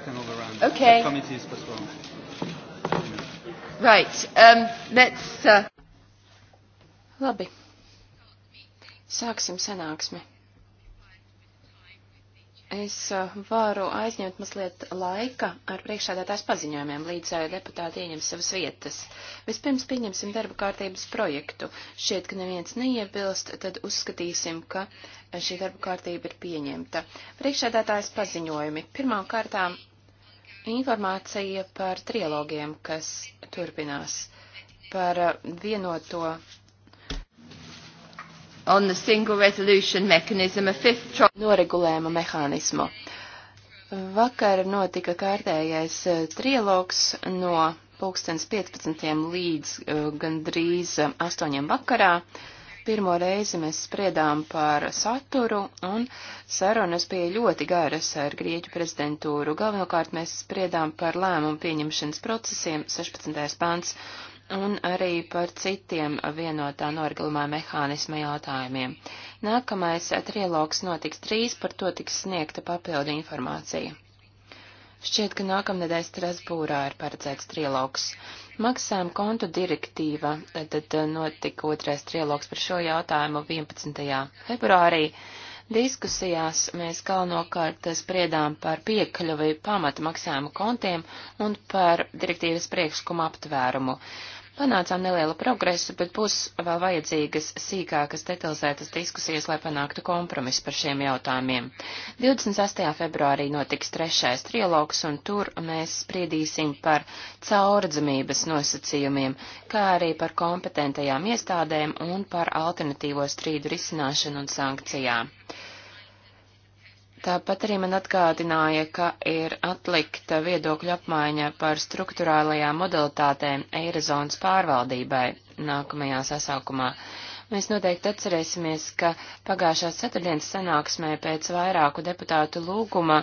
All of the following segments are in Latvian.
we can overrun. Okay. The committee is postponed. Right. Um, let's. Uh... Labi. Sāksim sanāksmi. Es uh, varu aizņemt mazliet laika ar priekšādātās paziņojumiem, līdz uh, deputāti ieņem savas vietas. Vispirms pieņemsim darba kārtības projektu. Šķiet, ka neviens neiebilst, tad uzskatīsim, ka šī darba kārtība ir pieņemta. Priekšādātājs paziņojumi. Pirmām kārtām Informācija par trilogiem, kas turpinās, par uh, vienoto. On the single resolution mechanism, a fifth trial. Noregulējuma mehānismu. Vakar notika kārtējais uh, trilogs no pulkstens 15. līdz uh, gandrīz 8. Uh, vakarā. Uh, Pirmo reizi mēs spriedām par saturu, un sarunas bija ļoti garas ar Grieķu prezidentūru. Galvenokārt mēs spriedām par lēmumu pieņemšanas procesiem, 16. pants, un arī par citiem vienotā noregulumā mehānisma jautājumiem. Nākamais trilogs notiks trīs, par to tiks sniegta papildu informācija. Šķiet, ka nākamnedēļ Strasbūrā ir paredzēts trilogs. Maksājuma kontu direktīva, tad eh, notika otrais trilogs par šo jautājumu 11. februārī. Diskusijās mēs galvenokārt spriedām par piekļuvi pamata maksājumu kontiem un par direktīvas priekšlikuma aptvērumu. Uh, Panācām nelielu progresu, bet būs vēl vajadzīgas sīkākas detalizētas diskusijas, lai panāktu kompromisu par šiem jautājumiem. 28. februārī notiks trešais trialogs, un tur mēs spriedīsim par caurdzamības nosacījumiem, kā arī par kompetentajām iestādēm un par alternatīvo strīdu risināšanu un sankcijām. Tāpat arī man atgādināja, ka ir atlikta viedokļu apmaiņa par struktūrālajām modalitātēm Eirozonas pārvaldībai nākamajā sasaukumā. Mēs noteikti atcerēsimies, ka pagājušā ceturtdienas sanāksmē pēc vairāku deputātu lūguma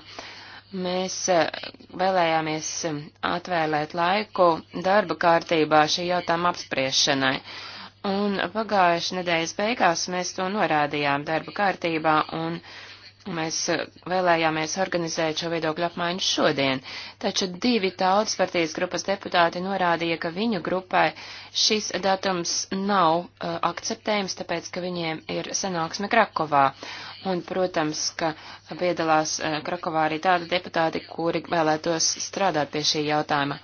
mēs eh, vēlējāmies eh, atvēlēt laiku darba kārtībā šī jautājuma apspriešanai. Un pagājušā nedēļas beigās mēs to norādījām darba kārtībā un. Uh, Mēs eh, vēlējāmies organizēt šo viedokļu apmaiņu šodien, taču divi tautspartijas grupas deputāti norādīja, ka viņu grupai šis datums nav uh, akceptējams, tāpēc, ka viņiem ir sanāksme Krakovā un, protams, ka piedalās eh, Krakovā arī tādi deputāti, kuri vēlētos strādāt pie šī jautājuma.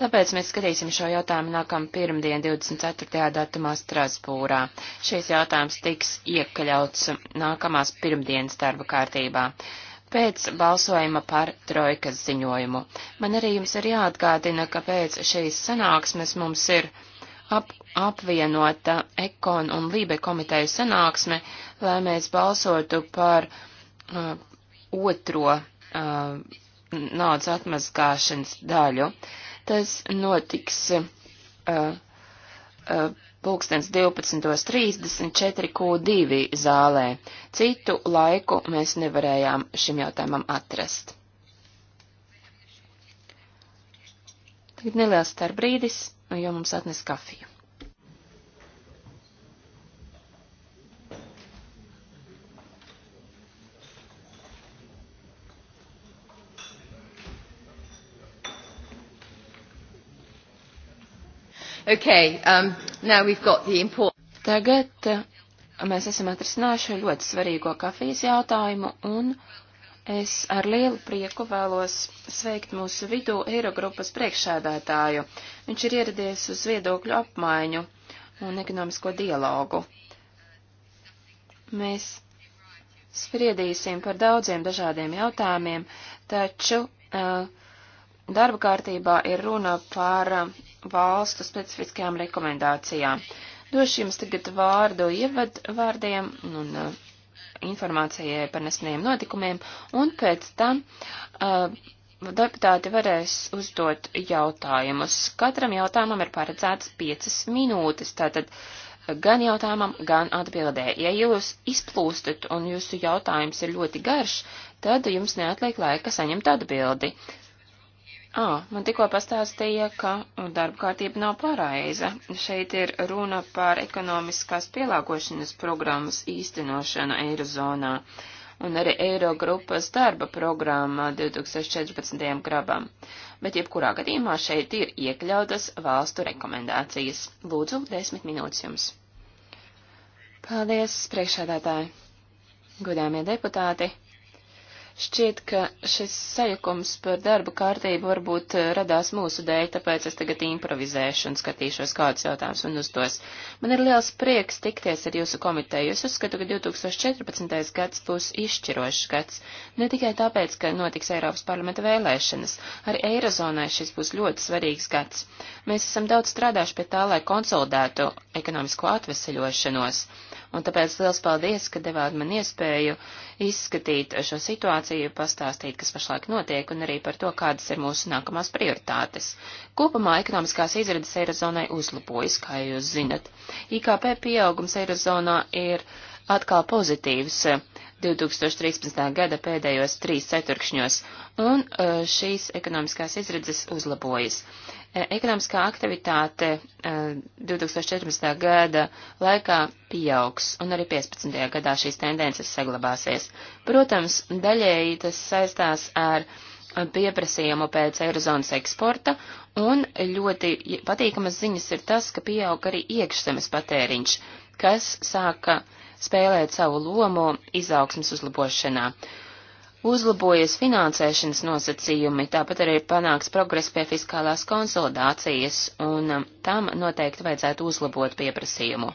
Tāpēc mēs skatīsim šo jautājumu nākam pirmdien 24. datumā Strasbūrā. Šis jautājums tiks iekļauts nākamās pirmdienas darba kārtībā pēc balsojuma par trojkas ziņojumu. Man arī jums ir jāatgādina, ka pēc šīs sanāksmes mums ir ap, apvienota Ekon un Lībe komiteju sanāksme, lai mēs balsotu par uh, otro uh, naudas atmazgāšanas daļu. Tas notiks uh, uh, pulkstens 12.34 Q2 zālē. Citu laiku mēs nevarējām šim jautājumam atrast. Tagad neliels starbrīdis. Nu, jo mums atnes kafiju. Okay, um, now we've got the important... Tagad uh, mēs esam atrisinājuši ļoti svarīgo kafijas jautājumu un uh, Es ar lielu prieku vēlos sveikt mūsu vidū Eirogrupas priekšsēdētāju. Viņš ir ieradies uz viedokļu apmaiņu un ekonomisko dialogu. Mēs spriedīsim par daudziem dažādiem jautājumiem, taču uh, darba kārtībā ir runa par uh, valstu specifiskajām rekomendācijām. Došu jums tagad vārdu ievadvārdiem un uh, informācijai par nesenajiem notikumiem, un pēc tam uh, deputāti varēs uzdot jautājumus. Katram jautājumam ir paredzēts piecas minūtes, tātad gan jautājumam, gan atbildē. Ja jūs izplūstat un jūsu jautājums ir ļoti garš, tad jums neatliek laika saņemt atbildi. Ā, man tikko pastāstīja, ka darba kārtība nav pareiza. Šeit ir runa par ekonomiskās pielāgošanas programmas īstenošanu Eirozonā un arī Eirogrupas darba programmā 2014. grabam. Bet jebkurā gadījumā šeit ir iekļautas valstu rekomendācijas. Lūdzu, desmit minūtes jums. Paldies, priekšādātāji, godāmie deputāti. Šķiet, ka šis sajukums par darba kārtību varbūt eh, radās mūsu dēļ, tāpēc es tagad improvizēšu un skatīšos kādus jautājumus un uzdos. Man ir liels prieks tikties ar jūsu komiteju. Es uzskatu, ka 2014. gads būs izšķirošs gads. Ne tikai tāpēc, ka notiks Eiropas parlamenta vēlēšanas. Arī Eirozonai šis būs ļoti svarīgs gads. Mēs esam daudz strādājuši pie tā, lai konsolidētu ekonomisko atveseļošanos un tāpēc liels paldies, ka devāt man iespēju izskatīt šo situāciju, pastāstīt, kas pašlaik notiek, un arī par to, kādas ir mūsu nākamās prioritātes. Kopumā ekonomiskās izredzes Eirozonai uzlabojas, kā jūs zinat. IKP pieaugums Eirozonā ir atkal pozitīvs 2013. Eh, gada pēdējos trīs ceturkšņos, un eh, šīs ekonomiskās izredzes uzlabojas. Eh, ekonomiskā aktivitāte 2014. gada laikā pieaugs, un arī 15. gadā šīs tendences saglabāsies. Protams, daļēji tas saistās ar pieprasījumu pēc eirozonas eksporta, un ļoti patīkamas ziņas ir tas, ka pieaug arī iekšzemes patēriņš, kas sāka uh, spēlēt savu lomu izaugsmas uzlabošanā. Uzlabojas finansēšanas nosacījumi, tāpat arī ir panāks progress pie fiskālās konsolidācijas, un um, tam noteikti vajadzētu uzlabot pieprasījumu.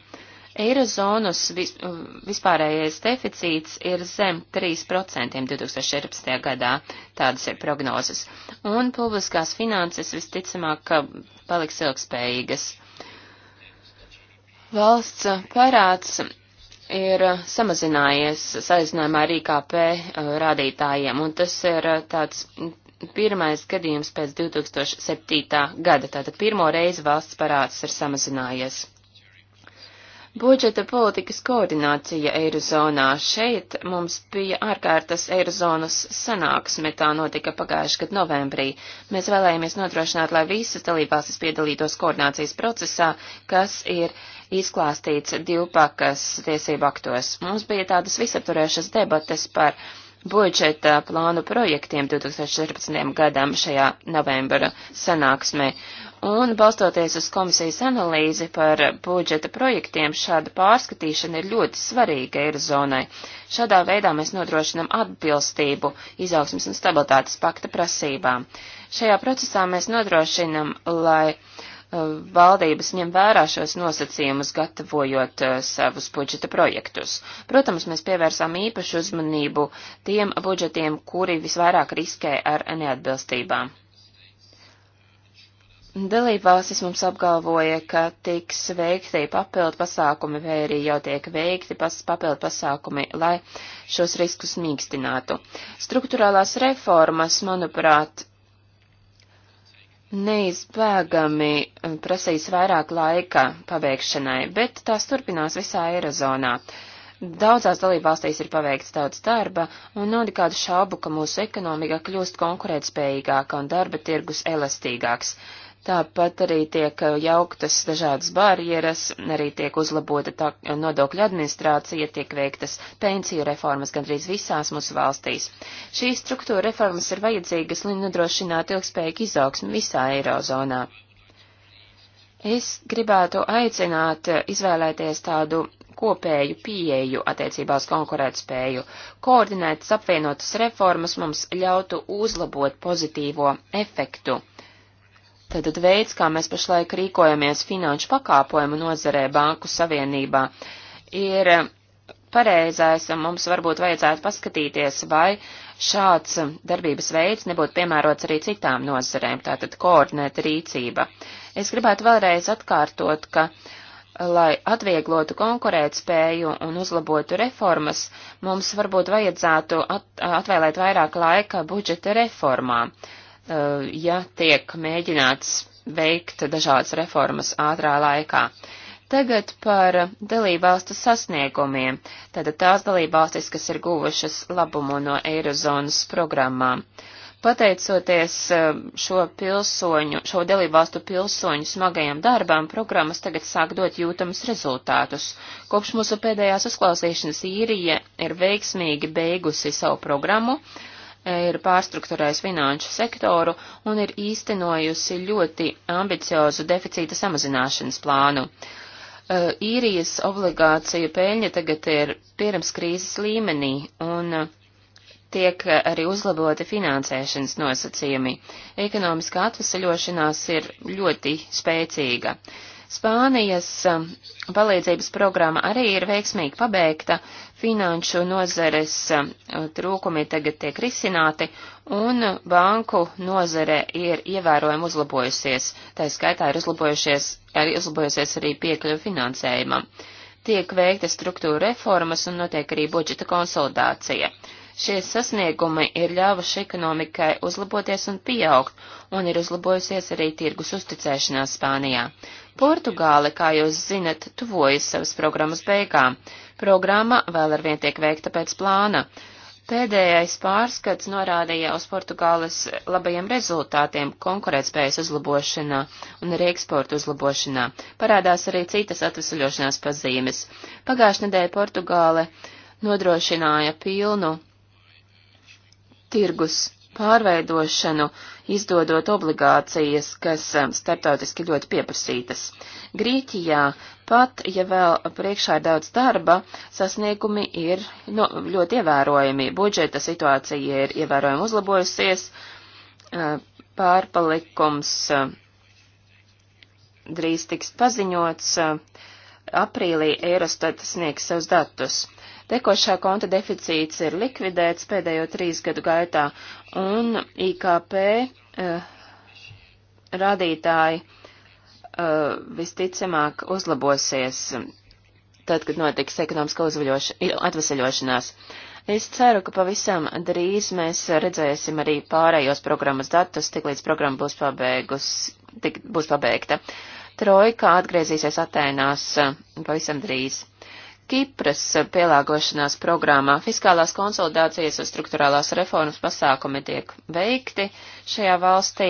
Eirozonas vis, uh, vispārējais deficīts ir zem 3% 2014. gadā, tādas ir prognozes, un publiskās finanses visticamāk paliks ilgspējīgas. Valsts parāds ir samazinājies saistībā ar IKP uh, rādītājiem, un tas ir uh, tāds pirmais gadījums pēc 2007. gada, tātad pirmo reizi valsts parāds ir samazinājies. Budžeta politikas koordinācija Eirozonā šeit mums bija ārkārtas Eirozonas sanāksme, tā notika pagājuši gadu novembrī. Mēs vēlējāmies nodrošināt, lai visas dalībvalstis piedalītos koordinācijas procesā, kas ir uh, izklāstīts divpakas tiesību aktos. Mums bija tādas visapturējušas debates par budžeta plānu projektiem 2014. gadam šajā novembra sanāksmē. Un balstoties uz komisijas analīzi par budžeta projektiem, šāda pārskatīšana ir ļoti svarīga Eirozonai. Šādā veidā mēs nodrošinam atbilstību izaugsmas un stabilitātes pakta prasībām. Šajā procesā mēs nodrošinam, lai uh, Eh, valdības ņem vērā šos nosacījumus, gatavojot uh, savus budžeta projektus. Protams, mēs pievērsām īpašu uzmanību tiem budžetiem, kuri visvairāk riskē ar neatbilstībām. Dalībvalstis mums apgalvoja, ka tiks veikti papildu pasākumi vai arī jau tiek veikti pas, papildu pasākumi, lai šos riskus mīkstinātu. Struktūrālās reformas, manuprāt, neizbēgami eh, prasīs vairāk laika pabeigšanai, bet tās turpinās visā Eirozonā. Daudzās dalībvalstīs ir paveikts daudz darba, un nav nekādu šaubu, ka mūsu ekonomika kļūst konkurētspējīgāka un darba tirgus elastīgāks. Tāpat arī tiek jauktas dažādas barjeras, arī tiek uzlabota tā, nodokļa administrācija, tiek veiktas pensiju reformas gandrīz visās mūsu valstīs. Šīs struktūra reformas ir vajadzīgas, lai nodrošinātu ilgspējīgu izaugsmu visā Eirozonā. Es gribētu aicināt izvēlēties tādu kopēju pieeju attiecībā uz konkurētspēju. Koordinētas apvienotas reformas mums ļautu uzlabot pozitīvo efektu Tātad veids, kā mēs pašlaik rīkojamies finanšu pakāpojumu nozarē Banku Savienībā, ir eh, pareizais, un mums varbūt vajadzētu paskatīties, vai šāds darbības veids nebūtu piemērots arī citām nozarēm, tātad koordinēta rīcība. Es gribētu vēlreiz atkārtot, ka, lai atvieglotu konkurētspēju un uzlabotu reformas, mums varbūt vajadzētu at atvēlēt vairāk laika budžeta reformām Uh, ja tiek mēģināts veikt dažādas reformas ātrā laikā. Tagad par dalībvalstu sasniegumiem. Tātad tās dalībvalstis, kas ir guvušas labumu no Eirozonas programmām. Pateicoties uh, šo pilsoņu, šo dalībvalstu pilsoņu smagajam darbam, programmas tagad sāk dot jūtamus rezultātus. Kopš mūsu pēdējās uzklausīšanas īrija ir veiksmīgi beigusi savu programmu, uh, ir pārstruktūrējis finanšu sektoru un ir īstenojusi ļoti ambiciozu deficīta samazināšanas plānu. Īrijas obligāciju peļņa tagad ir pirms krīzes līmenī un tiek arī uzlaboti finansēšanas nosacījumi. Ekonomiskā atvesaļošanās ir ļoti spēcīga. Spānijas palīdzības programma arī ir veiksmīgi pabeigta, finanšu nozares um, trūkumi tagad tiek risināti, un banku nozare ir ievērojami uzlabojusies. Tā skaitā ir uzlabojusies, arī uzlabojusies arī piekļuva finansējumam. Tiek veikta struktūra reformas un notiek arī budžeta konsolidācija. Šie sasniegumi ir ļāvuši ekonomikai uzlaboties un pieaugt, un ir uzlabojusies arī tirgus uzticēšanās Spānijā. Portugāle, kā jūs zinat, tuvojas savas programmas beigām. Programma vēl ar vien tiek veikta pēc plāna. Pēdējais pārskats norādīja uz Portugāles labajiem rezultātiem konkurētspējas uzlabošanā un arī eksporta uzlabošanā. Parādās arī citas atvesaļošanās pazīmes. Pagājušajā nedēļā Portugāle nodrošināja pilnu tirgus pārveidošanu, izdodot obligācijas, kas um, starptautiski ļoti pieprasītas. Grīķijā pat, ja vēl priekšā ir daudz darba, sasniegumi ir no, nu, ļoti ievērojami. Budžeta situācija ir ievērojami uzlabojusies, uh, pārpalikums uh, drīz tiks paziņots, uh, aprīlī Eurostat sniegs savus datus. Tekošā konta deficīts ir likvidēts pēdējo trīs gadu gaitā, un IKP uh, eh, rādītāji uh, visticamāk uzlabosies tad, kad notiks ekonomiska atvesaļošanās. Es ceru, ka pavisam drīz mēs redzēsim arī pārējos programmas datus, tik līdz programma būs, pabēgus, tik, būs pabeigta. Trojka atgriezīsies Atēnās eh, pavisam drīz. Kipras pielāgošanās programmā fiskālās konsolidācijas un struktūrālās reformas pasākumi tiek veikti šajā valstī,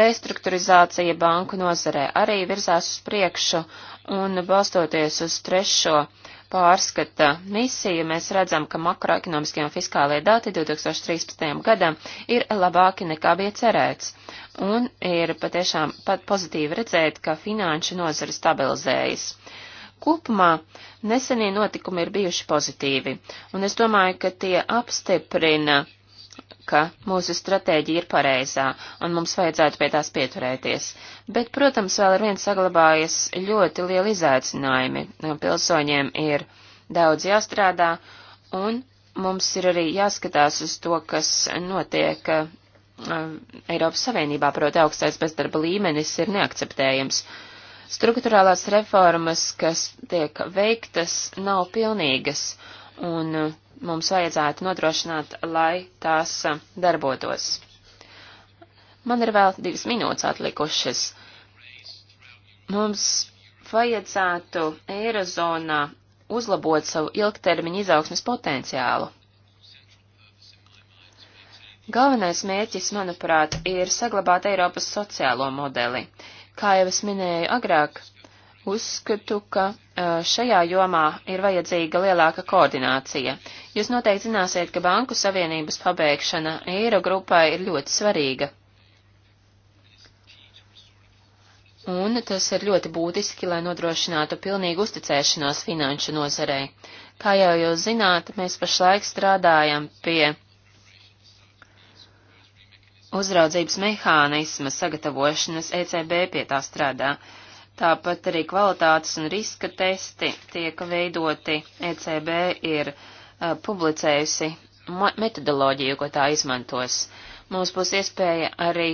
restruktūrizācija banku nozarē arī virzās uz priekšu, un balstoties uz trešo pārskata misiju, mēs redzam, ka makroekonomiskie un fiskālie dati 2013. gadam ir labāki nekā bija cerēts, un ir patiešām pat pozitīvi redzēt, ka finanšu nozara stabilizējas. Kopumā nesenie notikumi ir bijuši pozitīvi, un es domāju, ka tie apstiprina, ka mūsu stratēģija ir pareizā, un mums vajadzētu pie tās pieturēties. Bet, protams, vēl ar vien saglabājas ļoti lieli izaicinājumi. Pilsoņiem ir daudz jāstrādā, un mums ir arī jāskatās uz to, kas notiek eh, Eiropas Savienībā, proti augstais bezdarba līmenis ir neakceptējams, Struktūrālās reformas, kas tiek veiktas, nav pilnīgas, un uh, mums vajadzētu nodrošināt, lai tās uh, darbotos. Man ir vēl divas minūtes atlikušas. Mums vajadzētu Eirozonā uzlabot savu ilgtermiņa izaugsmes potenciālu. Galvenais mērķis, manuprāt, ir saglabāt Eiropas sociālo modeli. Kā jau es minēju agrāk, uzskatu, ka šajā jomā ir vajadzīga lielāka koordinācija. Jūs noteikti zināsiet, ka Banku Savienības pabeigšana Eirogrupai ir ļoti svarīga. Un tas ir ļoti būtiski, lai nodrošinātu pilnīgu uzticēšanos finanšu nozarei. Kā jau jūs zināt, mēs pašlaik strādājam pie uzraudzības mehānisma sagatavošanas ECB pie tā strādā. Tāpat arī kvalitātes un riska testi tiek veidoti. ECB ir uh, publicējusi metodoloģiju, ko tā izmantos. Mums būs iespēja arī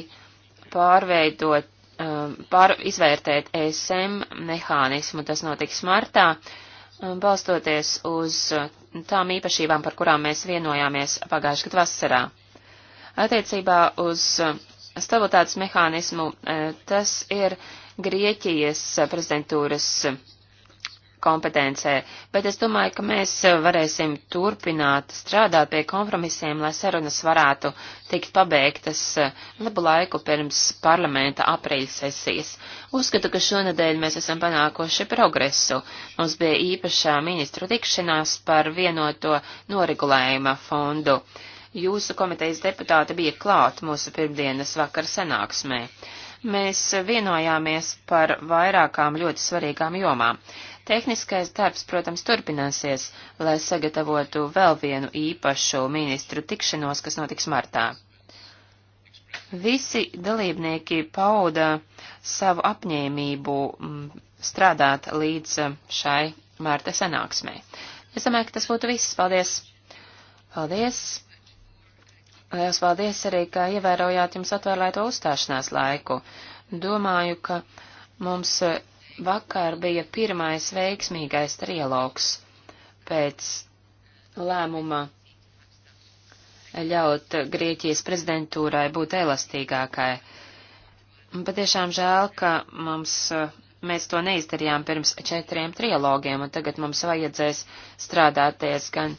pārveidot, uh, pār, izvērtēt ESM mehānismu, tas notiks martā, um, balstoties uz tām īpašībām, par kurām mēs vienojāmies pagājušajā gadu vasarā. Attiecībā uz eh, stabilitātes mehānismu eh, tas ir Grieķijas prezidentūras kompetencē, bet es domāju, ka mēs varēsim turpināt strādāt pie kompromisiem, lai sarunas varētu tikt pabeigtas eh, labu laiku pirms parlamenta aprīļa sesijas. Uzskatu, ka šonadēļ mēs esam panākuši progresu. Mums bija īpašā ministru tikšanās par vienoto noregulējuma fondu jūsu komitejas deputāti bija klāt mūsu pirmdienas vakar sanāksmē. Mēs vienojāmies par vairākām ļoti svarīgām jomām. Tehniskais darbs, protams, turpināsies, lai sagatavotu vēl vienu īpašu ministru tikšanos, kas notiks martā. Visi dalībnieki pauda savu apņēmību mm, strādāt līdz mm, šai mārta sanāksmē. Es domāju, ka tas būtu viss. Paldies! Paldies! Lielas paldies arī, ka ievērojāt jums atvēlēto uzstāšanās laiku. Domāju, ka mums vakar bija pirmais veiksmīgais trialogs pēc lēmuma ļaut Grieķijas prezidentūrai būt elastīgākai. Patiešām žēl, ka mums, mēs to neizdarījām pirms četriem trialogiem, un tagad mums vajadzēs strādāties gan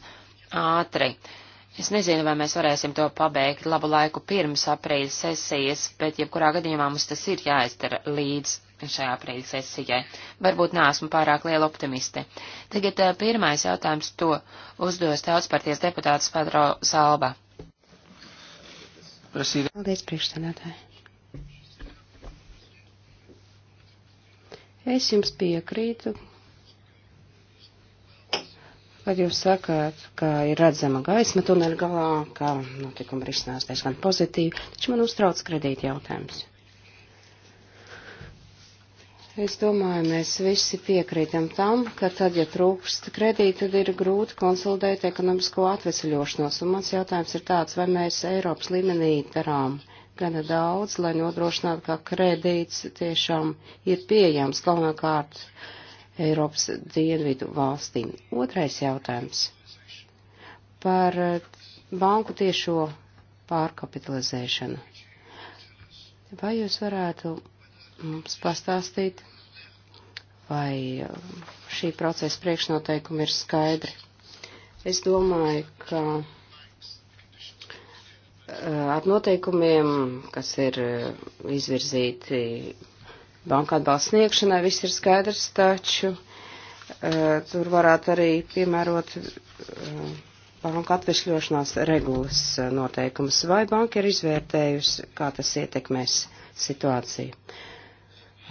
ātri. Uh, Es nezinu, vai mēs varēsim to pabeigt labu laiku pirms aprīļa sesijas, bet jebkurā gadījumā mums tas ir jāizdara līdz šai aprīļa sesijai. Varbūt neesmu pārāk liela optimiste. Tagad pirmais jautājums to uzdos tautsparties deputāts Padro Salba. Prasīd... Paldies, priekšsēdētāji. Es jums piekrītu, Kad jūs sakāt, ka ir redzama gaisma tuneļa galā, ka notikumi risinās diezgan pozitīvi, taču man uztrauc kredīti jautājums. Es domāju, mēs visi piekrītam tam, ka tad, ja trūkst kredīti, tad ir grūti konsolidēt ekonomisko atvesļošanos. Un mans jautājums ir tāds, vai mēs Eiropas līmenī darām gana daudz, lai nodrošinātu, ka kredīts tiešām ir pieejams galvenokārt. Uh, Eiropas dienvidu valstīm. Otrais jautājums par eh, banku tiešo pārkapitalizēšanu. Vai jūs varētu mums pastāstīt, vai eh, šī procesa priekšnoteikumi ir skaidri? Es domāju, ka eh, ar noteikumiem, kas ir izvirzīti banka atbalsts sniegšanai, viss ir skaidrs, taču e, tur varētu arī piemērot e, banka atvesļošanās regulas e, noteikumus. Vai banka ir izvērtējusi, kā tas ietekmēs situāciju?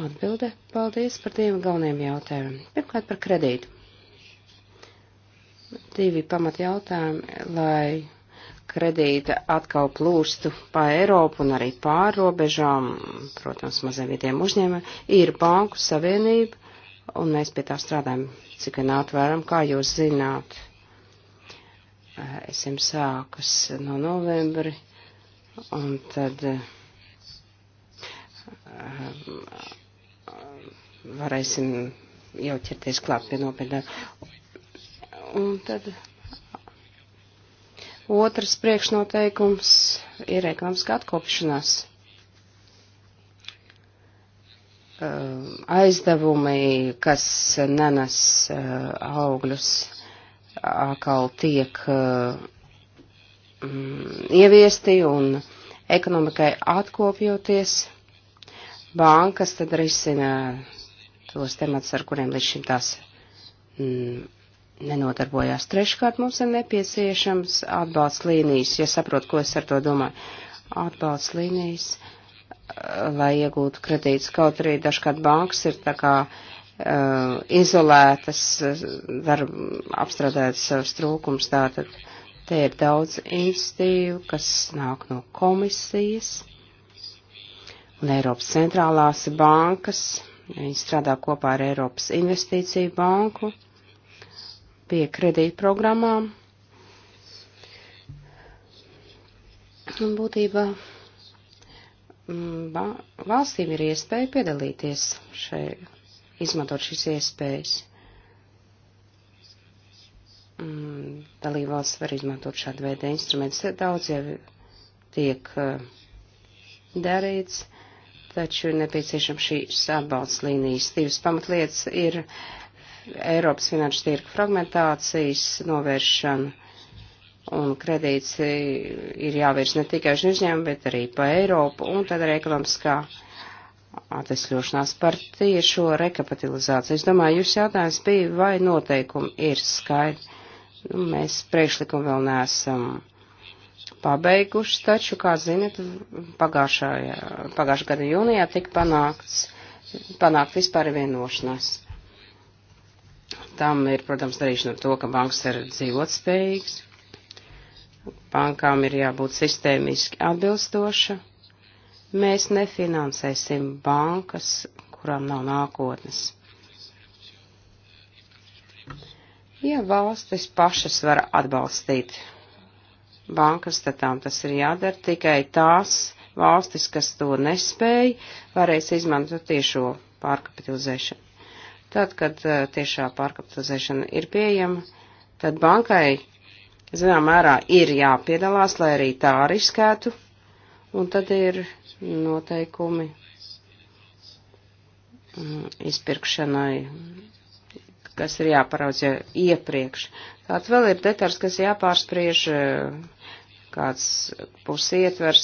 Atbilde. Paldies par diviem galveniem jautājumiem. Pirmkārt par kredītu. Divi pamat jautājumi, lai kredīta atkal plūstu pa Eiropu un arī pārrobežām, protams, maziem vietiem uzņēmumiem, ir banku savienība, un mēs pie tā strādājam, cik vien atvēram, kā jūs zināt. Es jums sākas no novembri, un tad eh, varēsim jau ķerties klāt pie nopietnām. Un tad Otrs priekšnoteikums ir ekonomiskā atkopšanās. Ehm, aizdevumi, kas nenes ehm, augļus, atkal tiek ehm, mm, ieviesti un ekonomikai atkopjoties, bankas tad risina tos temats, ar kuriem līdz šim tās mm, nenodarbojās. Treškārt mums ir nepieciešams atbalsts līnijas, ja saprot, ko es ar to domāju. Atbalsts līnijas, eh, lai iegūtu kredītus, kaut arī dažkārt bankas ir tā kā uh, izolētas, eh, var apstrādāt savus trūkums, tātad te ir daudz institīvu, kas nāk no komisijas un Eiropas centrālās bankas. Viņi strādā kopā ar Eiropas investīciju banku pie kredītprogrammām. Būtībā mm, valstīm ir iespēja piedalīties šai, izmantot šīs iespējas. Mm, dalībvalsts var izmantot šādu veidu instrumentus. Daudz jau tiek eh, darīts, taču ir nepieciešama šīs atbalsts līnijas. Divas pamatlietas ir Eiropas finanšu tirku fragmentācijas novēršana un kredīts ir jāvirs ne tikai uz uzņēmumu, bet arī pa Eiropu un tad arī ekonomiskā atvesļošanās par tiešo rekapitalizāciju. Es domāju, jūs jautājums bija, vai noteikumi ir skaidri. Nu, mēs priekšlikumu vēl neesam pabeiguši, taču, kā zinat, pagājušā gada jūnijā tika panākts, panākt vispār vienošanās tam ir, protams, darīšana ar to, ka bankas ir dzīvotspējīgas. Bankām ir jābūt sistēmiski atbilstoša. Mēs nefinansēsim bankas, kurām nav nākotnes. Ja valstis pašas var atbalstīt bankas, tad tām tas ir jādara tikai tās valstis, kas to nespēja, varēs izmantot tiešo pārkapitalizēšanu. Tad, kad tiešā pārkapitalizēšana ir pieejama, tad bankai, zinām, mērā ir jāpiedalās, lai arī tā riskētu, un tad ir noteikumi izpirkšanai, kas ir jāparaudz jau iepriekš. Tātad vēl ir detaļas, kas jāpārspriež, kāds būs ietvers,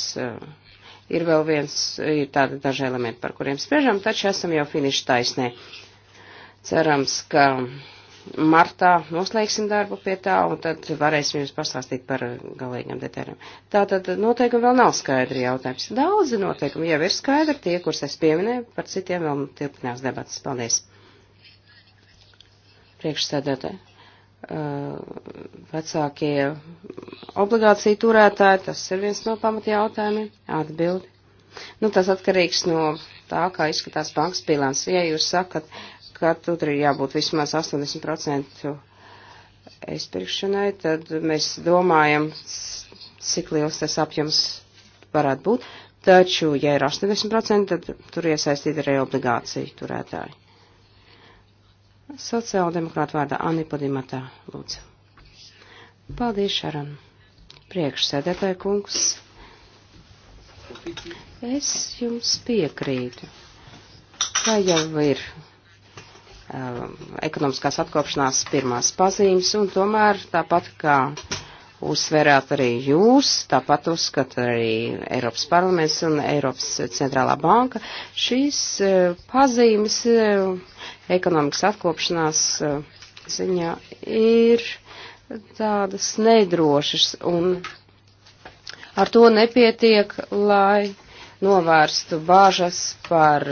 ir vēl viens, ir tādi daži elementi, par kuriem spriežam, taču esam jau finiša taisnē. Cerams, ka martā noslēgsim darbu pie tā, un tad varēsim jums pastāstīt par galīgiem detaļām. Tātad noteikumi vēl nav skaidri jautājums. Daudzi noteikumi jau ir skaidri, tie, kurus es pieminēju, par citiem vēl turpinās debatas. Paldies. Priekšsēdētāji. Uh, vecākie obligāciju turētāji, tas ir viens no pamatjautājumiem. Atbildi. Nu, tas atkarīgs no tā, kā izskatās bankas bilants. Ja jūs sakat, uh, ka tur ir jābūt vismaz 80% izpirkšanai, tad mēs domājam, cik liels tas apjoms varētu būt. Taču, ja ir 80%, tad tur iesaistīta arī obligācija turētāji. Sociāldemokrāta vārdā Anipodimatā, lūdzu. Paldies, Šaran. Priekšsēdētāja kungs. Es jums piekrītu. Tā jau ir Um, ekonomiskās atkopšanās pirmās pazīmes, un tomēr tāpat kā uzsverāt arī jūs, tāpat uzskata arī Eiropas parlaments un Eiropas centrālā banka, šīs uh, pazīmes uh, ekonomikas atkopšanās uh, ziņā ir tādas nedrošas, un ar to nepietiek, lai novērstu bāžas par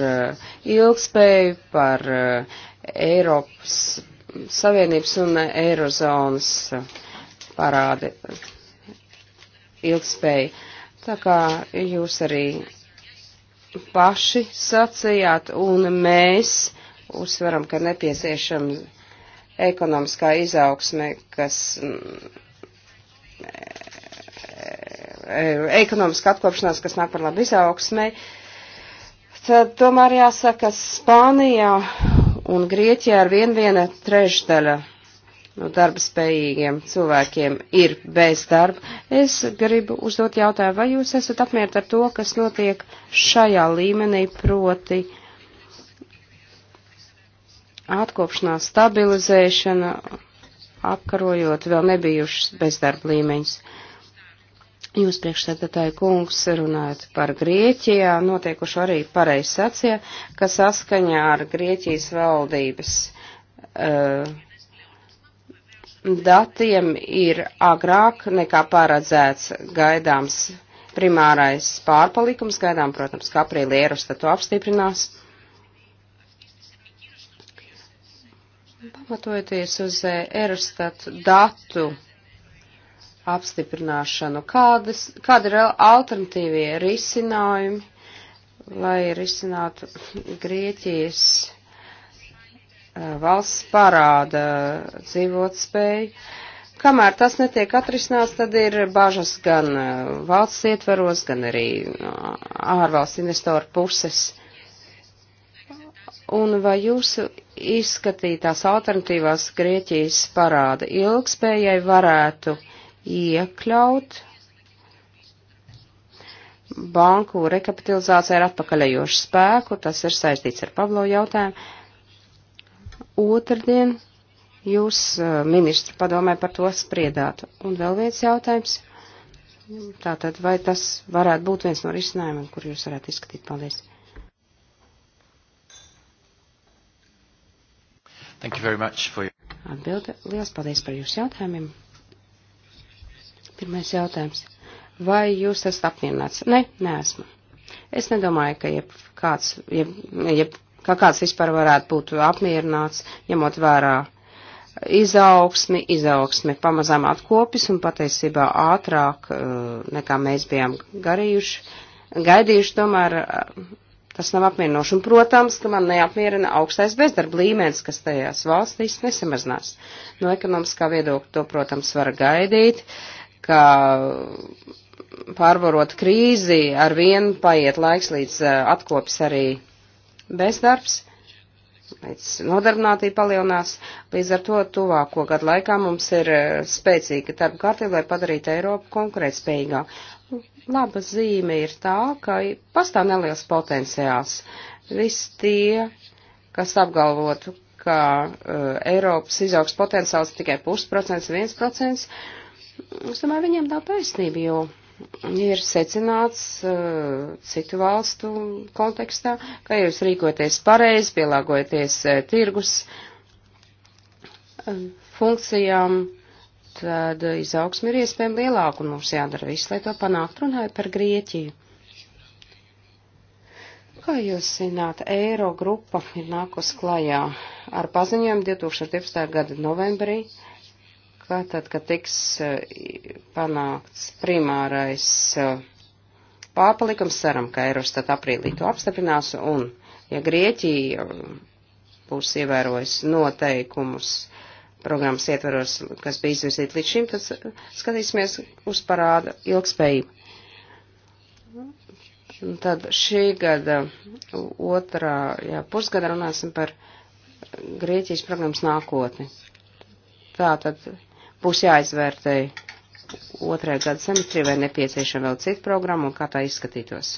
ilgspēju, par uh, Eiropas Savienības un Eirozonas parādi ilgspēja. Tā kā jūs arī paši sacījāt, un mēs uzsveram, ka nepieciešama ekonomiskā izaugsme, kas mm, e, e, ekonomiska atkopšanās, kas nāk par labu izaugsmei, tad tomēr jāsaka, Spānijā Un Grieķijā ar vien viena trešdaļa no darba spējīgiem cilvēkiem ir bez darba. Es gribu uzdot jautājumu, vai jūs esat apmierināti ar to, kas notiek šajā līmenī, proti atkopšanās, stabilizēšana, apkarojot vēl nebijušas bezdarba līmeņus. Uh, Jūs priekšsēdētāji kungs runājat par Grieķijā, notiekuši arī pareizi sacīja, ka saskaņā ar Grieķijas valdības uh, datiem ir agrāk nekā paredzēts gaidāms primārais pārpalikums, gaidām, protams, ka aprīlī Eirostat to apstiprinās. Pamatojoties uz Eirostat eh, datu apstiprināšanu. Kādas, kāda ir alternatīvie risinājumi, lai risinātu Grieķijas eh, valsts parāda dzīvotspēju? Kamēr tas netiek atrisināts, tad ir bažas gan eh, valsts ietveros, gan arī ārvalsts investoru puses. Un vai jūsu izskatītās alternatīvās Grieķijas parāda ilgspējai varētu uh, iekļaut banku rekapitalizācija ar atpakaļējošu spēku, tas ir saistīts ar Pablo jautājumu. Otrdien jūs eh, ministru padomē par to spriedāt. Un vēl viens jautājums. Tātad, vai tas varētu būt viens no risinājumiem, kur jūs varētu izskatīt? Paldies. Thank you very much for your... Atbilde. Lielas paldies par jūsu jautājumiem. Pirmais jautājums. Vai jūs esat apmierināts? Ne, neesmu. Es nedomāju, ka jeb kāds, jeb, jeb, kā kāds vispār varētu būt apmierināts, ņemot vērā izaugsmi, izaugsmi pamazām atkopis un patiesībā ātrāk eh, nekā mēs bijām garījuši, gaidījuši, tomēr eh, tas nav apmierinoši. Un, protams, ka man neapmierina augstais bezdarba līmenis, kas tajās valstīs nesamazinās. No ekonomiskā viedokļa to, protams, var gaidīt. Uh, ka pārvarot krīzi ar vienu paiet laiks līdz eh, atkops arī bezdarbs, līdz nodarbinātība palielinās. Līdz ar to tuvāko gadu laikā mums ir eh, spēcīga darba kārtība, lai padarītu Eiropu konkurētspējīgāk. Laba zīme ir tā, ka pastāv neliels potenciāls. Visi tie, kas apgalvotu, ka uh, Eiropas izaugs potenciāls tikai pusprocents, viens procents, uh, Es domāju, viņiem nav taisnība, jo ir secināts uh, citu valstu kontekstā, ka jūs rīkoties pareizi, pielāgojaties uh, tirgus uh, funkcijām, tad izaugsmi ir iespējami lielāka un mums jādara viss, lai to panākt. Runāju par Grieķiju. Kā jūs zināt, Eiro grupa ir nākos klajā ar paziņojumu 2012. gada novembrī. Uh, ka tad, kad tiks eh, panākts primārais eh, pāpalikums, ceram, ka Eurostat aprīlī to apstiprinās, un ja Grieķija eh, būs ievērojusi noteikumus programmas ietveros, kas bija izvirzīti līdz šim, tad skatīsimies uz parāda ilgspējību. Tad šī gada otrā jā, pusgada runāsim par Grieķijas programmas nākotni. Tātad būs jāizvērtē otrajā gada semestrī, vai nepieciešama vēl cita programma un kā tā izskatītos.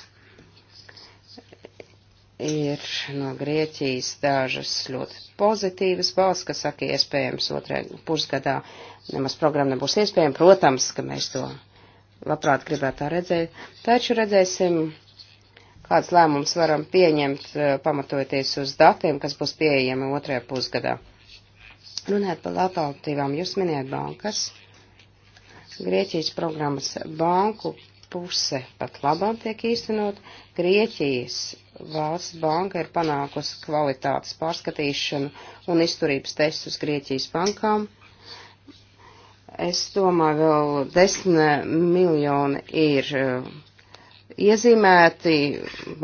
Ir no Grieķijas dažas ļoti pozitīvas balsts, kas saka, iespējams otrajā pusgadā nemaz programma nebūs iespējama. Protams, ka mēs to labprāt gribētu tā redzēt, taču redzēsim, kāds lēmums varam pieņemt, eh, pamatojoties uz datiem, kas būs pieejami otrajā pusgadā. Runājot par alternatīvām, jūs minējat bankas. Grieķijas programmas banku puse pat labāk tiek īstenot. Grieķijas valsts banka ir panākusi kvalitātes pārskatīšanu un izturības testus Grieķijas bankām. Es domāju, vēl desmit miljoni ir eh, iezīmēti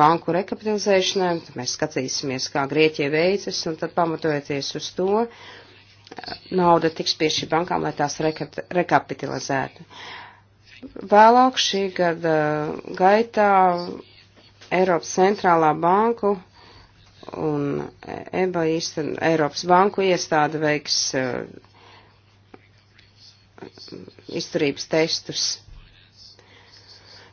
banku rekapitalizēšanai. Mēs skatīsimies, kā Grieķija veicas, un tad pamatojoties uz to, uh, nauda tiks piešķi bankām, lai tās rekapitalizētu. Vēlāk šī gada gaitā Eiropas centrālā banku un EBA īsten, Eiropas banku iestāde veiks uh, izturības testus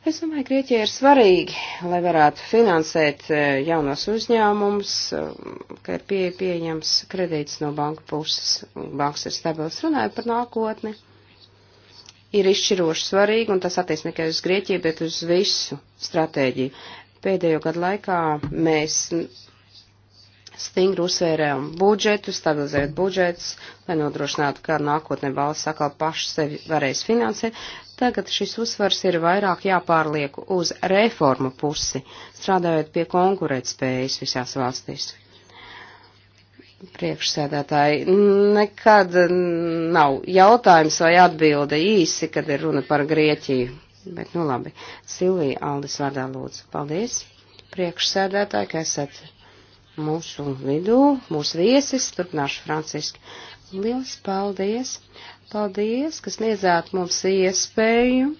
Es domāju, Grieķija ir svarīgi, lai varētu finansēt e, jaunos uzņēmumus, e, ka ir pie, pieejams kredīts no banka puses, banks ir stabils, runājot par nākotni. Ir izšķiroši svarīgi, un tas attiec ne tikai uz Grieķiju, bet uz visu stratēģiju. Pēdējo gadu laikā mēs stingri uzsvērējam budžetu, stabilizējot budžets, lai nodrošinātu, ka nākotnē valsts atkal paši sevi varēs finansēt. Tagad šis uzsvars ir vairāk jāpārliek uz reformu pusi, strādājot pie konkurētspējas visās valstīs. Priekšsēdētāji, nekad nav jautājums vai atbilde īsi, kad ir runa par Grieķiju. Bet, nu labi, Silvija Aldis vārdā lūdzu. Paldies, priekšsēdētāji, ka esat mūsu vidū, mūsu viesis, turpināšu franciski. Liels paldies! Paldies, ka sniedzāt mums iespēju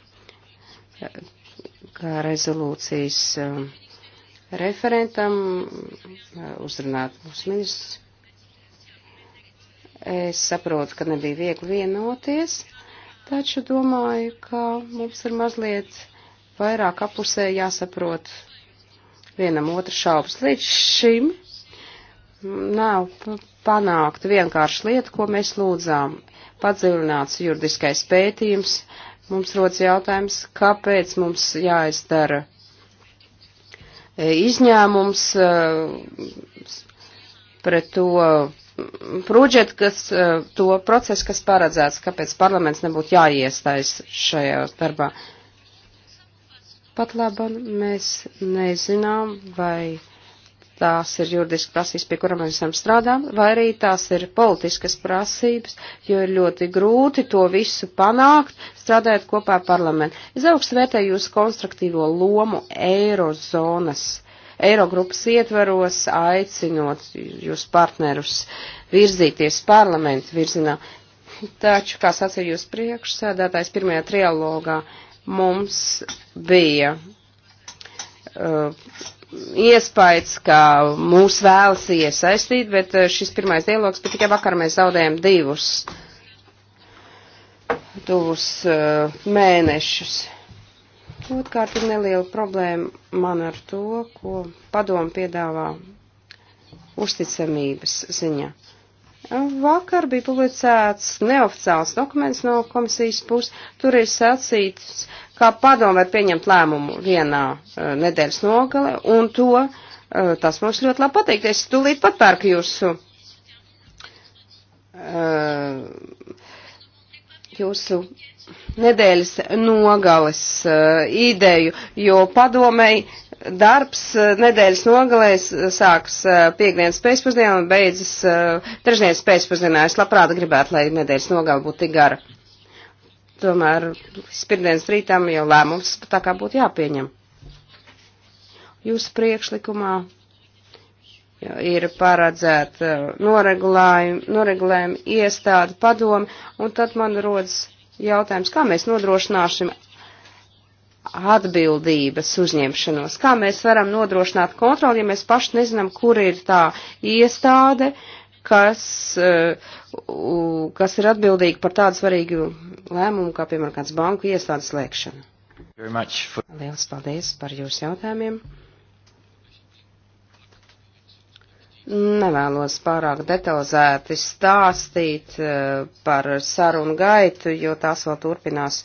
kā rezolūcijas um, referentam uh, uzrunāt mūsu ministrs. Es saprotu, ka nebija viegli vienoties, taču domāju, ka mums ir mazliet vairāk apusē jāsaprot vienam otru šaubas. Līdz šim nav nu, panākt vienkārši lietu, ko mēs lūdzām. Padziļināts juridiskais pētījums. Mums rodas jautājums, kāpēc mums jāizdara e, izņēmums e, pret to budžetu, kas e, to procesu, kas paredzēts, kāpēc parlaments nebūtu jāiestājas šajā darbā. Pat labam mēs nezinām, vai tās ir juridiski prasības, pie kurām mēs esam strādām, vai arī tās ir politiskas prasības, jo ir ļoti grūti to visu panākt, strādājot kopā ar parlamentu. Es augstu vērtēju jūsu konstruktīvo lomu eirozonas, eirogrupas ietveros, aicinot jūs partnerus virzīties parlamentu virzienā. Taču, kā sacīja jūs priekšsēdētājs, pirmajā trialogā mums bija. Uh, iespējas, ka mūs vēlas iesaistīt, bet eh, šis pirmais dialogs, bet tikai vakar mēs zaudējam divus, divus uh, eh, mēnešus. Otkārt ir neliela problēma man ar to, ko padomu piedāvā uzticamības ziņā. Uh, Vakar bija publicēts neoficiāls dokuments no komisijas puses. Tur ir sacīts, kā padomu var pieņemt lēmumu vienā uh, nedēļas nogale, un to uh, tas mums ļoti labi pateikt. Es tūlīt pat pērku jūsu. Uh, jūsu nedēļas nogales uh, ideju, jo padomēji darbs eh, nedēļas nogalēs sāks eh, piekdienas pēcpusdienā un beidzas eh, trešdienas pēcpusdienā. Es labprāt gribētu, lai nedēļas nogala būtu tik gara. Tomēr spirdienas rītām jau lēmums tā kā būtu jāpieņem. Jūsu priekšlikumā ir paredzēta noregulējuma iestāde padomi, un tad man rodas jautājums, kā mēs nodrošināsim atbildības uzņemšanos. Kā mēs varam nodrošināt kontroli, ja mēs paši nezinām, kur ir tā iestāde, kas, eh, kas ir atbildīga par tādu svarīgu lēmumu, kā piemēram kāds banku iestādes slēgšana. For... Lielas paldies par jūsu jautājumiem. Nevēlos pārāk detalizēti stāstīt eh, par sarunu gaitu, jo tās vēl turpinās,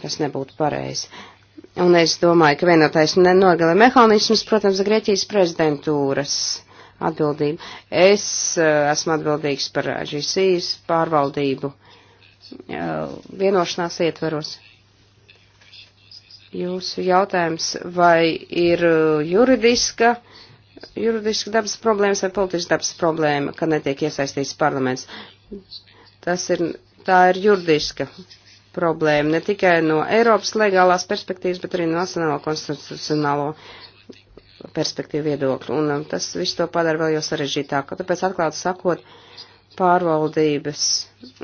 tas nebūtu pareizi. Uh, Un es domāju, ka vienotais nenogala mehānisms, protams, Grieķijas prezidentūras atbildība. Es uh, esmu atbildīgs par GCs pārvaldību uh, vienošanās ietveros. Jūsu jautājums, vai ir eh, juridiska, juridiska dabas problēmas vai politiska dabas problēma, ka netiek iesaistīts parlaments? Tas ir, tā ir juridiska problēma ne tikai no Eiropas legālās perspektīvas, bet arī no nacionālo konstitucionālo perspektīvu viedokļu. Un um, tas viss to padara vēl jau sarežģītāk. Tāpēc atklāti sakot, pārvaldības,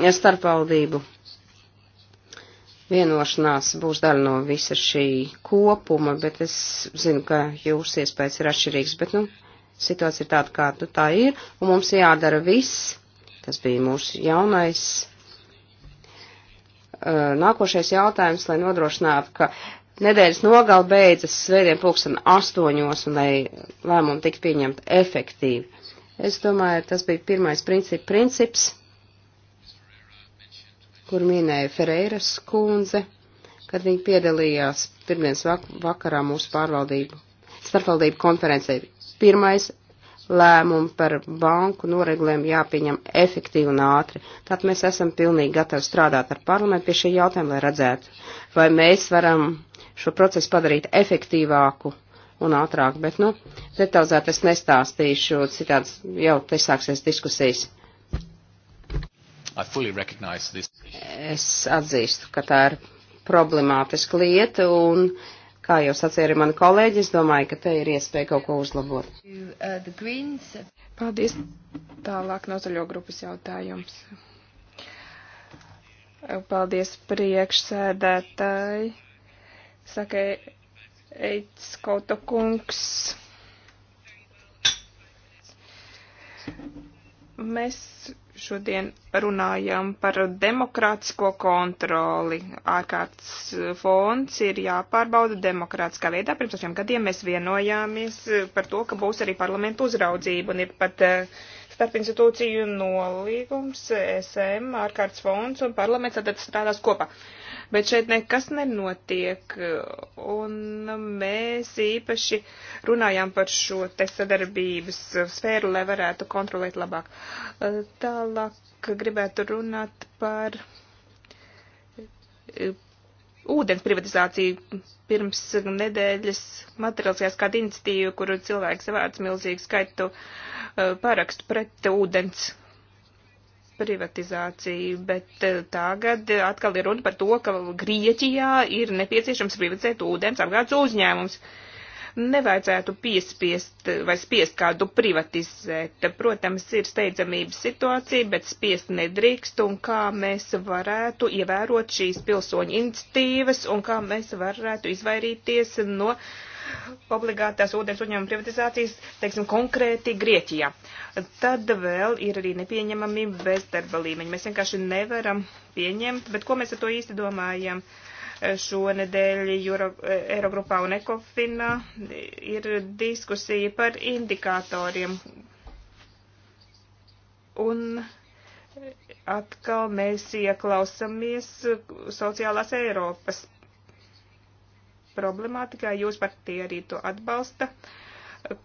ja starpvaldību vienošanās būs daļa no visa šī kopuma, bet es zinu, ka jūsu iespējas ir atšķirīgas, bet, nu, situācija ir tāda, kā nu, tā ir, un mums jādara viss. Tas bija mūsu jaunais nākošais jautājums, lai nodrošinātu, ka nedēļas nogal beidzas svētdien pulksten astoņos un lai lēmumu tik pieņemt efektīvi. Es domāju, tas bija pirmais princip, princips, kur minēja Ferreiras kundze, kad viņa piedalījās pirmdienas vakarā mūsu pārvaldību, starpvaldību konferencē. Pirmais lēmumi par banku noreglēm jāpieņem efektīvi un ātri. Tātad mēs esam pilnīgi gatavi strādāt ar parlamentu pie šī jautājuma, lai redzētu, vai mēs varam šo procesu padarīt efektīvāku un ātrāk, bet, nu, detalizēt es nestāstīšu, citāds jau te sāksies diskusijas. Es atzīstu, ka tā ir problemātiska lieta un Kā jau sacīja arī mani kolēģi, es domāju, ka te ir iespēja kaut ko uzlabot. Paldies. Tālāk no zaļo grupas jautājums. Paldies priekšsēdētāji. Saka Eits Kauta kungs. Mēs Šodien runājam par demokrātisko kontroli. Ārkārtas fonds ir jāpārbauda demokrātiskā veidā. Pirms šiem gadiem mēs vienojāmies par to, ka būs arī parlamentu uzraudzība un ir pat eh, starp institūciju nolīgums, SM, ārkārtas fonds un parlaments tad strādās kopā. Uh, bet šeit nekas nenotiek. Un mēs īpaši runājām par šo te sadarbības sfēru, lai varētu kontrolēt labāk. Tālāk gribētu runāt par eh, ūdens privatizāciju pirms nedēļas materializējās kāda iniciatīva, kuru cilvēks savāc milzīgu skaitu eh, parakstu pret ūdens privatizāciju, bet eh, tagad atkal ir runa par to, ka Grieķijā ir nepieciešams privatizēt ūdens apgādes uzņēmums. Nevajadzētu piespiest vai spiest kādu privatizēt. Protams, ir steidzamības situācija, bet spiest nedrīkst, un kā mēs varētu ievērot šīs pilsoņu iniciatīvas, un kā mēs varētu izvairīties no uh, obligātās ūdens uzņēmuma privatizācijas, teiksim, konkrēti Grieķijā. Tad vēl ir arī nepieņemami bezdarba līmeņi. Mēs vienkārši nevaram pieņemt, bet ko mēs ar to īsti domājam? Šonedēļ Euro, Eirogrupā un Ekofina ir diskusija par indikatoriem. Un atkal mēs ieklausamies sociālās Eiropas problemātikā. Jūs partija arī to atbalsta.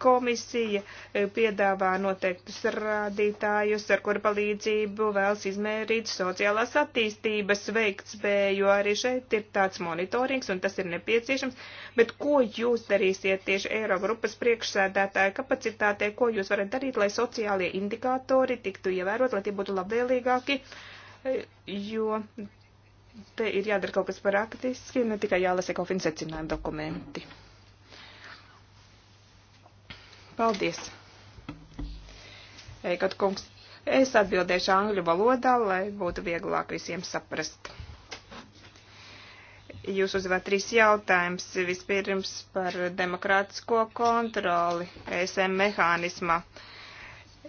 Komisija e, piedāvā noteiktus rādītājus, ar kuru palīdzību vēlas izmērīt sociālās attīstības veiktspēju. Arī šeit ir tāds monitorings, un tas ir nepieciešams. Bet ko jūs darīsiet tieši Eirogrupas priekšsēdētāja kapacitātē, ko jūs varat darīt, lai sociālie indikātori tiktu ievērot, lai tie būtu labvēlīgāki? E, jo te ir jādara kaut kas praktiski, ne tikai jālasa kaut kādi secinājumi dokumenti. Paldies! Eikot kungs, es atbildēšu angļu valodā, lai būtu vieglāk visiem saprast. Jūs uzdevāt trīs jautājumus. Vispirms par demokrātisko kontroli ESM mehānismā. Uh,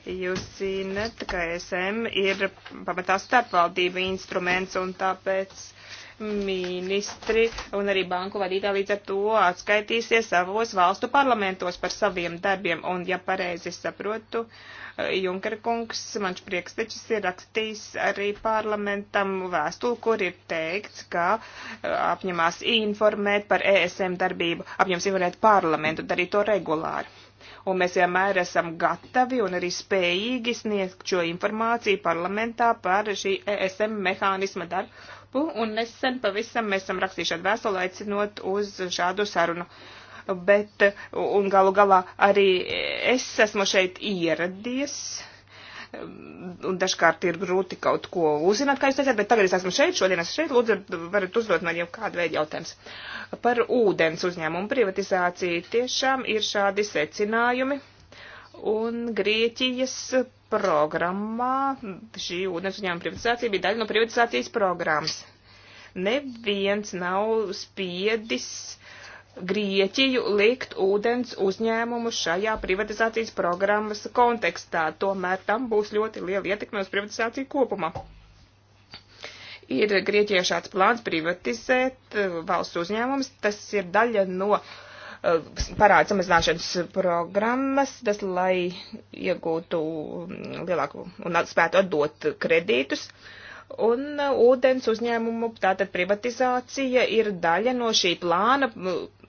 Jūs zinat, ka ESM ir pamatā starpvaldība instruments un tāpēc ministri un arī banku vadītāji līdz ar to atskaitīsies savos valstu parlamentos par saviem darbiem. Un, ja pareizi saprotu, Junker kungs, mans priekštečis, ir rakstījis arī parlamentam vēstuli, kur ir teikts, ka e, apņemās informēt par ESM darbību, apņems informēt parlamentu, darīt to regulāri un mēs vienmēr esam gatavi un arī spējīgi sniegt šo informāciju parlamentā par šī ESM mehānisma darbu, un nesen pavisam mēs esam rakstījuši ar vēstuli aicinot uz šādu sarunu. Bet, un galu galā arī es esmu šeit ieradies, un dažkārt ir grūti kaut ko uzzināt, kā jūs teicāt, bet tagad es esmu šeit, šodien esmu šeit, lūdzu, varat uzdot man jau kādu veidu jautājums. Par ūdens uzņēmumu privatizāciju tiešām ir šādi secinājumi, un Grieķijas programmā šī ūdens uzņēmuma privatizācija bija daļa no privatizācijas programmas. Neviens nav spiedis Grieķiju likt ūdens uzņēmumu šajā privatizācijas programmas kontekstā. Tomēr tam būs ļoti liela ietekme uz privatizāciju kopumā. Ir Grieķijā šāds plāns privatizēt uh, valsts uzņēmumus. Tas ir daļa no uh, parāda samazināšanas programmas, tas, lai iegūtu um, lielāku un spētu atdot kredītus. Un uh, ūdens uzņēmumu tātad privatizācija ir daļa no šī plāna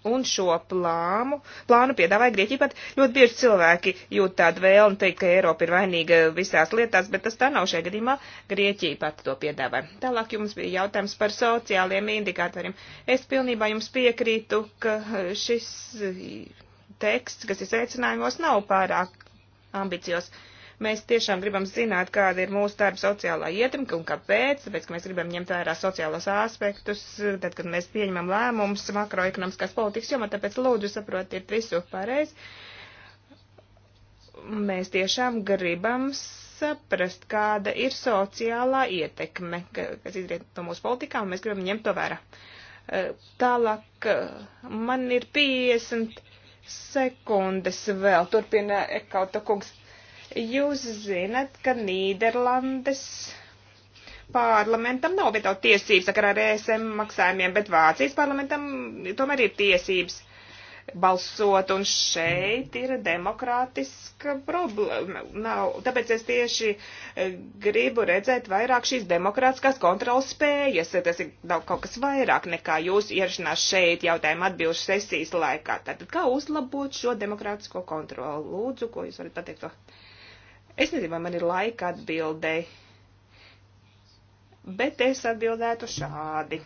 Un šo plānu, plānu piedāvāja Grieķija pat ļoti bieži cilvēki jūt tādu vēlmu teikt, ka Eiropa ir vainīga visās lietās, bet tas tā nav šajā gadījumā. Grieķija pat to piedāvāja. Tālāk jums bija jautājums par sociāliem indikatoriem. Es pilnībā jums piekrītu, ka šis teksts, kas ir secinājumos, nav pārāk ambicios. Uh, Mēs tiešām gribam zināt, kāda ir mūsu darba sociālā ietekme un kāpēc, tāpēc, ka mēs gribam ņemt vērā sociālos aspektus, tad, kad mēs pieņemam lēmumus makroekonomiskās politikas jomā, tāpēc lūdzu saprotiet visu pareizi. Mēs tiešām gribam saprast, kāda ir sociālā ietekme, kas izriet no mūsu politikām, un mēs gribam ņemt to vērā eh, tālāk eh, man ir 50 sekundes vēl, turpina Ekauta kungs. Jūs zinat, ka Nīderlandes parlamentam nav veto tiesības sakarā ar ESM maksājumiem, bet Vācijas parlamentam tomēr ir tiesības balsot, un šeit ir demokrātiska problēma. Nav, tāpēc es tieši e, gribu redzēt vairāk šīs demokrātiskās kontrolas spējas. Tas ir daudz kaut kas vairāk nekā jūs ierašanās šeit jautājuma atbilžu sesijas laikā. Tātad kā uzlabot šo demokrātisko kontrolu? Lūdzu, ko jūs varat pateikt? To? Es nezinu, vai man ir laika atbildēji, bet es atbildētu šādi.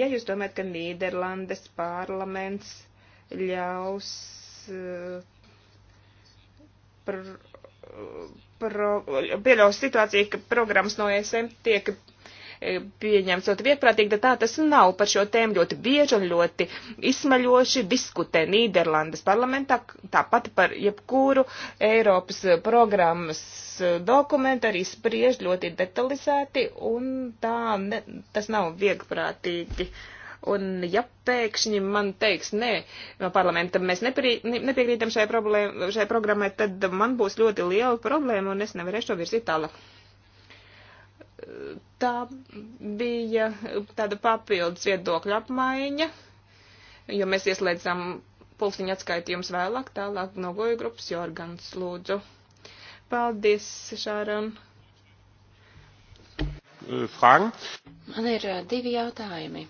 Ja jūs domājat, ka Nīderlandes parlaments ļaus eh, pro, pro, pieļaus situāciju, ka programmas no ESM tiek E, pieņemts ļoti vietprātīgi, bet tā tas nav. Par šo tēmu ļoti bieži un ļoti izsmaļoši diskutē Nīderlandes parlamentā, tāpat par jebkuru Eiropas programmas e, dokumentu arī spriež ļoti detalizēti, un tā ne, tas nav viegprātīgi. Un ja pēkšņi man teiks, nē, no parlamenta mēs nepri, nepiekrītam šai, problēma, šai programmai, tad man būs ļoti liela problēma, un es nevarēšu to virzīt tālāk tā bija tāda papildus viedokļa apmaiņa, jo mēs ieslēdzam pulksteņa atskaitījums vēlāk, tālāk no goju grupas Jorgans lūdzu. Paldies, Šāron. Fragen? Man ir divi jautājumi.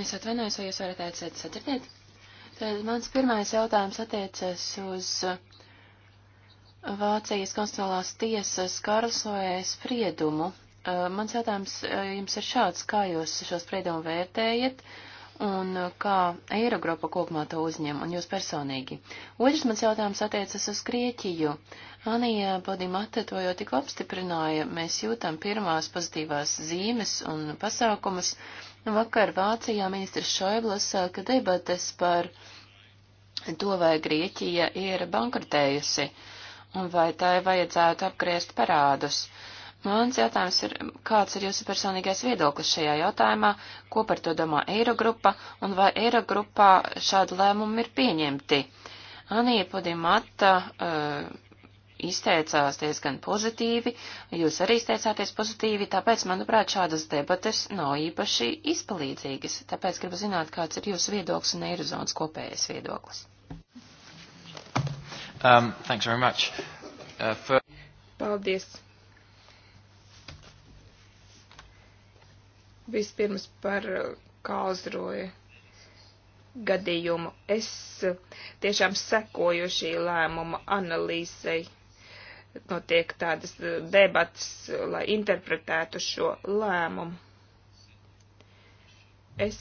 Es atvainojos, vai jūs varat aizsēt sadzirdēt? Tad mans pirmais jautājums attiecas uz uh, Vācijas konstitucionālās tiesas Karlsoē spriedumu. Uh, mans jautājums uh, jums ir šāds, kā jūs šo spriedumu vērtējat un uh, kā Eirogrupa kopumā to uzņem un jūs personīgi. Otrs mans jautājums attiecas uz Grieķiju. Anija Bodimata to jau tik apstiprināja, mēs jūtam pirmās pozitīvās zīmes un pasākumus. Vakar Vācijā ministrs Šoiblas sāka debates par to, vai Grieķija ir bankrotējusi. Uh, un vai tai vajadzētu apgriezt parādus. Mans jautājums ir, kāds ir jūsu personīgais viedoklis šajā jautājumā, ko par to domā Eirogrupa, un vai Eirogrupā šādi lēmumi ir pieņemti? Anija Podimata uh, izteicās diezgan pozitīvi, jūs arī izteicāties pozitīvi, tāpēc, manuprāt, šādas debates nav īpaši izpalīdzīgas, tāpēc gribu zināt, kāds ir jūsu viedoklis un Eirozonas kopējais viedoklis. Um, thanks very much. Uh, for... Paldies. Vispirms par uh, Kalzroju gadījumu. Es uh, tiešām sekoju šī lēmuma analīzei. Notiek tādas uh, debatas, lai interpretētu šo lēmumu. Es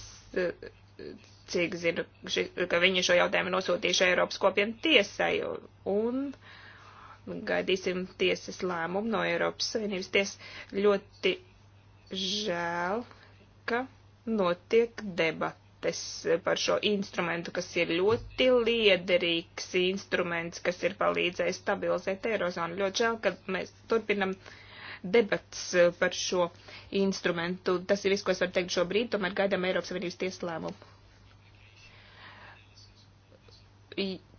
cik zinu, ši, ka viņi šo jautājumu nosūtījuši Eiropas kopienu tiesai un gaidīsim tiesas lēmumu no Eiropas Savienības tiesas. Ļoti žēl, ka notiek debates par šo instrumentu, kas ir ļoti liederīgs instruments, kas ir palīdzējis stabilizēt Eirozonu. Ļoti žēl, ka mēs turpinam debats par šo instrumentu. Tas ir viss, ko es varu teikt šobrīd, tomēr gaidām Eiropas Savienības tieslēmumu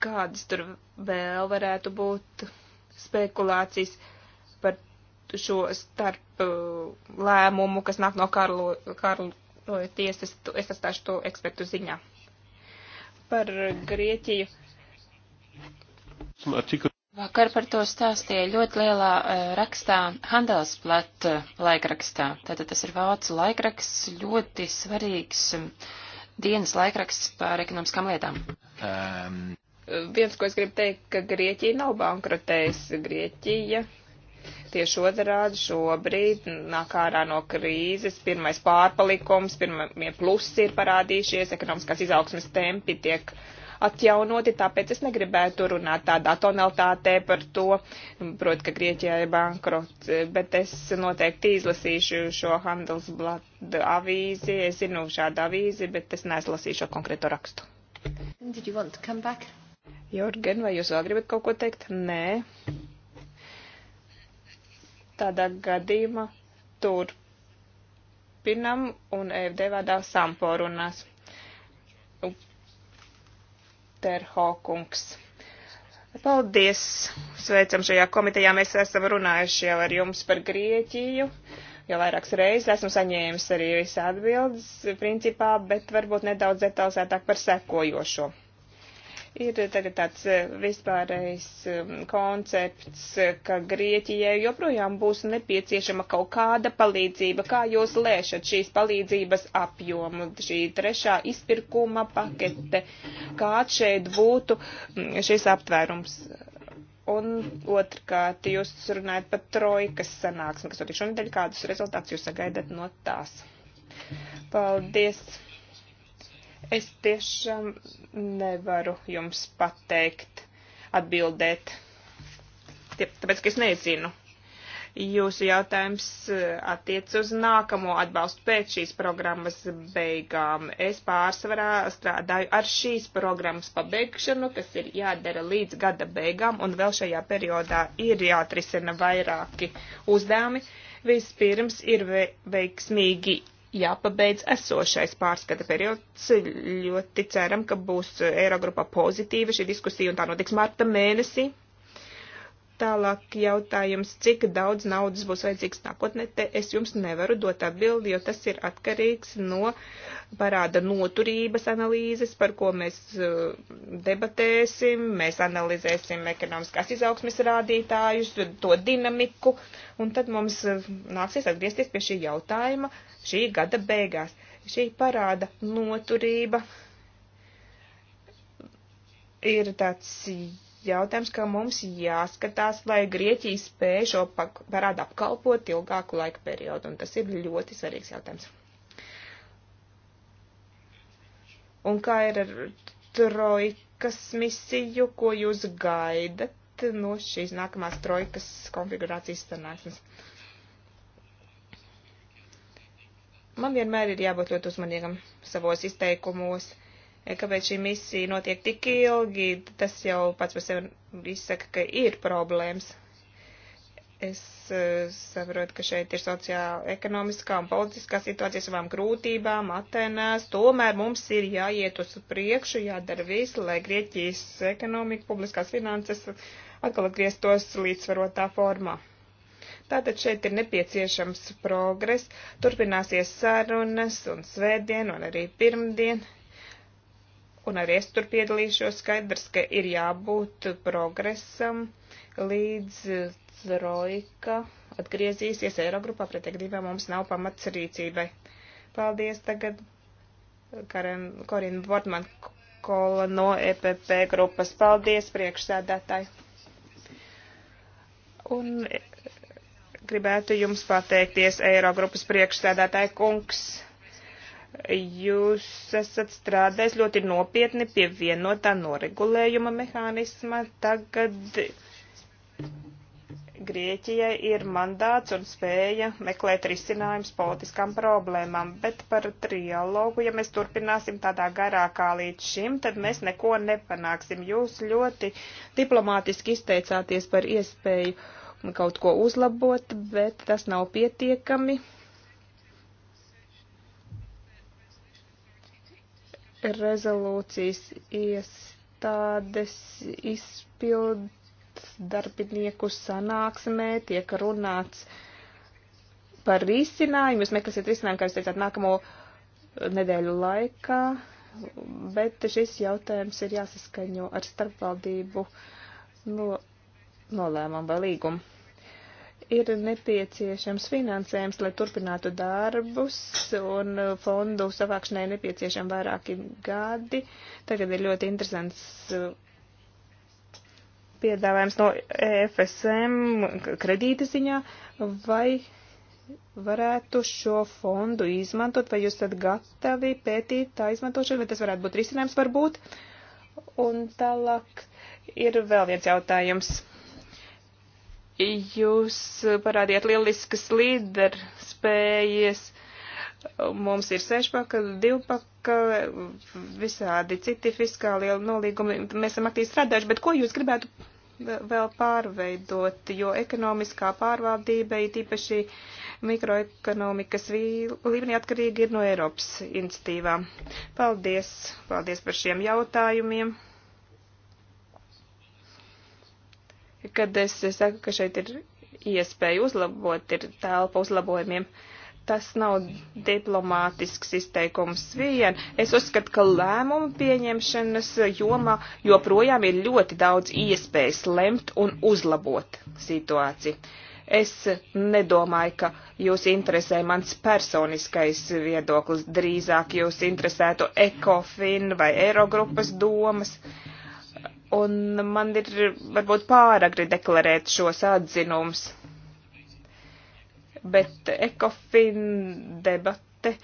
kādas tur vēl varētu būt spekulācijas par šo starp uh, lēmumu, kas nāk no Karlo, Karlo tiesas, es atstāšu to ekspertu ziņā. Par Grieķiju. Vakar par to stāstīja ļoti lielā uh, rakstā Handelsblatt uh, laikrakstā. Tātad tas ir vācu laikraksts, ļoti svarīgs um, dienas laikraksts par ekonomiskām lietām. Um, Viens, ko es gribu teikt, ka Grieķija nav bankrotējusi. Grieķija tieši otrādi šobrīd nāk ārā no krīzes. Pirmais pārpalikums, pirmie plusi ir parādījušies, ekonomiskās izaugsmes tempi tiek atjaunoti, tāpēc es negribētu runāt tādā tonalitātē par to, proti, ka Grieķijā ir bankrots, bet es noteikti izlasīšu šo Handelsblad avīzi, es zinu šādu avīzi, bet es neizlasīšu konkrēto rakstu. Did you want to come back? Jorgen, vai jūs vēl gribat kaut ko teikt? Nē. Tādā gadījumā turpinam un EFD vārdā Sampo runās. Terhokungs. Paldies! Sveicam šajā komitejā. Mēs esam runājuši jau ar jums par Grieķiju. Uh, jau vairākas reizes esmu saņēmis arī visu atbildes principā, bet varbūt nedaudz detalizētāk par sekojošo. Ir tagad tāds eh, vispārējs eh, koncepts, eh, ka Grieķijai joprojām būs nepieciešama kaut kāda palīdzība. Kā jūs lēšat šīs palīdzības apjomu, šī trešā izpirkuma pakete? Kāds šeit būtu mm, šis aptvērums? Un otrkārt, jūs runājat par trojkas sanāksmi, kas notiek šonadēļ, kādus rezultātus jūs sagaidat no tās. Paldies! Es tiešām nevaru jums pateikt, atbildēt, tāpēc, ka es nezinu Jūsu jautājums e, attiec uz nākamo atbalstu pēc šīs programmas beigām. Es pārsvarā strādāju ar šīs programmas pabeigšanu, kas ir jādara līdz gada beigām, un vēl šajā periodā ir jāatrisina vairāki uzdevumi. Vispirms ir veiksmīgi jāpabeidz esošais pārskata periods. Ļoti ceram, ka būs Eirogrupa pozitīva šī diskusija, un tā notiks marta mēnesī Tālāk jautājums, cik daudz naudas būs vajadzīgs nākotnē, te es jums nevaru dot atbildi, jo tas ir atkarīgs no parāda noturības analīzes, par ko mēs uh, debatēsim, mēs analizēsim ekonomiskās izaugsmes rādītājus, to dinamiku, un tad mums uh, nāksies atgriezties pie šī jautājuma šī gada beigās. Šī parāda noturība ir tāds jautājums, ka mums jāskatās, vai Grieķija spēja šo parādu apkalpot ilgāku laika periodu, un tas ir ļoti svarīgs jautājums. Un kā ir ar trojkas misiju, ko jūs gaidat no šīs nākamās trojkas konfigurācijas sanāksmes? Man vienmēr ir jābūt ļoti uzmanīgam savos izteikumos Eh, kāpēc šī misija notiek tik ilgi, tas jau pats par sevi izsaka, ka ir problēmas. Es uh, saprotu, ka šeit ir sociāla, ekonomiskā un politiskā situācija savām grūtībām, Atenās. Tomēr mums ir jāiet uz priekšu, jādara visu, lai Grieķijas ekonomika, publiskās finanses atkal atgrieztos līdzsvarotā formā. Tātad šeit ir nepieciešams progress, turpināsies sarunas un svētdien un arī pirmdien un arī es tur piedalīšos, skaidrs, ka ir jābūt progresam līdz trojka atgriezīsies Eirogrupā, pretekdībā mums nav pamats rīcībai. Paldies tagad Karen, Korin Bortman Kola no EPP grupas. Paldies, priekšsēdētāji. Un gribētu jums pateikties Eirogrupas priekšsēdētāji kungs. Jūs esat strādājis ļoti nopietni pie vienotā noregulējuma mehānisma. Tagad Grieķijai ir mandāts un spēja meklēt risinājums politiskām problēmām, bet par trialogu, ja mēs turpināsim tādā garā kā līdz šim, tad mēs neko nepanāksim. Jūs ļoti diplomātiski izteicāties par iespēju kaut ko uzlabot, bet tas nav pietiekami. rezolūcijas iestādes izpild darbinieku sanāksmē tiek runāts par risinājumu. Jūs meklēsiet risinājumu, kā jūs teicāt, nākamo nedēļu laikā, bet šis jautājums ir jāsaskaņo ar starpvaldību no, nolēmumu vai līgumu ir nepieciešams finansējums, lai turpinātu darbus, un fondu savākšanai nepieciešami vairāki gadi. Tagad ir ļoti interesants uh, piedāvājums no EFSM kredīta ziņā, vai varētu šo fondu izmantot, vai jūs esat gatavi pētīt tā izmantošanu, vai tas varētu būt risinājums varbūt. Un tālāk ir vēl viens jautājums Jūs parādījāt lieliskas līderspējas. Mums ir sešpaka, divpaka, visādi citi fiskāli nolīgumi. Mēs esam aktīvi strādājuši, bet ko jūs gribētu vēl pārveidot, jo ekonomiskā pārvaldība ir tīpaši mikroekonomikas līmenī atkarīgi ir no Eiropas institīvām. Paldies, paldies par šiem jautājumiem. kad es saku, ka šeit ir iespēja uzlabot, ir telpa uzlabojumiem. Tas nav diplomātisks izteikums vien. Es uzskatu, ka lēmumu pieņemšanas jomā joprojām ir ļoti daudz iespējas lemt un uzlabot situāciju. Es nedomāju, ka jūs interesē mans personiskais viedoklis, drīzāk jūs interesētu ekofin vai eirogrupas domas. Uh, un man ir varbūt pāragri deklarēt šos atzinums. Bet ekofin debat debate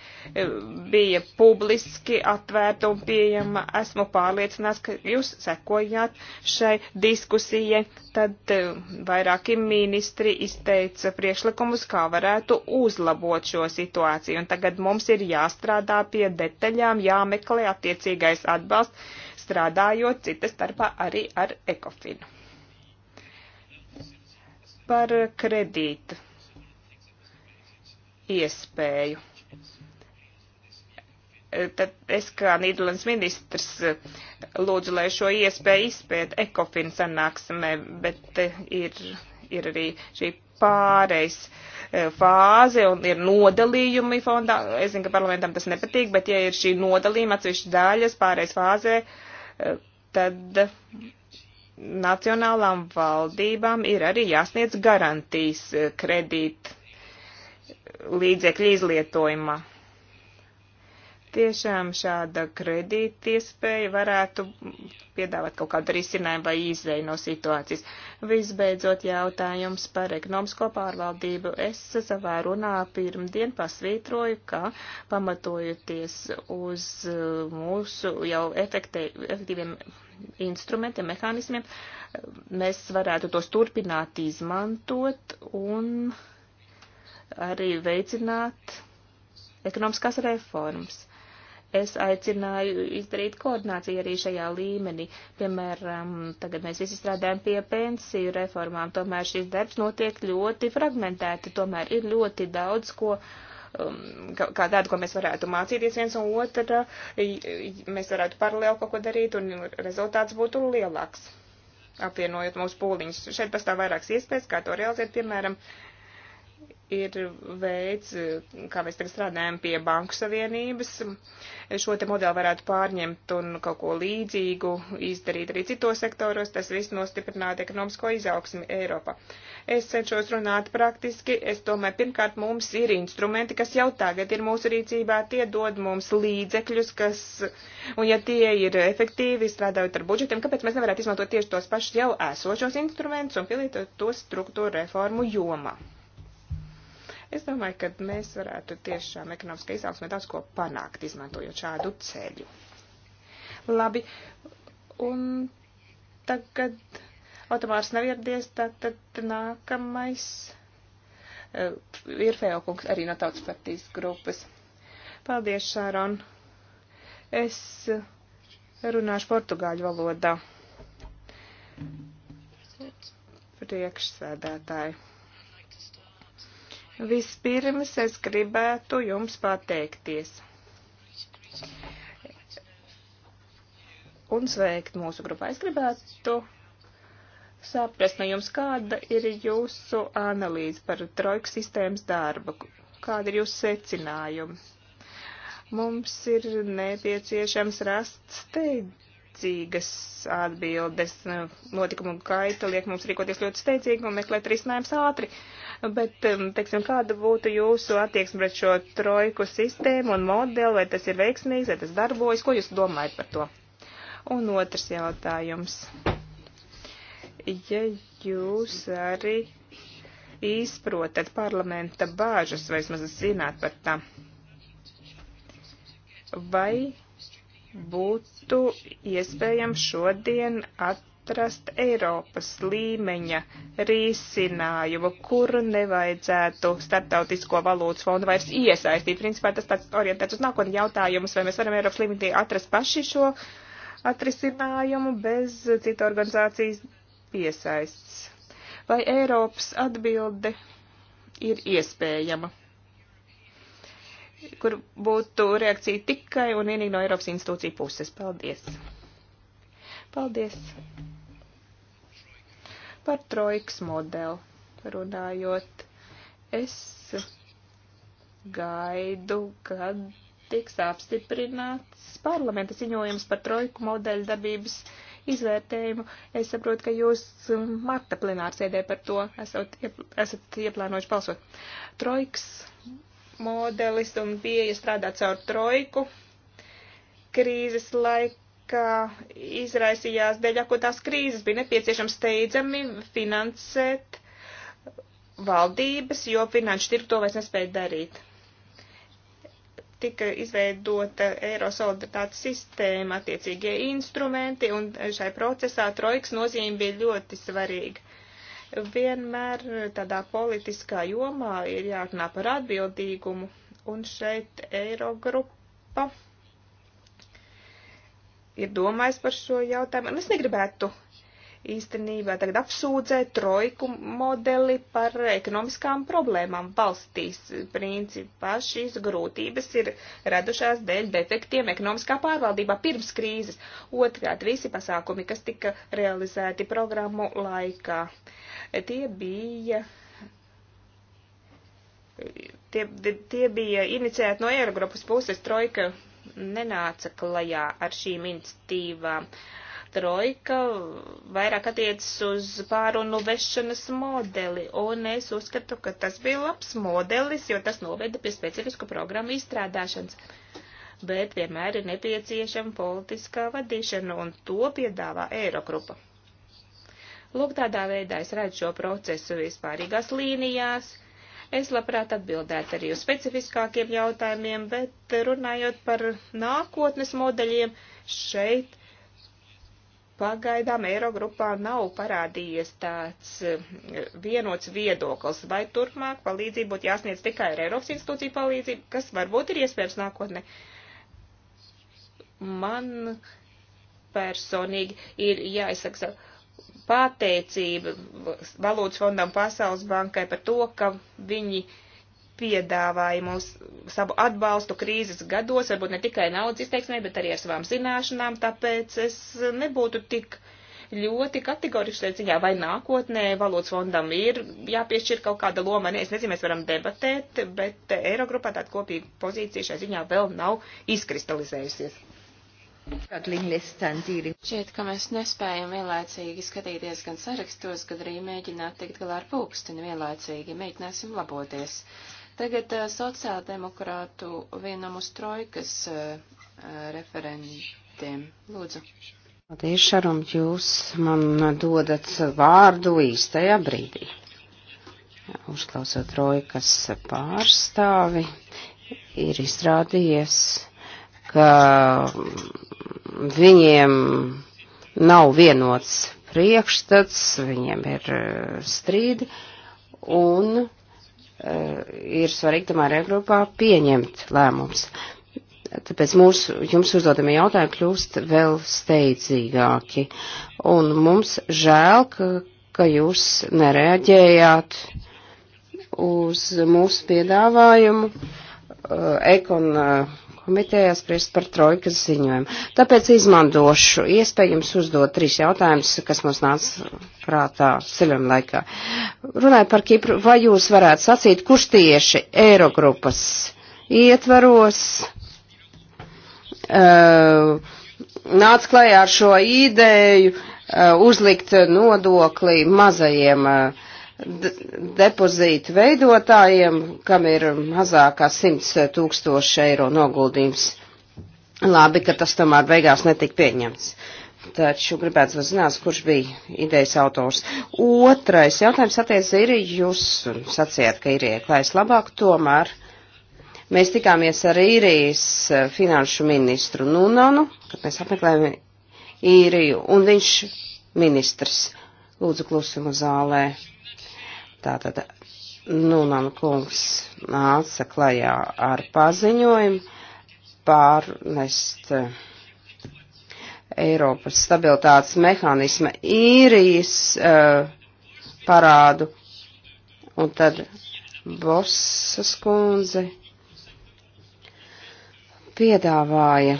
bija publiski atvērta un pieejama. Esmu pārliecināts, ka jūs sekojāt šai diskusijai. Tad e, vairāki ministri izteica priekšlikumus, kā varētu uzlabot šo situāciju. Un tagad mums ir jāstrādā pie detaļām, jāmeklē attiecīgais atbalsts, strādājot citas starpā arī ar ekofinu. Par kredītu iespēju tad es kā Nīderlandes ministrs eh, lūdzu, lai šo iespēju izpēt ekofin sanāksmē, bet eh, ir, ir arī šī pārejas eh, fāze un ir nodalījumi fondā. Es zinu, ka parlamentam tas nepatīk, bet ja ir šī nodalījuma atsevišķi daļas pārejas fāzē, tad nacionālām valdībām ir arī jāsniedz garantijas kredīt līdzekļu izlietojumā. Tiešām šāda kredīta iespēja varētu piedāvāt kaut kādu risinājumu vai izēju no situācijas. Visbeidzot jautājums par ekonomisko pārvaldību. Es savā runā pirmdien pasvītroju, ka pamatojoties uz mūsu jau efekte, efektīviem instrumentiem, mehānismiem, mēs varētu tos turpināt izmantot un arī veicināt ekonomiskās reformas. Es aicināju izdarīt koordināciju arī šajā līmenī. Piemēram, tagad mēs visi strādājam pie pensiju reformām, tomēr šis darbs notiek ļoti fragmentēti, tomēr ir ļoti daudz, ko uh, kā tādu, ko mēs varētu mācīties viens un otra, mēs varētu paralēli kaut ko darīt un rezultāts būtu lielāks, apvienojot mūsu pūliņus. Šeit pastāv vairākas iespējas, kā to realizēt, piemēram, uh, ir veids, kā mēs tagad strādājam pie Banku Savienības. Šo te modeli varētu pārņemt un kaut ko līdzīgu izdarīt arī citos sektoros. Tas viss nostiprinātu ekonomisko izaugsmi Eiropā. Es cenšos runāt praktiski. Es domāju, pirmkārt, mums ir instrumenti, kas jau tagad ir mūsu rīcībā. Tie dod mums līdzekļus, kas, un ja tie ir efektīvi strādājot ar budžetiem, kāpēc mēs nevarētu izmantot tieši tos pašus jau esošos instrumentus un pielietot tos struktūra reformu jomā? Es domāju, ka mēs varētu tiešām ekonomiskā izaugsmē daudz ko panākt, izmantojot šādu ceļu. Labi, un tagad automārs nav ieradies, tad, tad nākamais uh, ir Feokungs arī no tautas partijas grupas. Paldies, Šāron. Es runāšu portugāļu valodā. Priekšsēdētāji. Vispirms es gribētu jums pateikties un sveikt mūsu grupā. Es gribētu saprast no jums, kāda ir jūsu analīze par trojku sistēmas darbu, kāda ir jūsu secinājumi. Mums ir nepieciešams rast steidzīgas atbildes. Notikumu gaita liek mums rīkoties ļoti steidzīgi un meklēt risinājums ātri. Uh, bet, um, teiksim, kāda būtu jūsu attieksme pret šo trojku sistēmu un modeli, vai tas ir veiksmīgs, vai tas darbojas, ko jūs domājat par to? Un otrs jautājums. Ja jūs arī izprotat parlamenta bāžas, vai vismaz zināt par tā, vai būtu iespējams šodien at atrast Eiropas līmeņa risinājumu, kur nevajadzētu starptautisko valūtas fondu vairs iesaistīt. Principā tas tāds orientēts uz nākotni jautājumus, vai mēs varam Eiropas līmenī atrast paši šo atrisinājumu bez citu organizācijas piesaists. Vai Eiropas atbilde ir iespējama? kur būtu reakcija tikai un vienīgi no Eiropas institūciju puses. Paldies! Paldies! Par trojkas modeli runājot, es gaidu, kad tiks apstiprināts parlamenta ziņojums par trojku modeļu darbības izvērtējumu. Es saprotu, ka jūs um, marta plenārsēdē par to esat, esat ieplānojuši balsot. Trojks modelis un pieeja strādāt caur trojku krīzes laiku ka izraisījās dēļ akutās krīzes, bija nepieciešams steidzami finansēt valdības, jo finanšu tirgu to vairs nespēja darīt. Tika izveidota eiro solidaritātes sistēma, attiecīgie instrumenti, un šai procesā trojkas nozīme bija ļoti svarīga. Vienmēr tādā politiskā jomā ir jārunā par atbildīgumu, un šeit eirogrupa ir domājis par šo jautājumu. Un es negribētu īstenībā tagad apsūdzēt trojku modeli par ekonomiskām problēmām valstīs. Principā šīs grūtības ir radušās dēļ defektiem ekonomiskā pārvaldībā pirms krīzes. Otrkārt, visi pasākumi, kas tika realizēti programmu laikā, tie bija. Tie, tie bija iniciēti no Eirogrupas puses, Trojka nenāca klajā ar šīm iniciatīvām. Trojka vairāk attiecas uz pārunu vešanas modeli, un es uzskatu, ka tas bija labs modelis, jo tas noveda pie specifisku programmu izstrādāšanas bet vienmēr ir nepieciešama politiskā vadīšana, un to piedāvā Eirogrupa. Lūk, tādā veidā es redzu šo procesu vispārīgās līnijās, Es labprāt atbildētu arī uz specifiskākiem jautājumiem, bet runājot par nākotnes modeļiem, šeit pagaidām Eirogrupā nav parādījies tāds eh, vienots viedoklis, vai turpmāk palīdzību būtu jāsniedz tikai ar Eiropas institūciju palīdzību, kas varbūt ir iespējams nākotnē. Man personīgi ir jāizsaka savu pateicība Valūtas fondam Pasaules bankai par to, ka viņi piedāvāja mums savu atbalstu krīzes gados, varbūt ne tikai naudas izteiksmē, bet arī ar savām zināšanām, tāpēc es nebūtu tik ļoti kategoriski šajā ziņā, vai nākotnē valūtas fondam ir jāpiešķir kaut kāda loma. Ne, es nezinu, mēs varam debatēt, bet Eirogrupā tāda kopīga pozīcija šajā ziņā vēl nav izkristalizējusies. Šķiet, ka mēs nespējam vienlaicīgi skatīties gan sarakstos, gan arī mēģināt tikt galā ar pulksteni vienlaicīgi. Mēģināsim laboties. Tagad uh, sociāldemokrātu vienam uz trojkas uh, referentiem. Lūdzu. Paldies, Šarum, jūs man dodat vārdu īstajā brīdī. Uzklausot trojkas pārstāvi, ir izrādījies ka viņiem nav vienots priekšstats, viņiem ir e, strīdi, un uh, ir svarīgi tomēr Eiropā pieņemt lēmums. Tāpēc mūsu jums uzdodamie jautājumi kļūst vēl steidzīgāki. Un mums žēl, ka, ka jūs nereaģējāt uz mūsu piedāvājumu. Uh, ekon uh, komitejā spriest par trojkas ziņojumu. Tāpēc izmantošu iespēju jums uzdot trīs jautājumus, kas mums nāca prātā ceļojuma laikā. Runājot par Kipru, vai jūs varētu sacīt, kurš tieši Eirogrupas ietvaros uh, nāca klajā ar šo ideju uh, uzlikt nodokli mazajiem uh, depozītu veidotājiem, kam ir mazākā 100 tūkstoši eiro noguldījums. Labi, ka tas tomēr beigās netika pieņemts. Taču gribētu zināt, kurš bija idejas autors. Otrais jautājums attiecas ir, jūs sacījāt, ka īrija klājas labāk, tomēr mēs tikāmies ar īrijas eh, finanšu ministru Nunanu, kad mēs apmeklējām īriju, un viņš ministrs lūdzu klusumu zālē. Tātad Nunan kungs nāca klajā ar paziņojumu pārnest eh, Eiropas stabilitātes mehānisma īrijas uh, parādu. Un tad Bosas kundze piedāvāja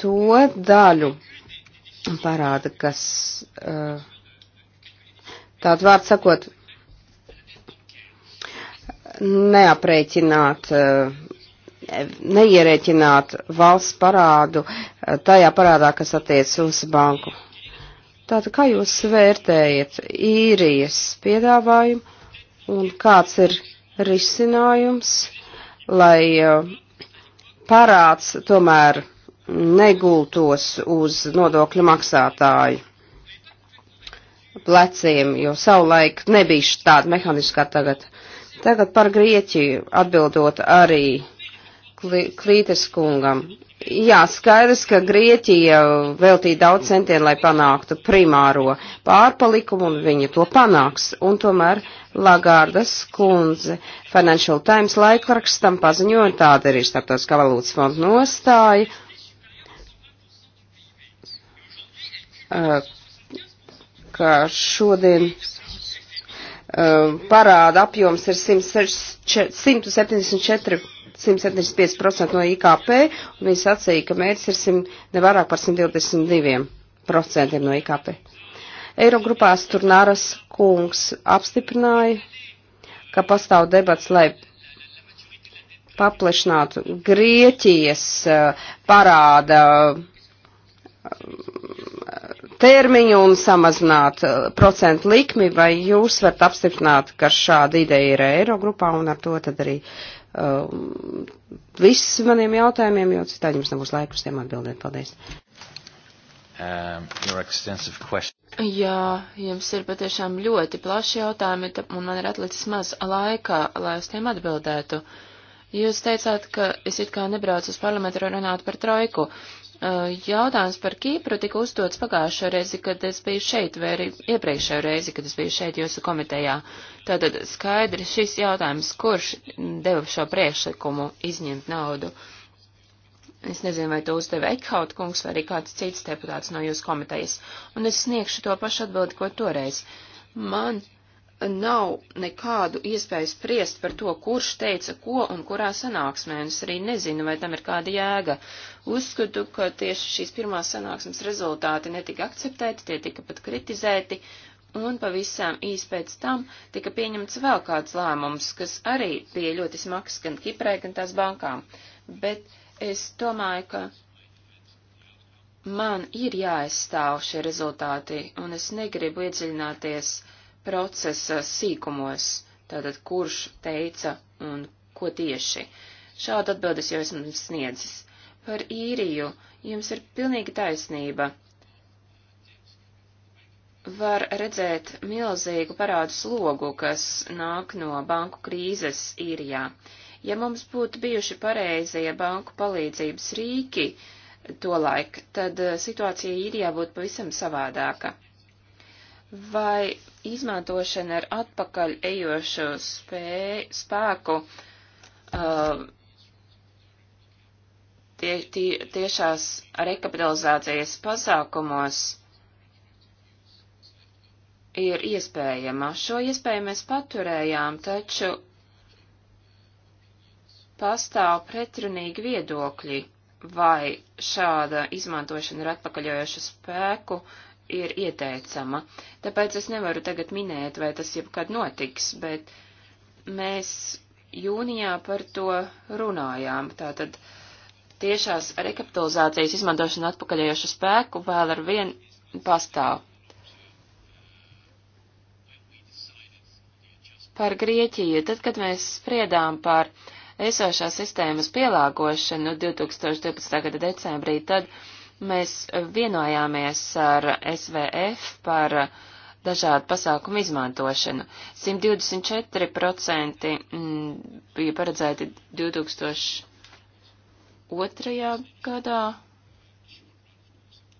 to daļu parāda, kas uh, Tātad vārds sakot, neaprēķināt, eh, neierēķināt valsts parādu eh, tajā parādā, kas attiec uz banku. Tātad kā jūs vērtējat īrijas piedāvājumu un kāds ir risinājums, lai eh, parāds tomēr negultos uz nodokļu maksātāju? pleciem, jo savulaik nebija tāda mehaniska kā tagad. Tagad par Grieķiju atbildot arī Klītes kungam. Jā, skaidrs, ka Grieķija veltīja daudz centienu, lai panāktu primāro pārpalikumu, un viņa to panāks. Un tomēr Lagārdas kundze Financial Times laikrakstam paziņoja, un tāda arī starptautiskā valūtas fonda nostāja, ka šodien um, parāda apjoms ir 174. 175% no IKP, un viņi sacīja, ka mērķis ir 100, nevairāk par 122% no IKP. Eirogrupā Sturnaras kungs apstiprināja, ka pastāv debats, lai paplašinātu Grieķijas uh, parāda uh, termiņu un samazināt eh, procentu likmi, vai jūs varat apstiprināt, ka šāda ideja ir Eirogrupā un ar to tad arī uh, viss maniem jautājumiem, jo citādi jums nebūs laikus tiem atbildēt. Paldies. Um, Jā, jums ir patiešām ļoti plaši jautājumi, un man ir atlicis maz laika, lai uz tiem atbildētu. Jūs teicāt, ka es it kā nebraucu uz parlamentu runāt par trojku. Eh, jautājums par Kīpru tika uzdots pagājušo reizi, kad es biju šeit, vai arī iepriekšējo reizi, kad es biju šeit jūsu komitejā. Tātad skaidri šis jautājums, kurš deva šo priekšlikumu izņemt naudu. Es nezinu, vai to uzdeva Ekhaut kungs vai arī kāds cits deputāts no jūsu komitejas, un es sniegšu to pašu atbildi, ko toreiz. Man nav nekādu iespēju spriest par to, kurš teica ko un kurā sanāksmē, un es arī nezinu, vai tam ir kāda jēga. Uzskatu, ka tieši šīs pirmās sanāksmes rezultāti netika akceptēti, tie tika pat kritizēti, un pavisam īs pēc tam tika pieņemts vēl kāds lēmums, kas arī bija ļoti smags gan Kiprai, gan tās bankām. Bet es domāju, ka man ir jāaizstāv šie rezultāti, un es negribu iedziļināties uh, procesa sīkumos, tātad kurš teica un ko tieši. Šādu atbildes jau esmu sniedzis. Par īriju jums ir pilnīga taisnība. Var redzēt milzīgu parādu slogu, kas nāk no banku krīzes īrijā. Ja mums būtu bijuši pareizie banku palīdzības rīki tolaik, tad eh, situācija īrijā būtu pavisam savādāka vai izmantošana ar atpakaļ ejošo spē, spēku uh, tie, tie, tiešās rekapitalizācijas pasākumos ir iespējama. Šo iespēju mēs paturējām, taču pastāv pretrunīgi viedokļi, vai šāda izmantošana ar atpakaļojošu spēku ir ieteicama. Tāpēc es nevaru tagad minēt, vai tas jebkad notiks, bet mēs jūnijā par to runājām. Tātad tiešās rekapitalizācijas izmantošana atpakaļējošu spēku vēl ar vienu pastāv. Par Grieķiju, tad, kad mēs spriedām par esošās sistēmas pielāgošanu 2012. gada decembrī, tad uh, mēs eh, vienojāmies ar SVF par eh, dažādu pasākumu izmantošanu. 124% mm, bija paredzēti 2002. gadā.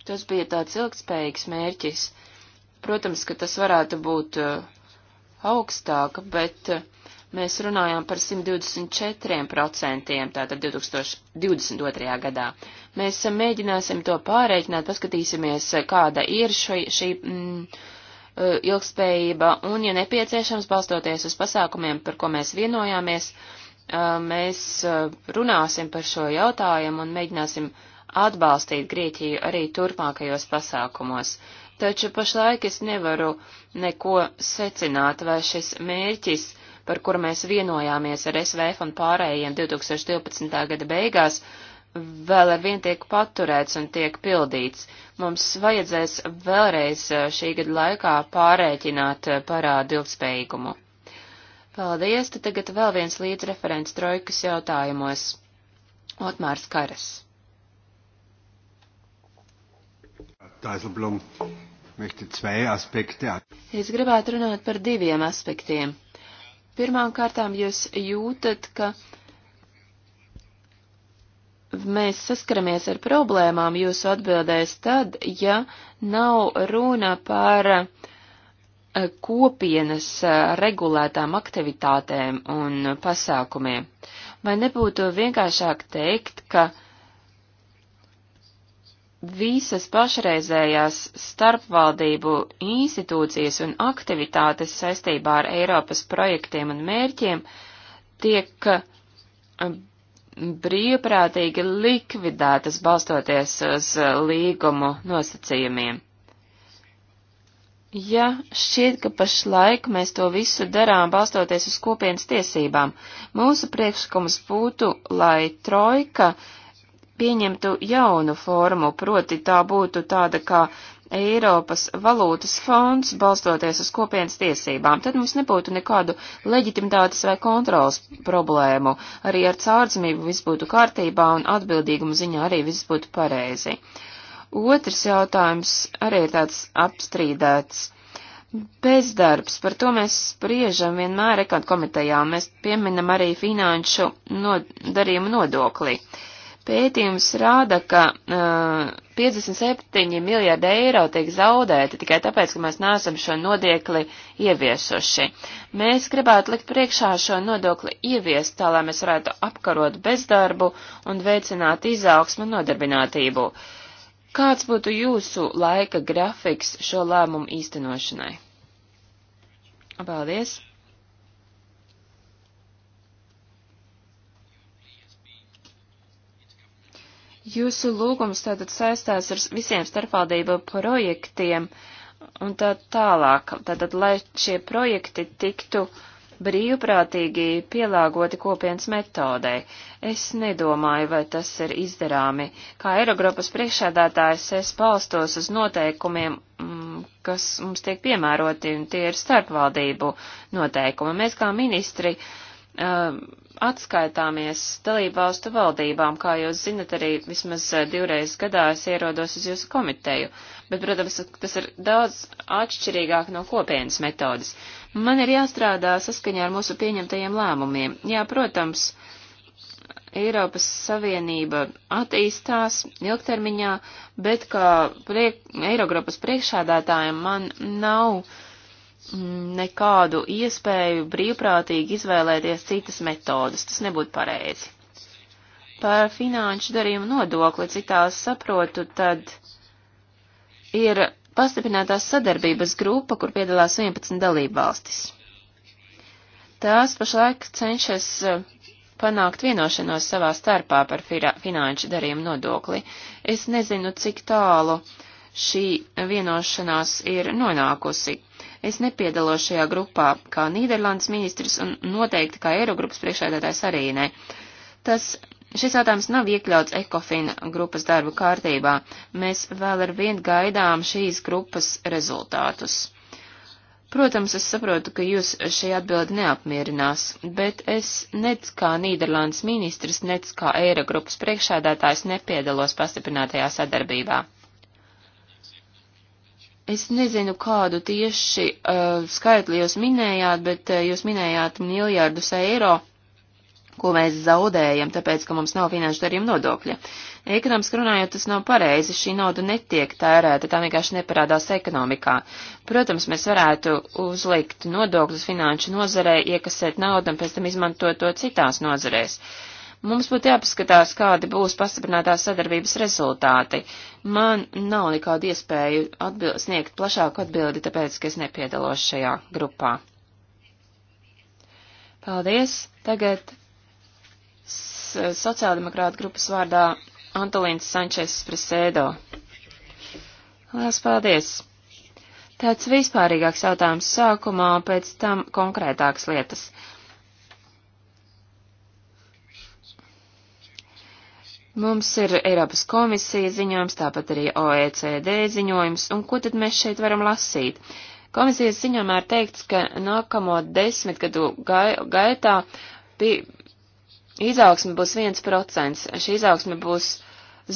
Tas bija tāds ilgspējīgs mērķis. Protams, ka tas varētu būt eh, augstāk, bet uh, mēs runājām par 124%, tātad 2022. gadā. Mēs eh, mēģināsim to pārreikināt, paskatīsimies, eh, kāda ir šo, šī mm, eh, ilgspējība, un, ja nepieciešams, balstoties uz pasākumiem, par ko mēs vienojāmies, mēs runāsim par šo jautājumu un mēģināsim atbalstīt Grieķiju arī turpmākajos pasākumos taču pašlaik es nevaru neko secināt, vai šis mērķis par kuru mēs vienojāmies ar SVF un pārējiem 2012. gada beigās, vēl ar vien tiek paturēts un tiek pildīts. Mums vajadzēs vēlreiz eh, šī gada laikā pārēķināt eh, parādu ilgspējīgumu. Paldies, tad tagad vēl viens līdzreferents trojkas jautājumos. Otmārs Karas. Es gribētu runāt par diviem aspektiem. Pirmām kārtām jūs jūtat, ka mēs saskaramies ar problēmām jūsu atbildēs tad, ja nav runa par eh, kopienas eh, regulētām aktivitātēm un pasākumiem. Vai nebūtu vienkāršāk teikt, ka uh, visas pašreizējās starpvaldību institūcijas un aktivitātes saistībā ar Eiropas projektiem un mērķiem tiek um, brīvprātīgi likvidētas balstoties uz uh, līgumu nosacījumiem. Ja šķiet, ka pašlaik mēs to visu darām balstoties uz kopienas tiesībām, mūsu priekšlikums būtu, lai trojka uh, pieņemtu jaunu formu, proti tā būtu tāda kā Eiropas valūtas fonds, balstoties uz kopienas tiesībām, tad mums nebūtu nekādu leģitimitātes vai kontrolas problēmu. Arī ar caurdzamību viss būtu kārtībā un atbildīgumu ziņā arī viss būtu pareizi. Otrs jautājums arī ir tāds apstrīdēts. Bezdarbs, par to mēs spriežam vienmēr ekonomikā komitejā, un mēs pieminam arī finanšu nodarījumu nodokli. Uh, Pētījums rāda, ka uh, 57 miljārdi eiro tiek zaudēti tikai tāpēc, ka mēs neesam šo nodiekli ieviesuši. Mēs gribētu likt priekšā šo nodokli ieviest, tā lai mēs varētu apkarot bezdarbu un veicināt izaugsmu un nodarbinātību. Kāds būtu jūsu laika grafiks šo lēmumu īstenošanai? Paldies! Jūsu lūgums tātad saistās ar visiem starpvaldību projektiem un tā tālāk. Tātad, lai šie projekti tiktu brīvprātīgi pielāgoti kopienas metodei. Es nedomāju, vai tas ir izdarāmi. Kā Eirogrupas priekšādātājs es balstos uz noteikumiem, mm, kas mums tiek piemēroti, un tie ir starpvaldību noteikumi. Mēs kā ministri uh, uh, atskaitāmies dalību valstu valdībām. Kā jūs zinat, arī vismaz eh, divreiz gadā es ierodos uz jūsu komiteju. Bet, protams, tas ir daudz atšķirīgāk no kopienas metodas. Man ir jāstrādā saskaņā ar mūsu pieņemtajiem lēmumiem. Jā, protams, Eiropas Savienība attīstās ilgtermiņā, bet kā priek Eirogrupas priekšādātājiem man nav nekādu iespēju brīvprātīgi izvēlēties citas metodas. Tas nebūtu pareizi. Par finanšu darījumu nodokli, cik tās saprotu, tad ir pastiprinātās sadarbības grupa, kur piedalās 11 dalībvalstis. Tās pašlaik cenšas eh, panākt vienošanos savā starpā par finanšu darījumu nodokli. Es nezinu, cik tālu šī vienošanās ir nonākusi, Es nepiedalos šajā grupā kā Nīderlandes ministrs un noteikti kā Eirogrupas priekšēdētājs arī ne. Tas Šis jautājums nav iekļauts ECOFIN grupas darba kārtībā. Mēs vēl ar vien gaidām šīs grupas rezultātus. Protams, es saprotu, ka jūs šī atbildi neapmierinās, bet es nec kā Nīderlandes ministrs, nec kā Eira grupas priekšēdētājs nepiedalos pastiprinātajā sadarbībā. Es nezinu, kādu tieši uh, skaitli jūs minējāt, bet uh, jūs minējāt miljārdus eiro, ko mēs zaudējam, tāpēc, ka mums nav finanšu darījuma nodokļa. Ekonomiski runājot, tas nav pareizi, šī nauda netiek tērēta, tā vienkārši neparādās ekonomikā. Protams, mēs varētu uzlikt nodokļus finanšu nozarē, iekasēt naudu un pēc tam izmantot to citās nozarēs. Uh, Mums būtu jāpaskatās, kādi būs pastiprinātās sadarbības rezultāti. Man nav nekādu iespēju atbild, sniegt plašāku atbildi, tāpēc, ka es nepiedalos šajā grupā. Paldies! Tagad sociāldemokrāta grupas vārdā Antolīns Sančes Presēdo. Lielas paldies! Tāds vispārīgāks jautājums sākumā, pēc tam konkrētākas lietas. Mums ir Eiropas komisija ziņojums, tāpat arī OECD ziņojums, un ko tad mēs šeit varam lasīt? Komisijas ziņojumā ir teikts, ka nākamo desmitgadu gai, gaitā pie, izaugsme būs 1%. Šī izaugsme būs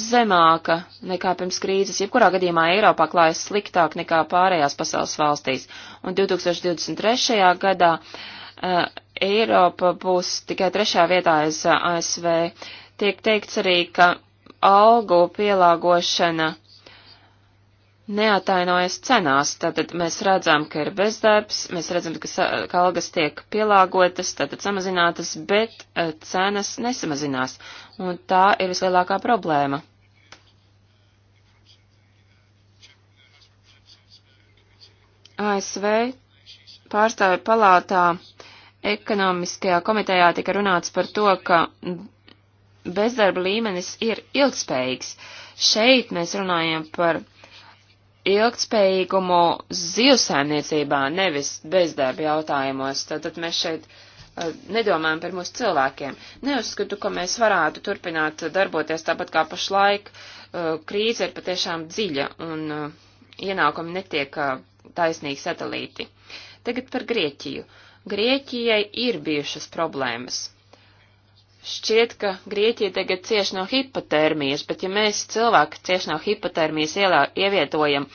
zemāka nekā pirms krīzes, jebkurā gadījumā Eiropā klājas sliktāk nekā pārējās pasaules valstīs. Un 2023. gadā uh, Eiropa būs tikai trešā vietā aiz eh, ASV. Uh, Tiek teikts arī, ka algu pielāgošana neatainojas cenās. Tātad mēs redzam, ka ir bezdarbs, mēs redzam, ka, ka algas tiek pielāgotas, tātad samazinātas, bet eh, cenas nesamazinās. Un tā ir vislielākā problēma. ASV pārstāvju palātā ekonomiskajā komitejā tika runāts par to, ka bezdarba līmenis ir ilgspējīgs. Šeit mēs runājam par ilgspējīgumu zivsaimniecībā, nevis bezdarba jautājumos. Tātad mēs šeit uh, nedomājam par mūsu cilvēkiem. Neuzskatu, ka mēs varētu turpināt darboties tāpat kā pašlaik. Uh, krīze ir patiešām dziļa un uh, ienākumi netiek taisnīgi sadalīti. Tagad par Grieķiju. Grieķijai ir bijušas problēmas. Šķiet, ka Grieķija tagad cieš no hipotermijas, bet ja mēs cilvēku cieš no hipotermijas ielā, ievietojam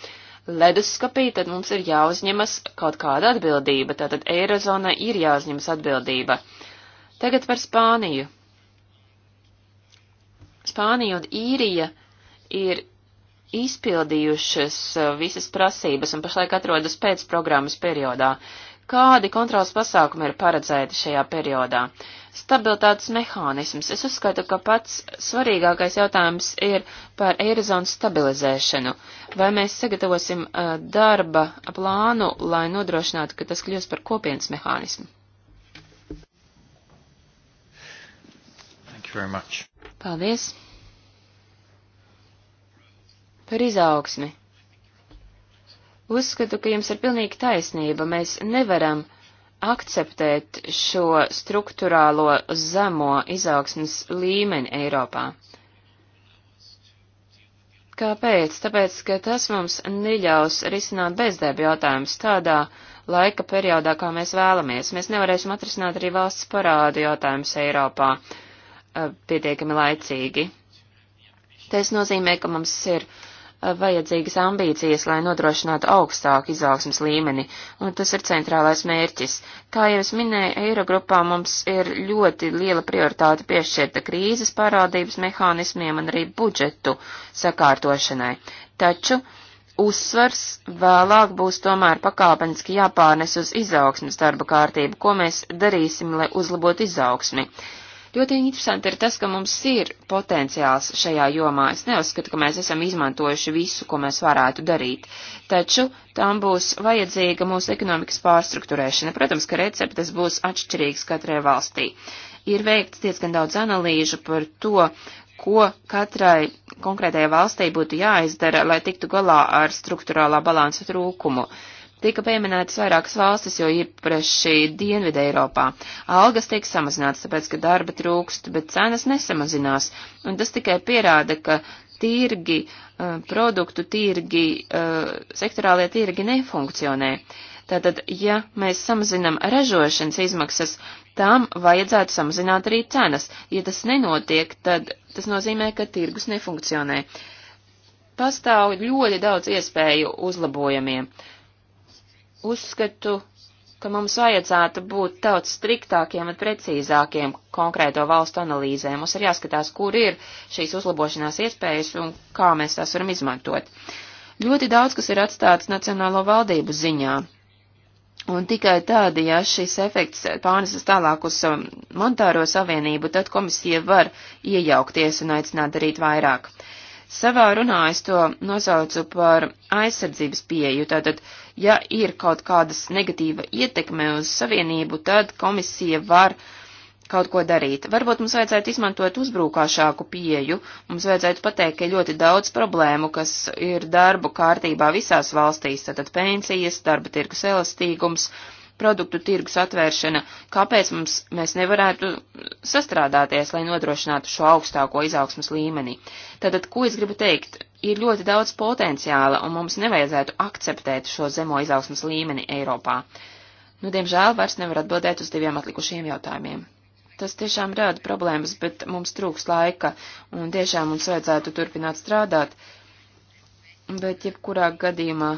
leduskapī, tad mums ir jāuzņemas kaut kāda atbildība, tātad Eirozonai ir jāuzņemas atbildība. Tagad par Spāniju. Spānija un Īrija ir izpildījušas uh, visas prasības un pašlaik atrodas pēc programmas periodā. Uh, Kādi kontrols pasākumi ir paredzēti šajā periodā? Stabilitātes mehānisms. Es uzskatu, ka pats svarīgākais jautājums ir par eirozonu stabilizēšanu. Vai mēs sagatavosim uh, darba plānu, lai nodrošinātu, ka tas kļūst par kopienas mehānismu? Paldies! Par izaugsmi! Uzskatu, ka jums ir pilnīgi taisnība. Mēs nevaram akceptēt šo struktūrālo zemo izaugsmas līmeni Eiropā. Kāpēc? Tāpēc, ka tas mums neļaus risināt bezdarba jautājumus tādā laika periodā, kā mēs vēlamies. Mēs nevarēsim atrisināt arī valsts parādu jautājumus Eiropā eh, pietiekami laicīgi. Tas nozīmē, ka mums ir uh, vajadzīgas ambīcijas, lai nodrošinātu augstāku izaugsmas līmeni, un tas ir centrālais mērķis. Kā jau es minēju, Eirogrupā mums ir ļoti liela prioritāte piešķirta krīzes pārādības mehānismiem un arī budžetu sakārtošanai. Taču uzsvars vēlāk būs tomēr pakāpeniski jāpārnes uz izaugsmas darba kārtību, ko mēs darīsim, lai uzlabotu izaugsmi. Ļoti interesanti ir tas, ka mums ir potenciāls šajā jomā. Es neuzskatu, ka mēs esam izmantojuši visu, ko mēs varētu darīt. Taču tam būs vajadzīga mūsu ekonomikas pārstruktūrēšana. Protams, ka receptes būs atšķirīgas katrai valstī. Ir veikts diezgan daudz analīžu par to, ko katrai konkrētajai valstī būtu jāizdara, lai tiktu galā ar struktūrālā balansa trūkumu. Uh, Tika pieminētas vairākas valstis, jo īpaši Dienvidē Eiropā. Algas tiek samazināts, tāpēc, ka darba trūkst, bet cenas nesamazinās. Un tas tikai pierāda, ka tirgi, eh, produktu tirgi, eh, sektorālie tirgi nefunkcionē. Tātad, ja mēs samazinam ražošanas izmaksas, tām vajadzētu samazināt arī cenas. Ja tas nenotiek, tad tas nozīmē, ka tirgus nefunkcionē. Pastāv ļoti daudz iespēju uzlabojumiem. Uh, Uzskatu, ka mums vajadzētu būt daudz striktākiem un precīzākiem konkrēto valstu analīzē. Mums ir jāskatās, kur ir šīs uzlabošanās iespējas un kā mēs tās varam izmantot. Ļoti daudz, kas ir atstāts Nacionālo valdību ziņā. Un tikai tādi, ja šis efekts pārnesas tālāk uz monetāro savienību, tad komisija var iejaukties un aicināt darīt vairāk. Savā runā es to nosaucu par aizsardzības pieju, tātad uh, ja ir kaut kādas negatīva ietekme uz savienību, tad komisija var kaut ko darīt. Varbūt mums vajadzētu izmantot uzbrūkošāku pieju, mums vajadzētu pateikt, ka ir ļoti daudz problēmu, kas ir darbu kārtībā visās valstīs, tātad pensijas, darba tirkus elastīgums, uh, produktu tirgus atvēršana, kāpēc mums mēs nevarētu sastrādāties, lai nodrošinātu šo augstāko izaugsmas līmeni. Tātad, ko es gribu teikt? Ir ļoti daudz potenciāla, un mums nevajadzētu akceptēt šo zemo izaugsmas līmeni Eiropā. Nu, diemžēl vairs nevar atbildēt uz diviem atlikušiem jautājumiem. Tas tiešām rada problēmas, bet mums trūks laika, un tiešām mums vajadzētu turpināt strādāt. Bet jebkurā gadījumā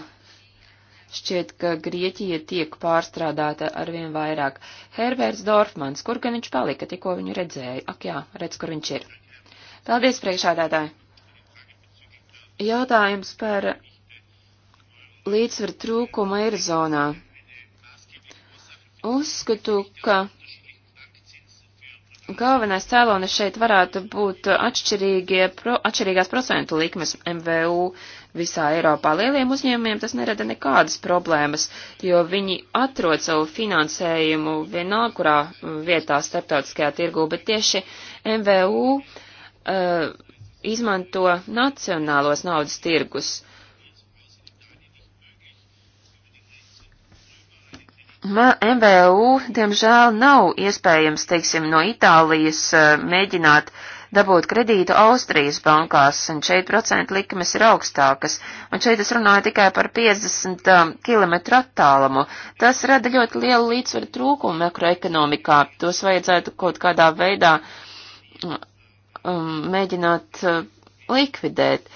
Šķiet, ka Grieķija tiek pārstrādāta arvien vairāk. Herberts Dorfmans, kur gan viņš palika, tikko viņu redzēju? Ak jā, redz, kur viņš ir. Paldies, priekšādātāji! Jautājums par līdzsver trūkumu Eirozonā. Uzskatu, ka galvenais cēlonis šeit varētu būt atšķirīgās procentu likmes MVU visā Eiropā. Lieliem uzņēmumiem tas nerada nekādas problēmas, jo viņi atrod savu finansējumu vienalga kurā vietā starptautiskajā tirgū, bet tieši MVU uh, eh, izmanto nacionālos naudas tirgus. MVU, diemžēl, nav iespējams, teiksim, no Itālijas eh, mēģināt uh, dabūt kredītu Austrijas bankās, un šeit procentu likmes ir augstākas, un šeit es runāju tikai par 50 um, km attālumu. Tas rada ļoti lielu līdzsvaru trūkumu makroekonomikā, tos vajadzētu kaut kādā veidā mm, um, mēģināt uh, likvidēt.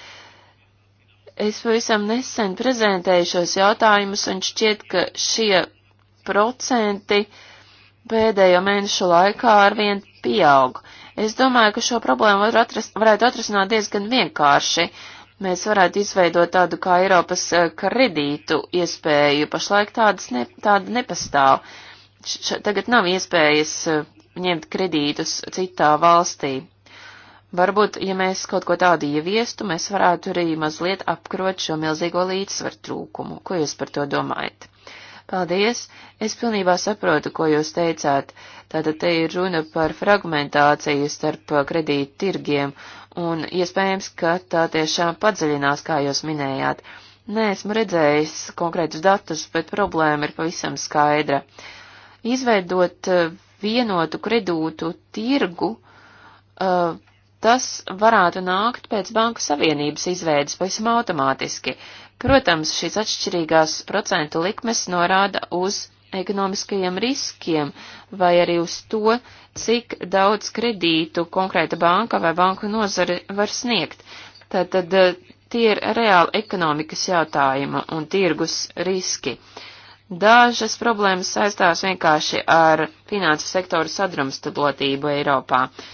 Es pavisam nesen prezentēju šos jautājumus, un šķiet, ka šie procenti pēdējo mēnešu laikā arvien pieaug. Es domāju, ka šo problēmu var atrast, varētu atrasināt diezgan vienkārši. Mēs varētu izveidot tādu kā Eiropas eh, kredītu iespēju, pašlaik tādas ne, tāda nepastāv. Š, tagad nav iespējas eh, ņemt kredītus citā valstī. Varbūt, ja mēs kaut ko tādu ieviestu, mēs varētu arī mazliet apkrot šo milzīgo līdzsvaru trūkumu. Ko jūs par to domājat? Paldies! Es pilnībā saprotu, ko jūs teicāt. Tātad te ir runa par fragmentāciju starp kredītu tirgiem, un iespējams, ka tā tiešām padziļinās, kā jūs minējāt. Nē, esmu redzējis konkrētus datus, bet problēma ir pavisam skaidra. Izveidot eh, vienotu kredītu tirgu, uh, tas varētu nākt pēc Banku Savienības izveidas pavisam automātiski. Uh, Protams, šīs atšķirīgās procentu likmes norāda uz ekonomiskajiem riskiem vai arī uz to, cik daudz kredītu konkrēta banka vai banku nozare var sniegt. Tātad eh, tie ir reāli ekonomikas jautājuma un tirgus riski. Dažas problēmas saistās vienkārši ar finansu sektoru sadrumstalotību Eiropā. Uh,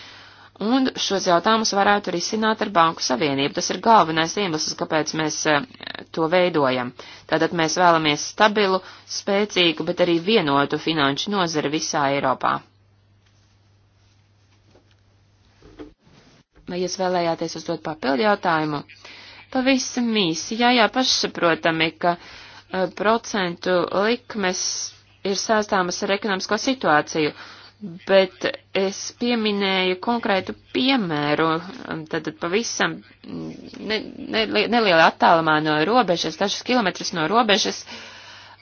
un šos jautājumus varētu risināt ar Banku Savienību. Tas ir galvenais iemesls, kāpēc mēs e, to veidojam. Tātad mēs vēlamies stabilu, spēcīgu, bet arī vienotu finanšu nozari visā Eiropā. Vai jūs vēlējāties uzdot papildu jautājumu? Pavisam īsi, jā, jā, pašsaprotami, ka uh, procentu likmes ir sāstāmas ar ekonomisko situāciju. Uh, bet es pieminēju konkrētu piemēru, um, tad pavisam ne, ne, nelielā attālumā no robežas, dažas kilometras no robežas,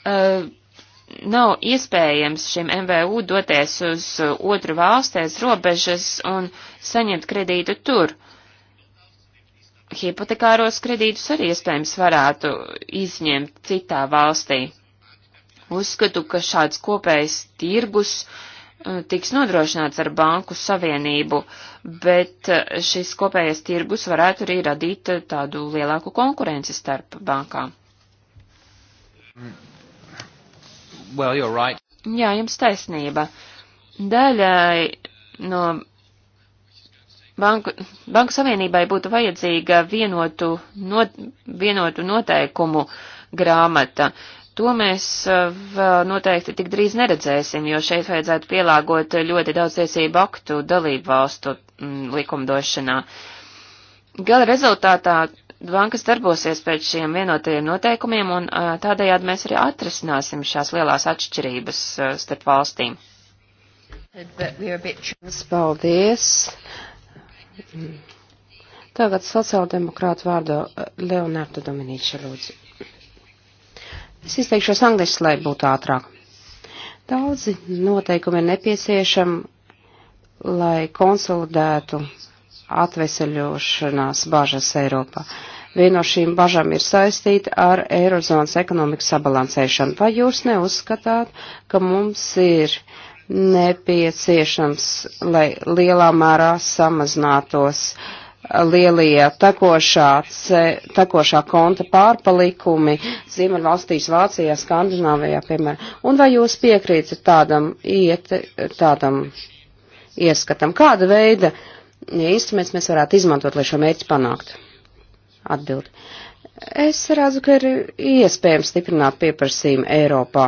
uh, nav iespējams šim MVU doties uz otru valstēs robežas un saņemt kredītu tur. Hipotekāros kredītus arī iespējams varētu izņemt citā valstī. Uzskatu, ka šāds kopējs tirgus uh, Eh, tiks nodrošināts ar banku savienību, bet eh, šis kopējais tirgus varētu arī radīt eh, tādu lielāku konkurenci starp bankām. Well, you're right. Jā, jums taisnība. Daļai no banku, banku savienībai būtu vajadzīga vienotu, not, vienotu noteikumu grāmata. To mēs eh, vēl noteikti tik drīz neredzēsim, jo šeit vajadzētu pielāgot ļoti daudz tiesību aktu dalību valstu m, mm, likumdošanā. Gala rezultātā bankas darbosies pēc šiem vienotajiem noteikumiem, un eh, tādējādi mēs arī atrisināsim šās lielās atšķirības eh, starp valstīm. Paldies! Tagad sociāldemokrātu vārdu Leonardo Dominīča lūdzu. Es izteikšos angliski, lai būtu ātrāk. Daudzi noteikumi ir nepieciešami, lai konsolidētu atveseļošanās bažas Eiropā. Viena no šīm bažām ir saistīta ar Eirozonas ekonomikas sabalansēšanu. Vai jūs neuzskatāt, ka mums ir nepieciešams, lai lielā mērā samazinātos uh, lielie tekošā, tekošā konta pārpalikumi Ziemeļvalstīs, Vācijā, Skandināvijā, piemēram. Un vai jūs piekrītat tādam, iet, tādam ieskatam? Kāda veida instruments mēs varētu izmantot, lai šo mērķi panāktu? Atbildi. Es redzu, ka ir iespējams stiprināt pieprasījumu Eiropā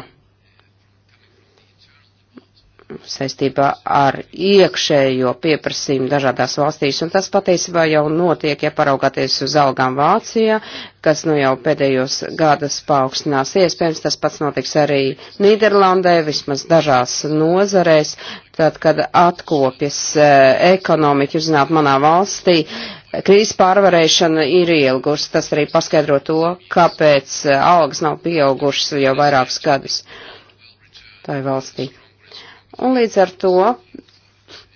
saistībā ar iekšējo pieprasījumu dažādās valstīs, un tas patiesībā jau notiek, ja paraugāties uz algām Vācijā, kas nu jau pēdējos gadas paaugstinās. Iespējams, tas pats notiks arī Nīderlandē, vismaz dažās nozarēs, tad, kad atkopjas e, ekonomika, jūs zināt, manā valstī, krīzes pārvarēšana ir ielgus, tas arī paskaidro to, kāpēc e, algas nav pieaugušas jau vairākus gadus. Tā ir valstī. Un līdz ar to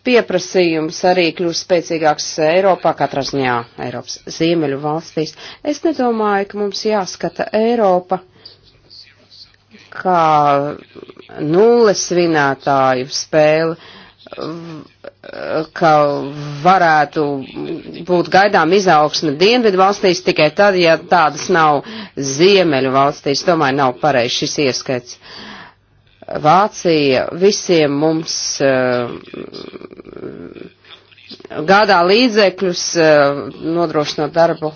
pieprasījums arī kļūst spēcīgāks Eiropā, katrā ziņā Eiropas ziemeļu valstīs. Es nedomāju, ka mums jāskata Eiropa kā nulles vinētāju spēle, ka varētu būt gaidām izaugsme dienvidu valstīs tikai tad, ja tādas nav ziemeļu valstīs. Domāju, nav pareizs šis ieskaits. Uh, Vācija visiem mums uh, gādā līdzekļus, uh, nodrošinot darbu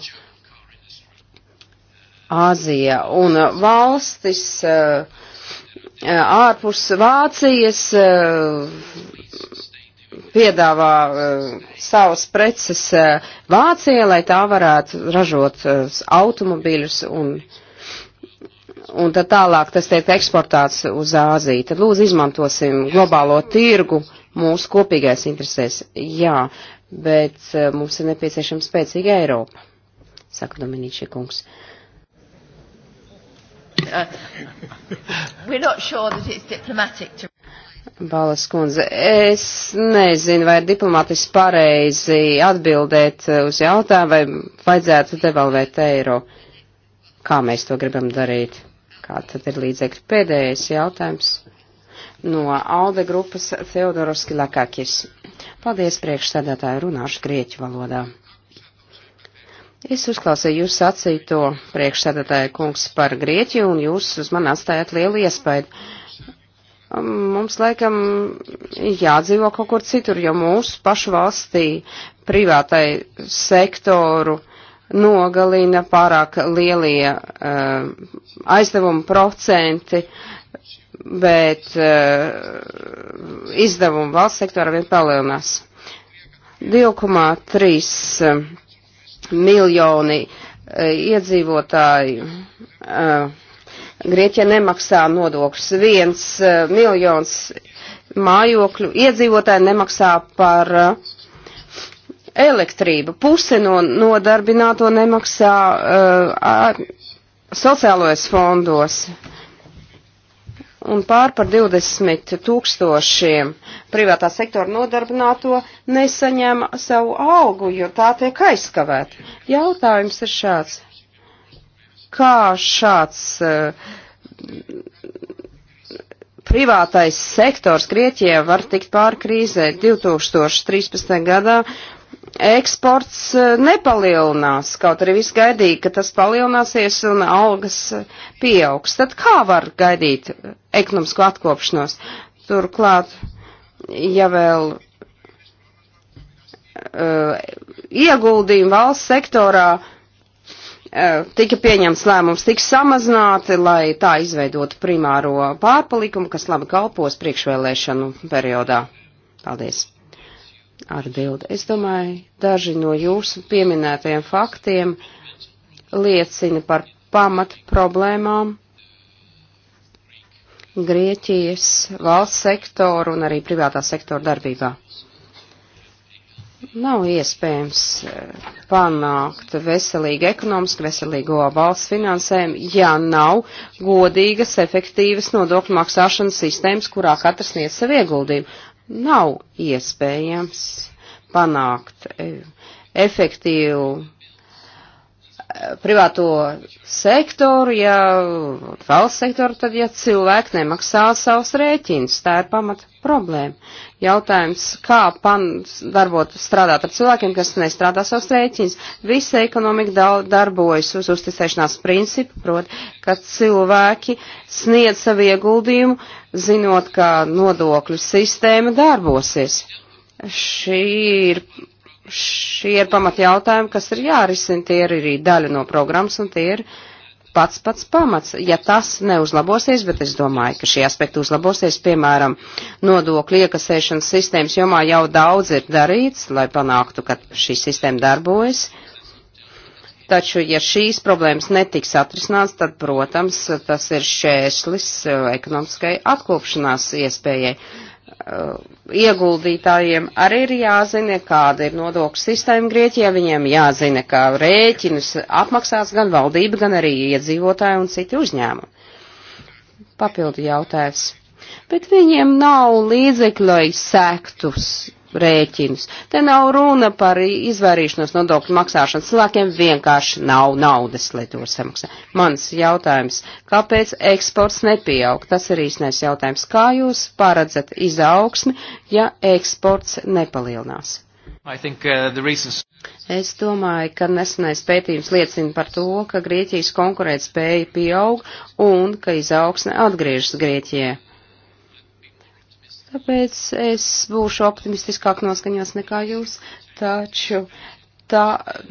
Āzijā. Un uh, valstis uh, ārpus Vācijas uh, piedāvā uh, savas preces uh, Vācijai, lai tā varētu ražot uh, automobīļus un uh, un tad tālāk tas tiek eksportēts uz Āziju. Tad lūdzu izmantosim globālo tirgu mūsu kopīgais interesēs. Jā, bet eh, mums ir nepieciešama spēcīga Eiropa, saka Dominīči kungs. Uh, sure to... Balas kundze, es nezinu, vai ir diplomātiski pareizi atbildēt eh, uz jautājumu, vai vajadzētu devalvēt eiro. Kā mēs to gribam darīt? kā tad ir līdzekļi. Pēdējais jautājums no Alde grupas Theodoros Kilakakis. Paldies priekšsēdētāju runāšu grieķu valodā. Es uzklausīju jūs sacīto priekšsēdētāju kungs par Grieķiju un jūs uz mani atstājat lielu iespaidu. Mums laikam jādzīvo kaut kur citur, jo mūsu pašu valstī privātai sektoru nogalina pārāk lielie uh, eh, aizdevumu procenti, bet uh, izdevumi valsts sektora vien palielinās. 2,3 eh, miljoni uh, iedzīvotāju. Uh, Grieķija nemaksā nodokļus. Viens uh, miljons mājokļu iedzīvotāji nemaksā par uh, elektrība. Puse no nodarbināto nemaksā uh, sociālojas fondos. Un pār par 20 tūkstošiem privātā sektora nodarbināto nesaņem savu algu, jo tā tiek aizskavēta. Jautājums ir šāds. Kā šāds uh, privātais sektors Grieķijā var tikt pārkrīzē 2013. gadā eksports e, nepalielinās, kaut arī viss gaidīja, ka tas palielināsies un algas e, pieaugs. Tad kā var gaidīt ekonomisko atkopšanos? Turklāt, ja vēl uh, ieguldījumi valsts sektorā uh, tika pieņemts lēmums, tiks samazināti, lai tā izveidotu primāro pārpalikumu, kas labi kalpos priekšvēlēšanu periodā. Paldies! atbildi. Es domāju, daži no jūsu pieminētajiem faktiem liecina par pamat problēmām Grieķijas valsts sektoru un arī privātā sektora darbībā. Nav iespējams eh, panākt veselīgu ekonomisku, veselīgo valsts finansējumu, ja nav godīgas, efektīvas nodokļu maksāšanas sistēmas, kurā katrs sniedz savu ieguldījumu nav iespējams panākt eh, efektīvu privāto sektoru, ja valsts sektoru, tad ja cilvēki nemaksā savus rēķinus, tā ir pamata problēma. Jautājums, kā pan darbot, strādāt ar cilvēkiem, kas nestrādā savus rēķinus. Visa ekonomika darbojas uz uzticēšanās principu, proti, ka cilvēki sniedz savu ieguldījumu, zinot, ka nodokļu sistēma darbosies. Šī ir Šie ir pamat jautājumi, kas ir jārisina, tie ir arī daļa no programmas un tie ir pats pats pamats. Ja tas neuzlabosies, bet es domāju, ka šie aspekti uzlabosies, piemēram, nodokļu iekasēšanas sistēmas jomā jau daudz ir darīts, lai panāktu, ka šī sistēma darbojas. Taču, ja šīs problēmas netiks atrisināts, tad, protams, tas ir šēslis eh, ekonomiskai atkopšanās iespējai. Uh, ieguldītājiem arī ir jāzina, kāda ir nodokļu sistēma Grieķijā. Viņiem jāzina, ka rēķinus apmaksās gan valdība, gan arī iedzīvotāji un citi uzņēmumi. Papildu jautājums. Bet viņiem nav līdzekļu, lai sektus rēķinus. Te nav runa par izvairīšanos nodokļu maksāšanas. Cilvēkiem vienkārši nav naudas, lai to samaksā. Mans jautājums, kāpēc eksports nepieaug? Tas ir īsnais jautājums. Kā jūs paredzat izaugsmi, ja eksports nepalielinās? Think, uh, reasons... Es domāju, ka nesenais pētījums liecina par to, ka Grieķijas konkurētspēja pieaug un ka izaugsme atgriežas Grieķijai Tāpēc es būšu optimistiskāk noskaņās nekā jūs, taču tā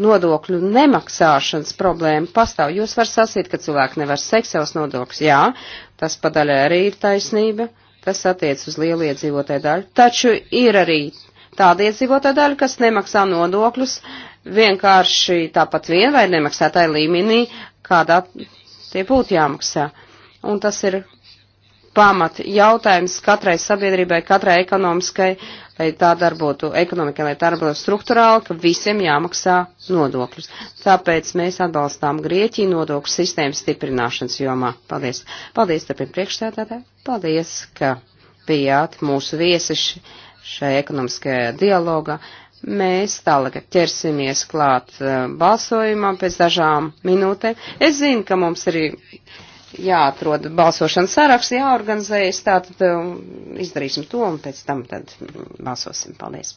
nodokļu nemaksāšanas problēma pastāv. Jūs varat sasīt, ka cilvēki nevar sekt savus nodokļus. Jā, tas padaļai arī ir taisnība, tas attiec uz lielu iedzīvotāju daļu, taču ir arī tāda iedzīvotāja daļa, kas nemaksā nodokļus vienkārši tāpat vien vai nemaksātāja līmenī, kādā tie būtu jāmaksā. Un tas ir pamat jautājums katrai sabiedrībai, katrai ekonomiskai, lai tā darbotu ekonomikai, lai tā darbotu struktūrāli, ka visiem jāmaksā nodokļus. Tāpēc mēs atbalstām Grieķiju nodokļu sistēmas stiprināšanas jomā. Paldies. Paldies, tāpēc priekšstādātāji. Paldies, ka bijāt mūsu viesiši šajā ekonomiskajā dialogā. Mēs tālāk ķersimies klāt eh, balsojumam pēc dažām minūtēm. Es zinu, ka mums ir jāatrod balsošanas saraksts, jāorganizējas, tātad um, izdarīsim to un pēc tam tad mm, balsosim. Paldies!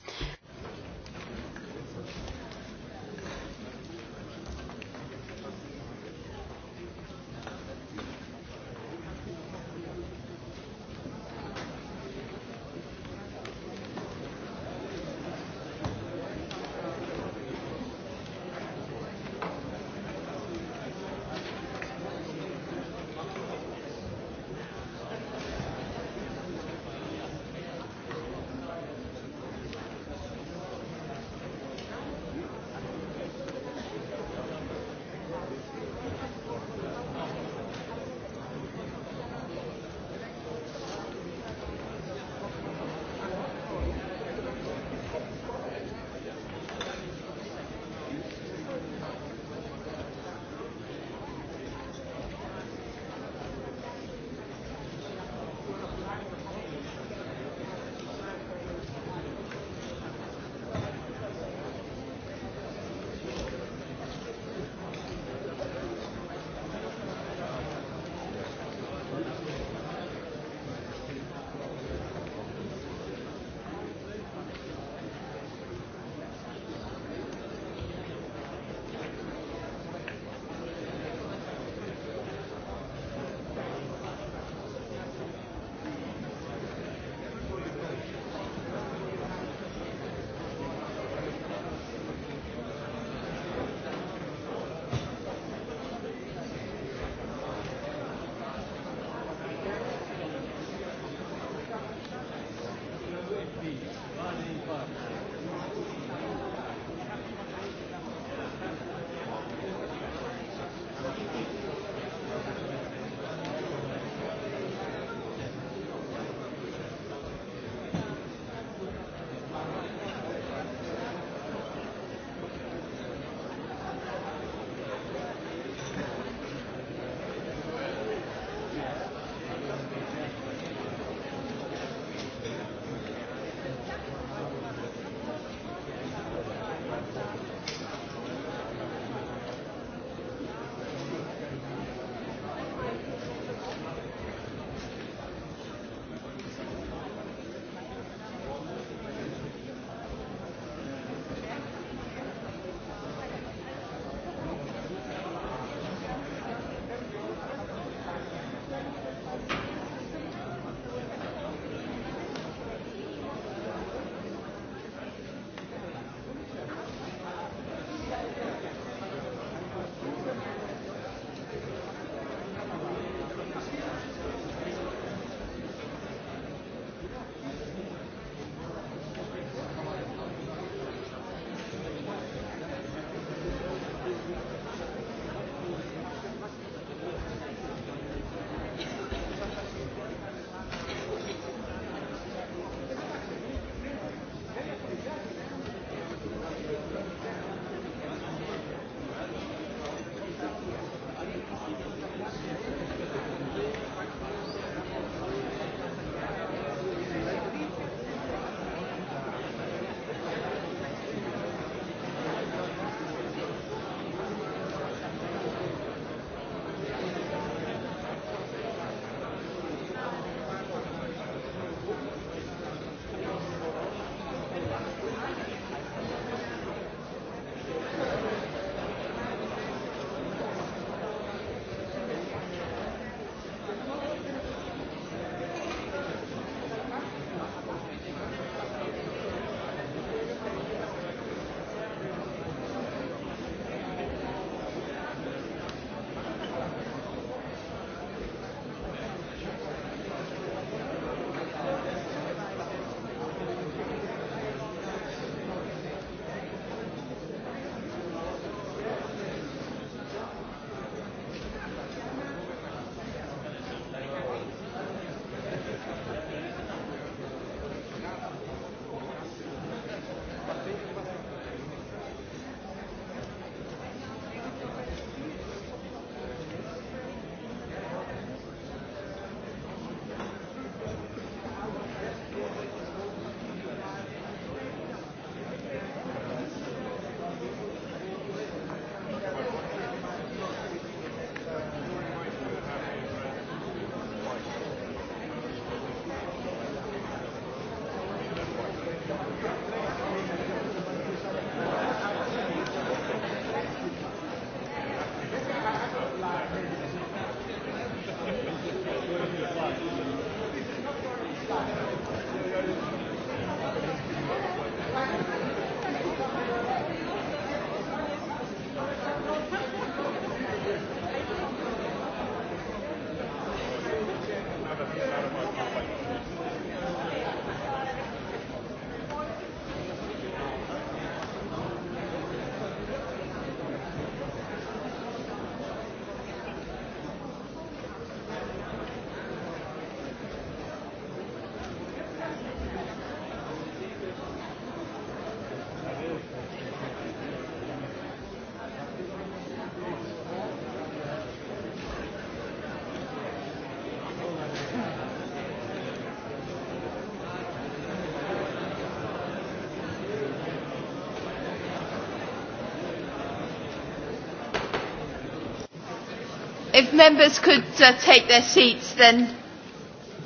If members could uh, take their seats, then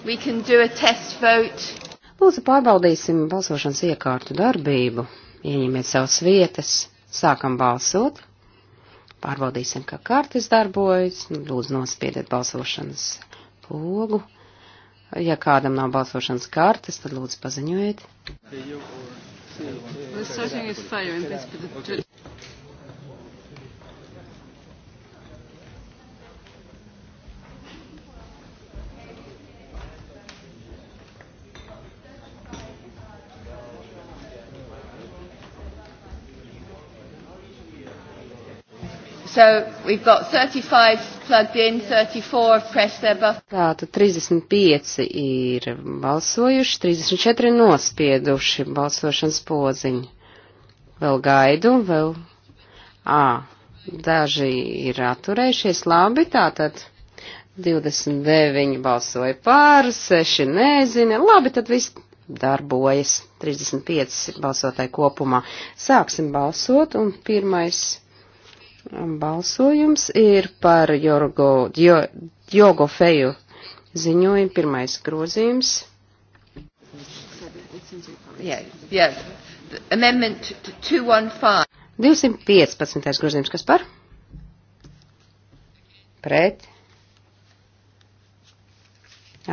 we can do a test vote. Lūdzu, pārbaudīsim balsošanas iekārtu darbību. Ieņemiet savas vietas, sākam balsot, pārbaudīsim, ka kartes darbojas, lūdzu nospiediet balsošanas pogu. Ja kādam nav balsošanas kartes, tad lūdzu paziņojiet. The voting is fair in this So we've got 35 plugged in, 34 have pressed their button. Tātad 35 ir balsojuši, 34 nospieduši balsošanas podziņu. Vēl gaidu, vēl. Ā, daži ir atturējušies labi, tātad 29 balsoja pār, 6 nezina. Labi, tad viss darbojas. 35 balsotāji kopumā. Sāksim balsot un pirmais Balsojums ir par Jorgo, jo, Jogo Feju ziņojumu pirmais grozījums. Yeah, yeah. 215. 215. grozījums, kas par? Pret.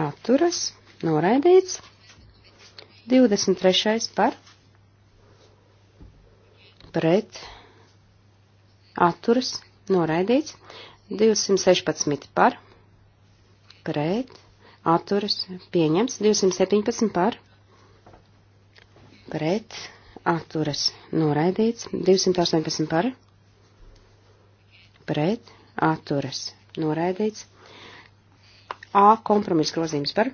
Atturas. Noraidīts. 23. par. Pret atturas noraidīts, 216 par, pret, atturas pieņemts, 217 par, pret, atturas noraidīts, 218 par, pret, atturas noraidīts, A kompromisa grozījums par,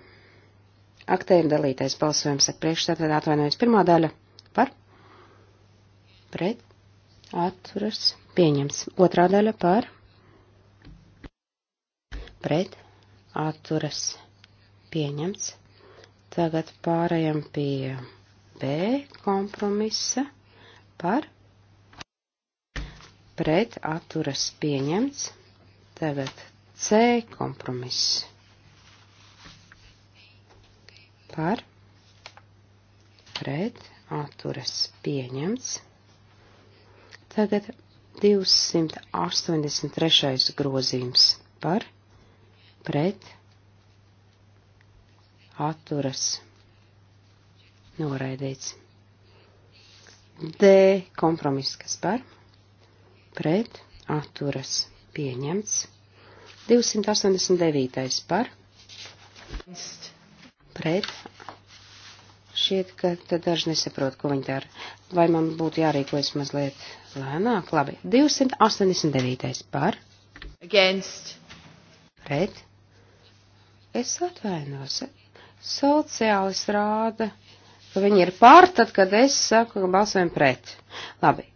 aktēm dalītais balsojums ar priekšstādā atvainojas pirmā daļa par, pret, atturas noraidīts pieņems. Otrā daļa par pret atturas pieņemts. Tagad pārējām pie B kompromisa par pret atturas pieņemts. Tagad C kompromiss par pret atturas pieņemts. Tagad 283. grozījums par pret atturas noraidīts. D kompromiss, kas par pret atturas pieņemts. 289. par pret šķiet, ka tad daži nesaprot, ko viņi dara. Vai man būtu jārīkojas mazliet Lēnāk, labi. 289. par. Against. Pret. Es atvainos. Sociālis rāda, ka viņi ir pār, tad, kad es saku, ka balsojam pret. Labi.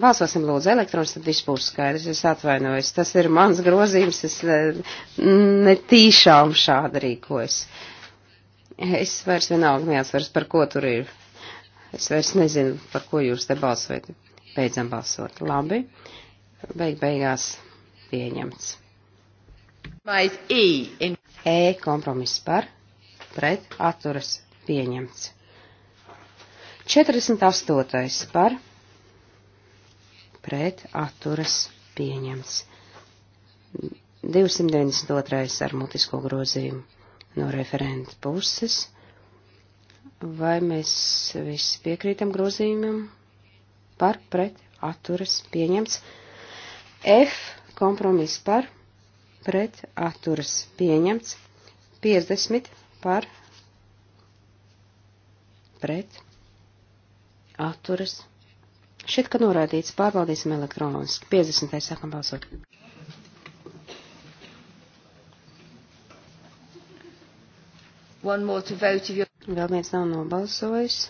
Balsosim lūdzu elektrons, tad viss būs skaidrs. Es atvainojos. Tas ir mans grozījums. Es eh, netīšām šādi rīkojos. Es vairs vienalga neatceros, par ko tur ir. Es vairs nezinu, par ko jūs te balsojat. Beidzam balsot. Labi. Beig beigās pieņemts. E, e kompromiss par, pret, atturas, pieņemts. 48. par, pret, atturas, pieņemts. 292. ar mutisko grozījumu no referenta puses. Vai mēs visi piekrītam grozījumam? par pret atturas pieņemts. F kompromiss par pret atturas pieņemts. 50 par pret atturas. Šit, ka norādīts, pārbaudīsim elektroniski. 50. sākam balsot. Vēl viens nav nobalsojis.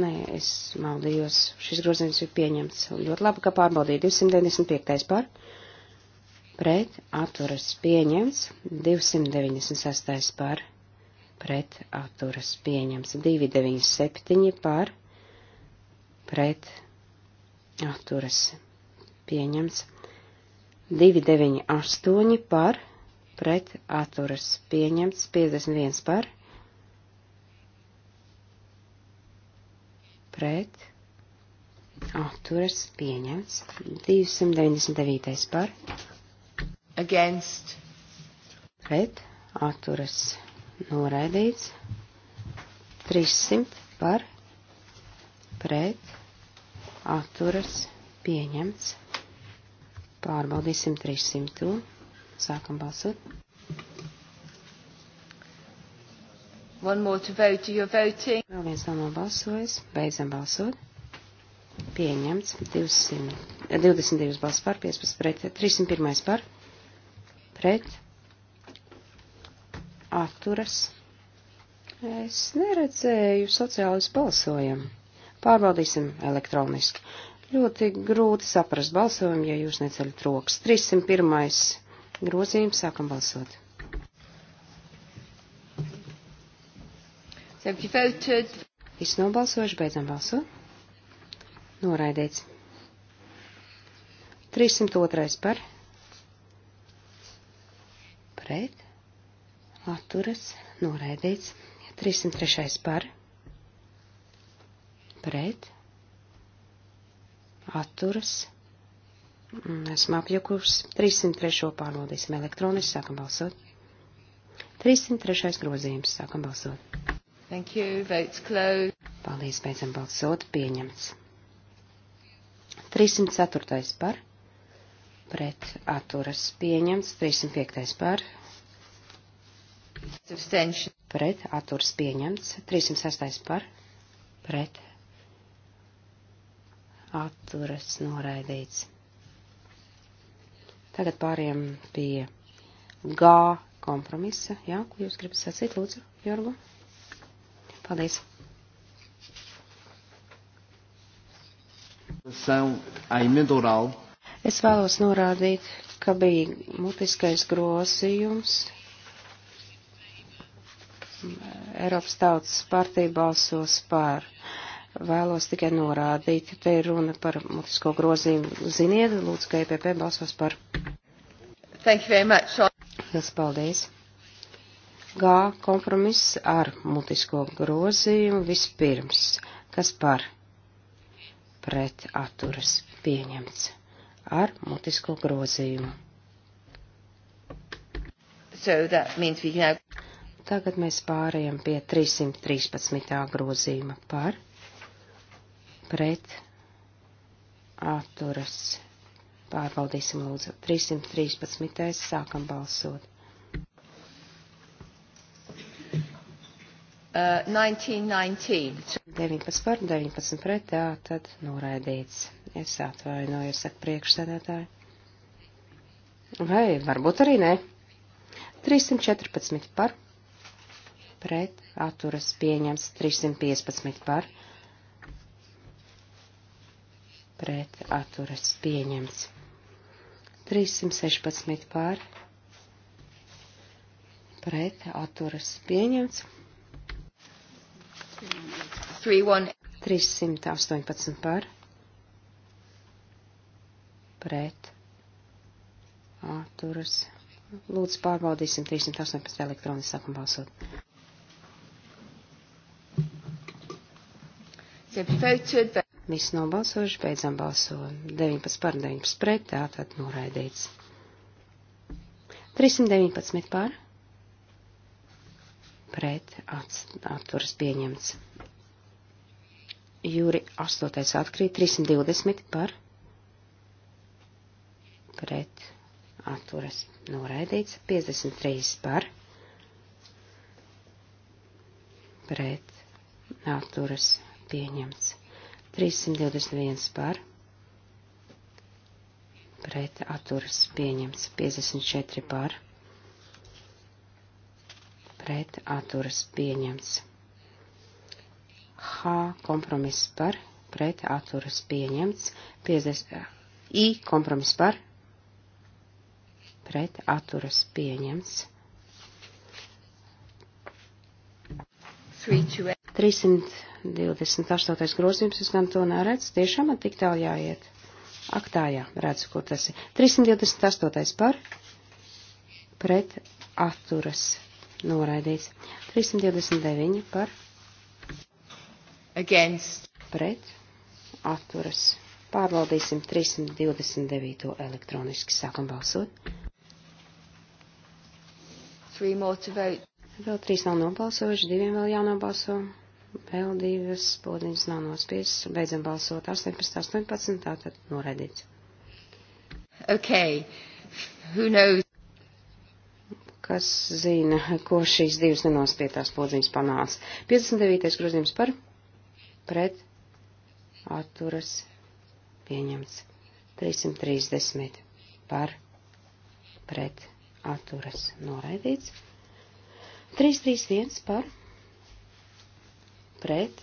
Nē, es maldījos. Šis grozījums ir pieņemts. Ļoti labi, ka pārbaudīja 295. par. Pret atturas pieņemts. 296. par. Pret atturas pieņemts. 297 par. Pret atturas pieņemts. 298 par. Pret atturas pieņemts. 51 par pret, atturas pieņemts, 299. par, against, pret, atturas noraidīts, 300 par, pret, atturas pieņemts, pārbaudīsim 300, sākam balsot. One more to vote. You're voting. Vēl viens nav nobalsojis. Beidzam balsot. Pieņemts. 200, 22 eh, balss par, 15 pret, 301 par, pret, atturas. Es neredzēju sociālus balsojumu. Pārbaudīsim elektroniski. Ļoti grūti saprast balsojumu, ja jūs neceļat rokas. 301 grozījums sākam balsot. Viss nobalsojuši, beidzam balsot. Noraidīts. 302 par. Pret. Atturas. Noraidīts. 303 par. Pret. Atturas. Mm, esmu apjukus. 303 pārbaudīsim elektroniski. Sākam balsot. 303 grozījums. Sākam balsot. Thank you. Votes closed. Paldies, beidzam balsot. Pieņemts. 304. par. Pret atturas pieņemts. 305. par. Abstention. Pret atturas pieņemts. 306. par. Pret atturas noraidīts. Tagad pāriem pie G kompromisa. Jā, ko jūs gribat sacīt, lūdzu, Jorgu? Paldies! Es vēlos norādīt, ka bija mutiskais grozījums. Eiropas tautas partija balsos pār. Vēlos tikai norādīt, te ir runa par mutisko grozījumu. Ziniet, lūdzu, ka EPP balsos par. Thank you very much. Jūs paldies. G kompromiss ar mutisko grozījumu vispirms, kas par pret atturas pieņemts ar mutisko grozījumu. So that means we can have... Tagad mēs pārējām pie 313. grozījuma par pret atturas. Pārbaudīsim lūdzu. 313. sākam balsot. Uh, 19, 19. 19 par, 19 pret, jā, tad noraidīts. Es atvainojos, saka priekšsēdētāji. Vai varbūt arī nē. 314 par, pret, atturas pieņems, 315 par, pret, atturas pieņems, 316 par, pret, atturas pieņems. 318 par. Pret. Atturas. Lūdzu, pārbaudīsim 318 elektroniski sākam balsot. Viss nobalsojuši, beidzam balsot. 19 par 19 pret, tātad noraidīts. 319 par pret atturas pieņemts. Jūri 8. atkrīt 320 par pret atturas noraidīts 53 par pret atturas pieņemts 321 par pret atturas pieņemts 54 par pret atturas pieņemts H kompromiss par pret atturas pieņemts, 50, I kompromiss par pret atturas pieņemts. 328. grozījums, es gan to neredzu, tiešām man tik tālu jāiet. Ak tā jā, redzu, kur tas ir. 328. par pret atturas noraidīts. 329 par pret against, pret, atturas. Pārbaudīsim 329. elektroniski sākam balsot. Three more to vote. Vēl trīs nav nobalsojuši, diviem vēl jānobalso. Vēl divas podziņas nav nospiesas. Beidzam balsot 18, 18, tātad noredīts. Ok, who knows? Kas zina, ko šīs divas nenospietās podziņas panāca? 59. grozījums par pret atturas pieņemts. 330 par pret atturas noraidīts. 331 par pret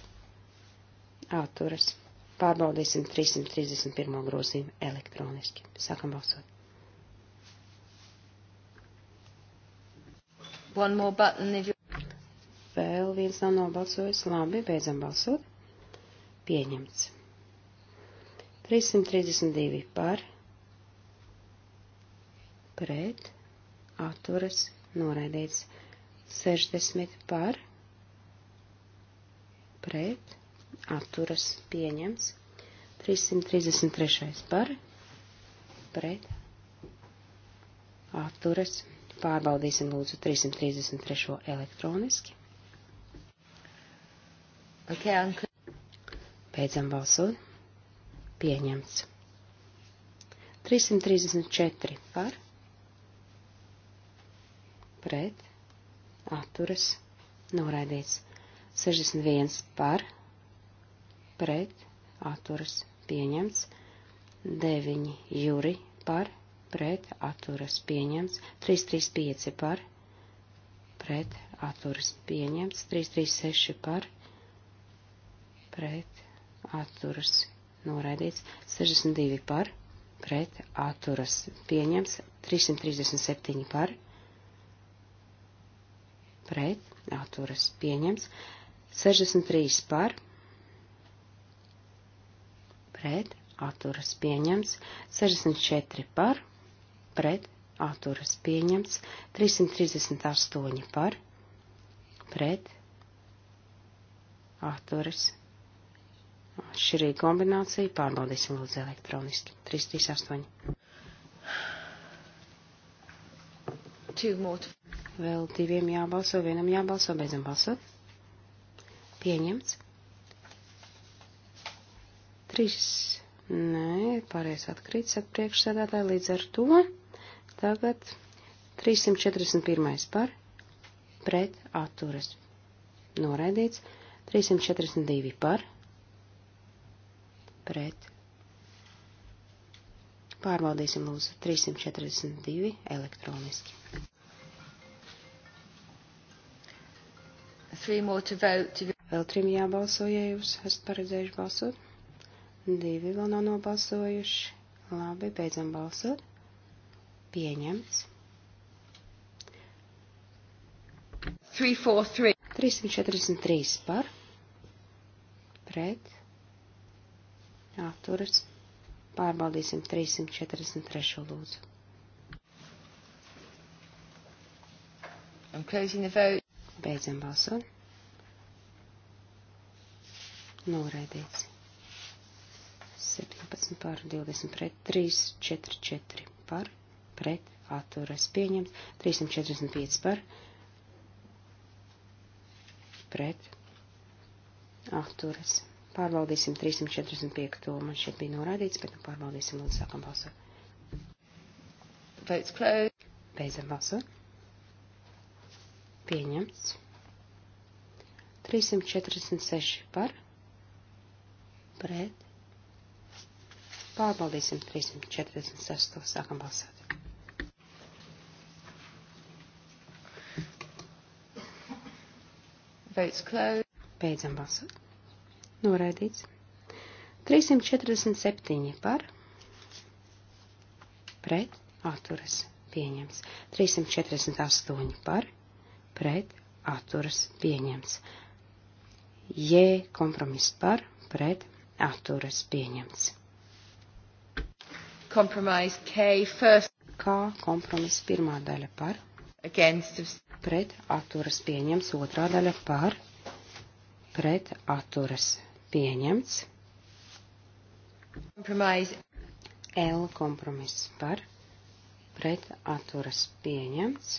atturas. Pārbaudīsim 331 grozījumu elektroniski. Sākam balsot. One more button if you... Vēl viens nav nobalsojis. Labi, beidzam balsot pieņemts. 332 par, pret, atturas, noraidīts. 60 par, pret, atturas, pieņemts. 333 par, pret, atturas. Pārbaudīsim lūdzu 333 elektroniski. Okay, Beidzam balsot. Pieņemts. 334 par. Pret. Atturas. Noraidīts. 61 par. Pret. Atturas. Pieņemts. 9 jūri par. Pret. Atturas. Pieņemts. 335 par. Pret. Atturas. Pieņemts. 336 par. Pret atturas noraidīts, 62 par, pret atturas pieņems, 337 par, pret atturas pieņems, 63 par, pret atturas pieņems, 64 par, pret atturas pieņems, 338 par, pret atturas pieņems Šī ir kombinācija. Pārbaudīsim lūdzu elektroniski. 338. Vēl diviem jābalso, vienam jābalso, beidzam balsot. Pieņemts. Trīs. Nē, pareizi atkrīt, saka priekšsēdētāji, līdz ar to. Tagad 341. par pret atturas. Noraidīts. 342 par pret pret. Pārbaudīsim lūdzu 342 elektroniski. Vēl trim jābalso, ja jūs esat paredzējuši balsot. Divi vēl nav nobalsojuši. Labi, beidzam balsot. Pieņemts. 343. 343 par. Pret atturas. Pārbaudīsim 343. lūdzu. I'm closing the vote. Beidzam balsot. Noraidīts. 17 pār 20 pret 3, 4, 4 par, pret, atturas pieņemts, 345 par, pret, atturas Pārbaudīsim 345. To man šeit bija norādīts, bet nu pārbaudīsim un sākam balsot. Votes closed. Beidzam balsot. Pieņemts. 346 par. Pret. Pārbaudīsim 346. Sākam balsot. Votes closed. Beidzam balsot. Noraidīts. 347 par. Pret. Atturas. Pieņems. 348 par. Pret. Atturas. Pieņems. J. Kompromiss par. Pret. Atturas. Pieņems. Compromise K first. K. Kompromiss pirmā daļa par. Against. Pret. Atturas. Pieņems. Otrā daļa par. Pret. Atturas. Pieņems pieņemts. Compromise. L kompromiss par pret atturas pieņemts.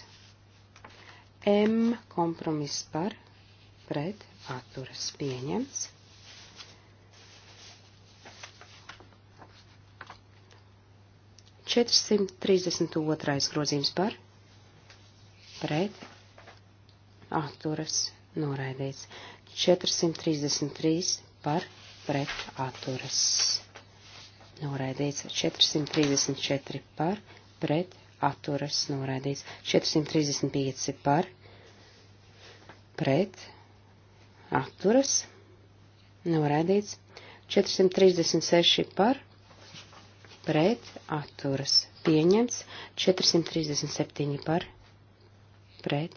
M kompromiss par pret atturas pieņemts. Četrsimt trīsdesmit otrais grozījums par pret atturas noraidīts. 433 par pret atturas. Noraidīts 434 par pret atturas. Noraidīts 435 par pret atturas. Noraidīts 436 par pret atturas. Pieņemts 437 par pret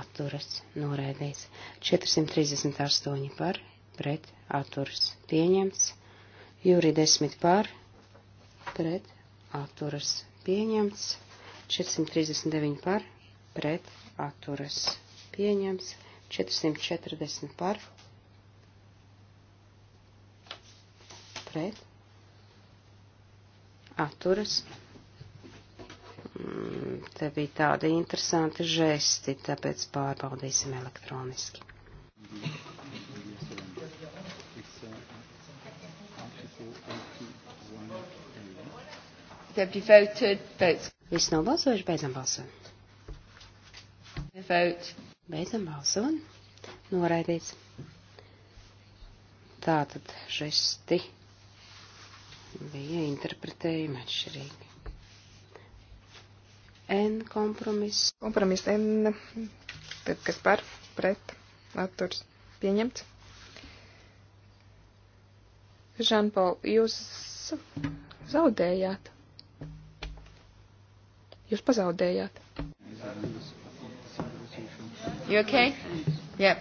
atturas. Noraidīts 438 par pret pret atturas pieņemts. Jūri 10 par pret atturas pieņemts. 439 par pret atturas pieņemts. 440 par pret atturas pieņemts mm, te bija tādi interesanti žesti, tāpēc pārbaudīsim elektroniski. Viss nobalsojuši, beidzam balsot. Beidzam balsot. Noraidīts. Tātad žesti bija interpretējumi atšķirīgi. N kompromiss. Kompromiss N, tad kas par, pret, atturs, pieņemts. Žanpau, jūs zaudējāt. Jūs pazaudējāt. You okay? Yeah.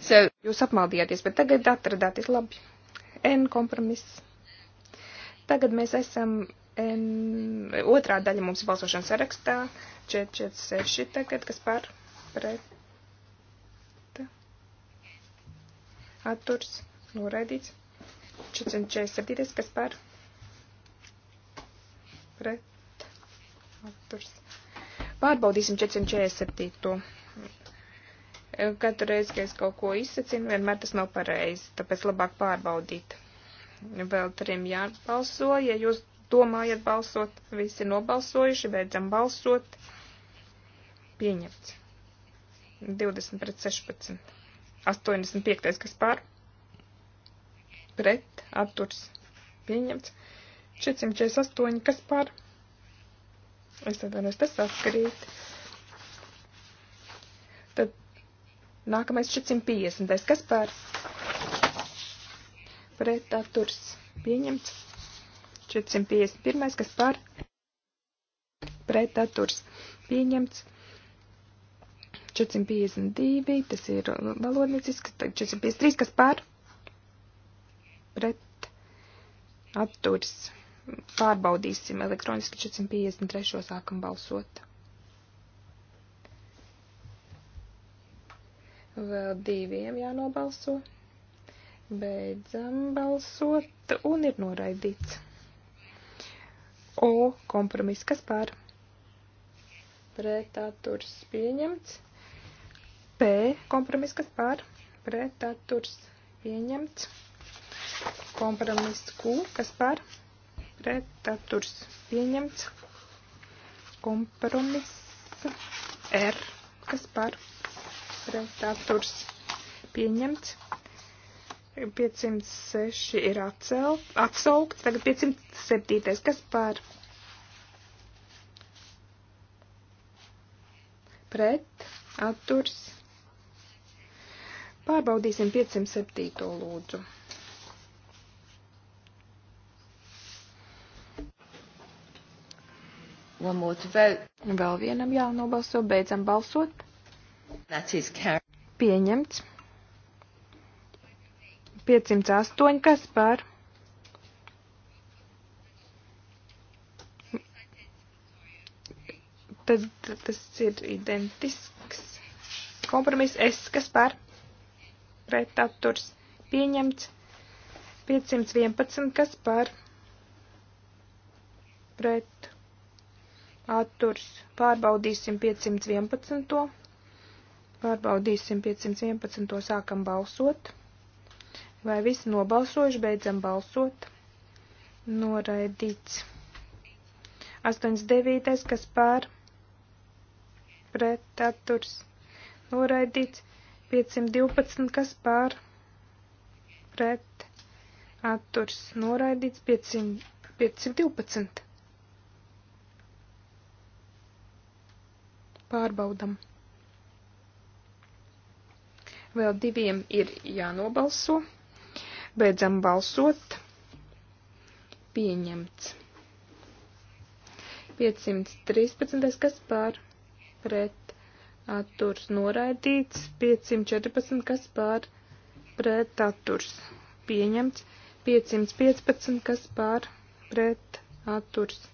So... Jūs apmaldījāties, bet tagad atradāties labi. N kompromiss. Tagad mēs esam N... Otrā daļa mums ir balsošanas sarakstā. 446 tagad, kas par pret. Atturs. Noraidīts. 447, kas par pret atturs. Pārbaudīsim 447. Katru reizi, kad es kaut ko izsacinu, vienmēr tas nav pareizi, tāpēc labāk pārbaudīt. Vēl trim jābalso, ja jūs domājat balsot, visi ir nobalsojuši, beidzam balsot. Pieņemts. 20 pret 16. 85. kas pār. Pret. Atturs. Pieņemts. 448. kas pār. Es atvainojos, tas atkarīt. Tad nākamais šķiet 150. Kas par? Pret atturs pieņemts. Šķiet 151. Kas par? Pret atturs pieņemts. 452, tas ir valodniecisks, 453, kas pār pret atturs Pārbaudīsim elektroniski 453. sākam balsot. Vēl diviem jānobalso. Beidzam balsot un ir noraidīts. O kompromis, kas pār? Pretaturs pieņemts. P kompromis, kas pār? Pretaturs pieņemts. Kompromis Q, kas pār? pret atturs pieņemts. Kompromiss R, kas par pret atturs pieņemts. 506 ir atcelt, atsaukts, tagad 507, kas par pret atturs. Pārbaudīsim 507 lūdzu. One more to vote. Vēl vienam jānobalso, beidzam balsot. That is carried. Pieņemts. 508, kas par? Tad tas ir identisks. Kompromiss S, kas par? Pret atturs. Pieņemts. 511, kas par? Pret atturs, pārbaudīsim 511. Pārbaudīsim 511. sākam balsot. Vai visi nobalsojuši, beidzam balsot. Noraidīts. 89. kas pār pret atturs. Noraidīts. 512. kas pār pret atturs. Noraidīts. 500, 512. Pārbaudam. Vēl diviem ir jānobalso. Beidzam balsot. Pieņemts. 513. kas pār pret atturs noraidīts. 514. kas pār pret atturs pieņemts. 515. kas pār pret atturs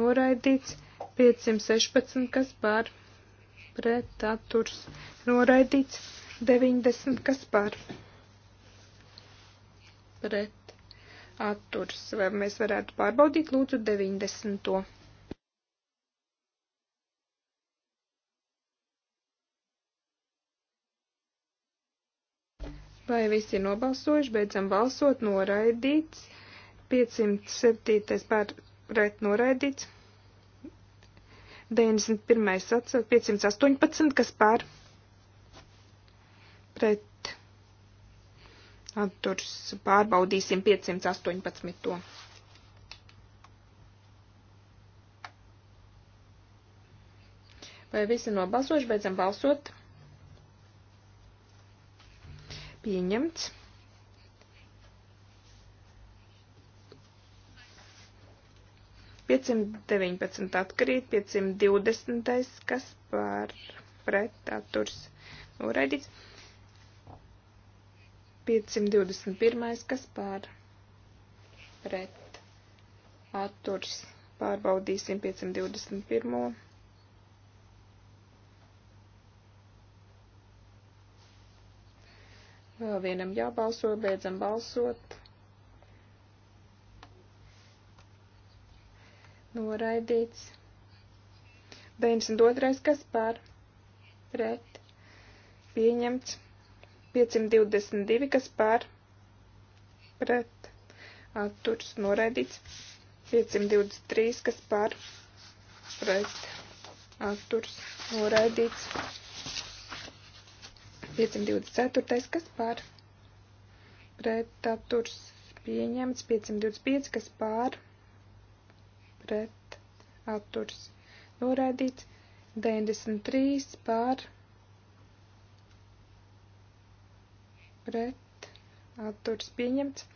noraidīts. 516. kas pār pret atturs noraidīts 90, kas par pret atturs. Vai mēs varētu pārbaudīt lūdzu 90. To? Vai visi ir nobalsojuši, beidzam balsot, noraidīts, 507. pār pret noraidīts. 91. atcelt 518, kas pār pret atturs pārbaudīsim 518. To. Vai visi nobalsojuši, beidzam balsot? Pieņemts. 519 atkarīt, 520, kas par pret atturs noraidīts. 521, kas par pret atturs pārbaudīsim 521. Vēl vienam jābalso, beidzam balsot. noraidīts. 92. kas par pret pieņemts. 522. kas par pret atturs noraidīts. 523. kas par pret atturs noraidīts. 524. kas par pret atturs pieņemts. 525. kas par pret pret atturs noraidīts, 93 pār pret atturs pieņemts,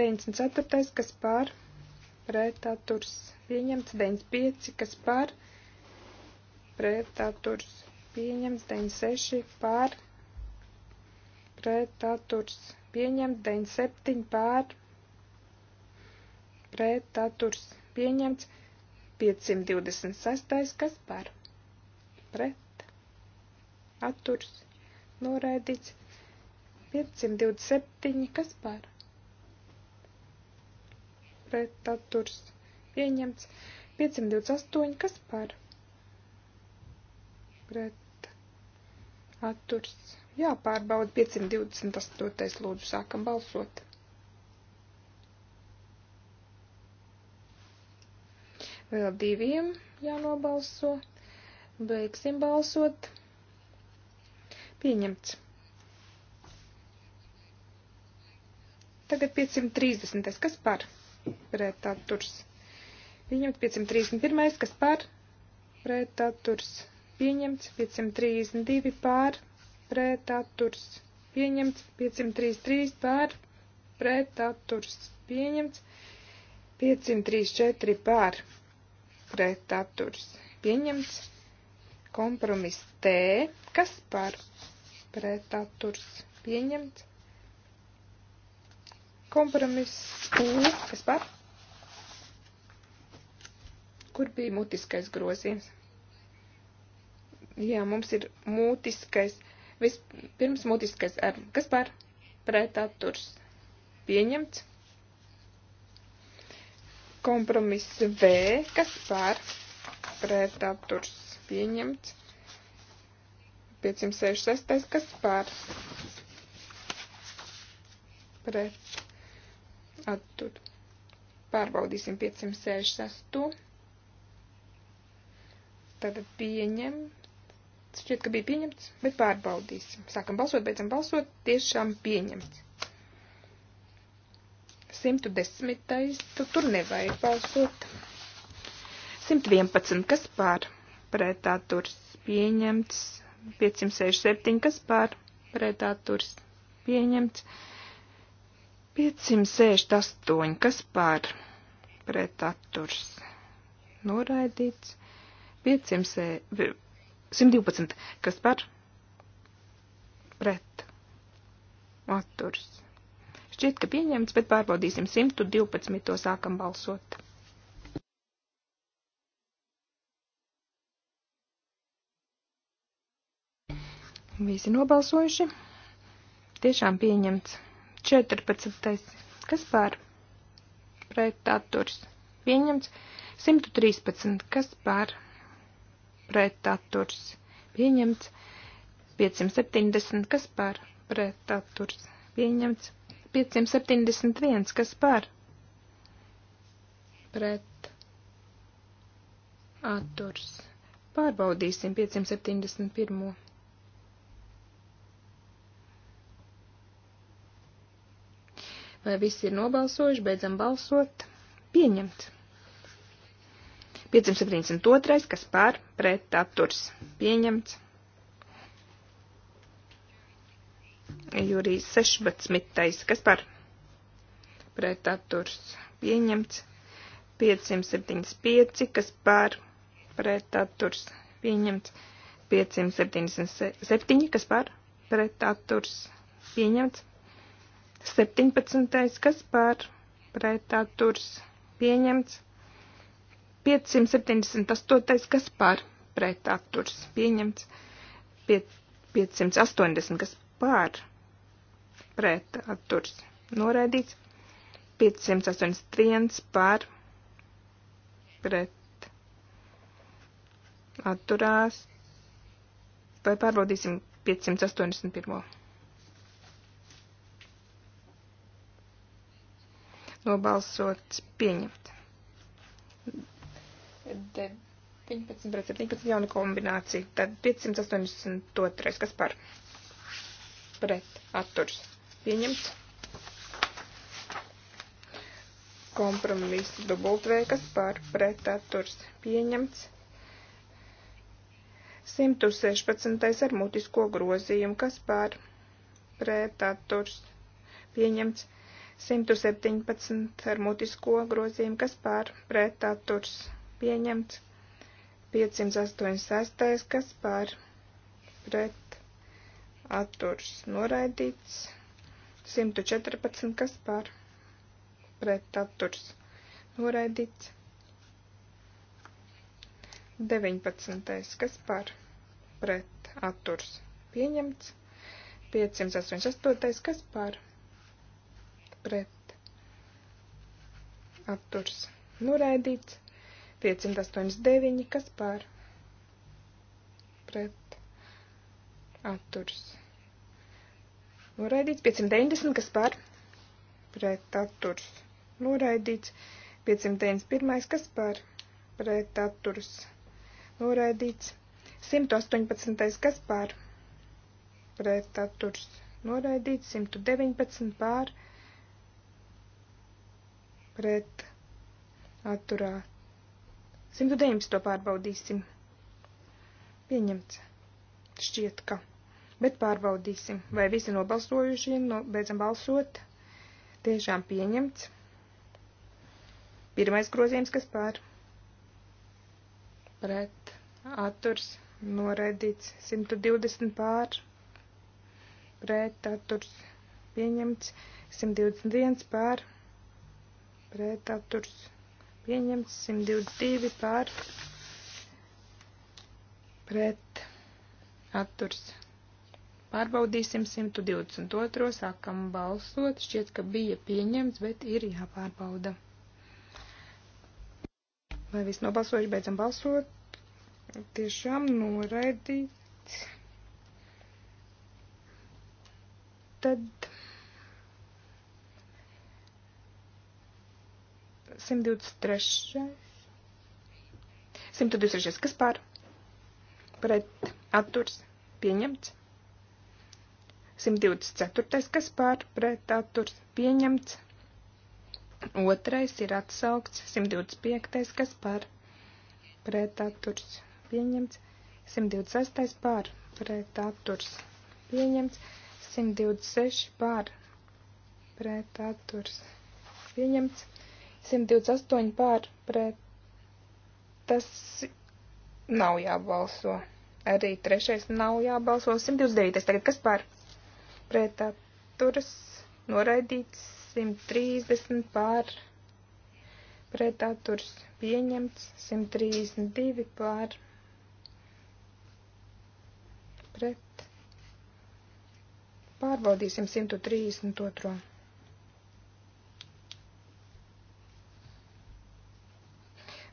94, kas pār pret atturs pieņemts, 95, kas pār pret atturs pieņemts, 96 pār pret atturs pieņemts, 97 pār pret atturs pieņemts pieņemts. 526. kas par pret atturs noraidīts. 527. kas par pret atturs pieņemts. 528. kas par pret atturs jāpārbauda. 528. lūdzu sākam balsot. Vēl diviem jānobalso. Beigsim balsot. Pieņemts. Tagad 530. Kas par? Pretaturs. Pieņemts 531. Kas par? Pretaturs. Pieņemts 532 pār. Pretaturs. Pieņemts 533 pār. Pretaturs. Pieņemts 534 pār pret atturs pieņemts. Kompromiss T, kas par pret atturs pieņemts. Kompromiss U, kas par? Kur bija mutiskais grozījums? Jā, mums ir mutiskais. Vispirms mutiskais ar, kas par pret atturs pieņemts. Kompromiss V, kas par pretaturs pieņemts. 566, kas par pret attur. Pārbaudīsim 566. Tad pieņem. Šķiet, ka bija pieņemts, bet pārbaudīsim. Sākam balsot, beidzam balsot. Tiešām pieņemts. 110. Tu, tur nevajag balsot. 111. Kas pār? Pretā turs pieņemts. 567. Kas pār? Pretā turs pieņemts. 568. Kas pār? Pretā turs noraidīts. 500, 112. Kas par? Pret. Atturs Šķiet, ka pieņemts, bet pārbaudīsim 112. sākam balsot. Visi nobalsojuši. Tiešām pieņemts. 14. Kas pār? Pret atturs. Pieņemts. 113. Kas pār? Pret atturs. Pieņemts. 570. Kas pār? Pret atturs. Pieņemts. 571, kas par? Pret. Atturs. Pārbaudīsim 571. Vai visi ir nobalsojuši, beidzam balsot? Pieņemts. 572, kas pār, pret, atturs. Pieņemts. Jūrijas 16. Kas par pret atturs pieņemts? 575. Kas par pret atturs pieņemts? 577. Kas par pret atturs pieņemts? 17. Kas par pret atturs pieņemts? 578. Kas par pret atturs pieņemts? 580. Kas par pret atturs noraidīts. 581 par pret atturās. Vai pārbaudīsim 581. Nobalsots pieņemt. 19 pret 17 jauna kombinācija. Tad 582. Kas par? Pret atturs Pieņemts. Kompromiss dubultvēkas par pretaturs. Pieņemts. 116. ar mutisko grozījumu, kas par pretaturs. Pieņemts. 117 ar mutisko grozījumu, kas pār pretaturs pieņemts. 586, kas pār pretaturs noraidīts. 114, kas par pret atturs noraidīts. 19. kas par pret atturs pieņemts. 588. kas par pret atturs noraidīts. 589. kas par pret atturs pieņemts Noraidīts 590, kas par pret atturs. Noraidīts 591, kas par pret atturs. Noraidīts 118, kas par pret atturs. Noraidīts 119 pār pret atturā. 119 to pārbaudīsim. Pieņemts. Šķiet, ka bet pārbaudīsim, vai visi nobalsojušie, no, nu, beidzam balsot, tiešām pieņemts. Pirmais grozījums, kas pār pret atturs noraidīts, 120 pār pret atturs pieņemts, 121 pār pret atturs pieņemts, 122 pār pret atturs pieņemts Pārbaudīsim 122. sākam balsot. Šķiet, ka bija pieņemts, bet ir jāpārbauda. Vai viss nobalsojuši, beidzam balsot? Tiešām noraidīts. Tad 123. 123. Kas pār? Pret atturs pieņemts. 124. kas pār pret atturs pieņemts. Otrais ir atsaukts. 125. kas pār pret atturs pieņemts. 126. pār pret atturs pieņemts. 126. pār pret atturs pieņemts. 128 pār pret. Tas nav jābalso. Arī trešais nav jābalso. 129. Tagad kas pār pret atturas noraidīts 130 pār pret atturas pieņemts 132 pār pret pārbaudīsim 132.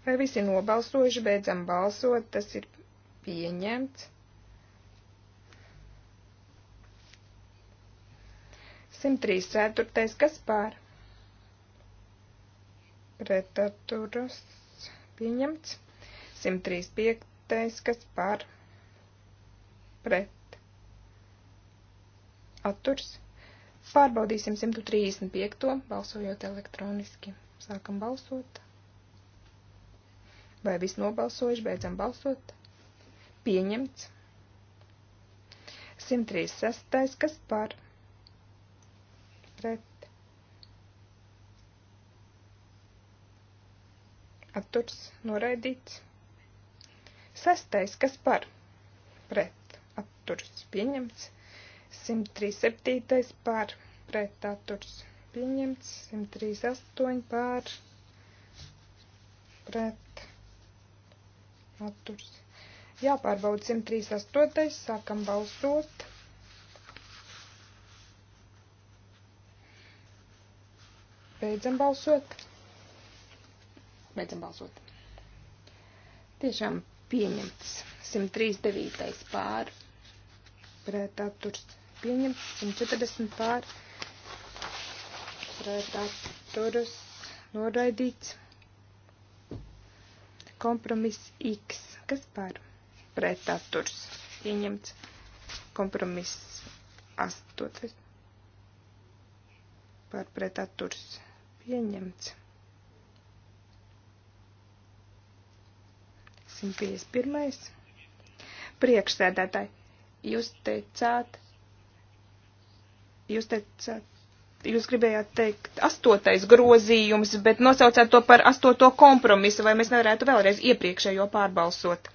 Vai visi nobalsojuši, beidzam balsot, tas ir pieņemts. 134. kas pār? Pretaturas pieņemts. 135. kas pār? Pret. Atturs. Pārbaudīsim 135. balsojot elektroniski. Sākam balsot. Vai viss nobalsojuši, beidzam balsot? Pieņemts. 136. kas par? pret atturs noraidīts. Sastais, kas par pret atturs pieņemts. 137. par pret atturs pieņemts. 138. par pret atturs. Jāpārbauda 138. sākam balsot. Beidzam balsot. Beidzam balsot. Tiešām pieņemts. 139. pār. Pret atturs pieņemts. 140 pār. Pret atturs noraidīts. Kompromiss X. Kas par? Pret atturs pieņemts. Kompromiss 8. Par pret atturs pieņemts. 151. Priekšsēdētāji, jūs teicāt, jūs teicāt, jūs gribējāt teikt astotais grozījums, bet nosaucāt to par astoto kompromisu, vai mēs nevarētu vēlreiz iepriekšējo pārbalsot.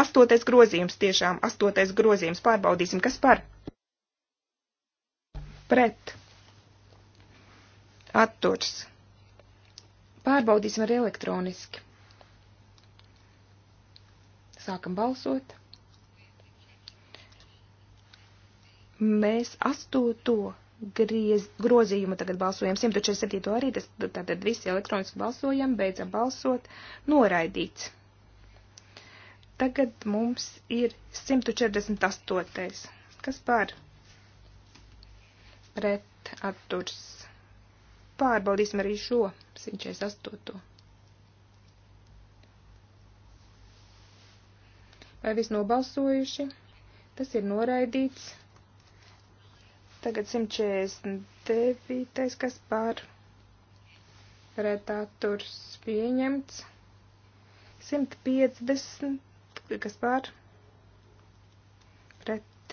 Astotais grozījums tiešām, astotais grozījums, pārbaudīsim, kas par? Pret atturs. Pārbaudīsim arī elektroniski. Sākam balsot. Mēs astoto griez, grozījumu tagad balsojam. 147. arī tas tātad visi elektroniski balsojam, beidzam balsot, noraidīts. Tagad mums ir 148. Kas par pret atturs Pārbaudīsim arī šo 148. Vai viss nobalsojuši? Tas ir noraidīts. Tagad 149. kas pār retāturs pieņemts. 150. kas pār pret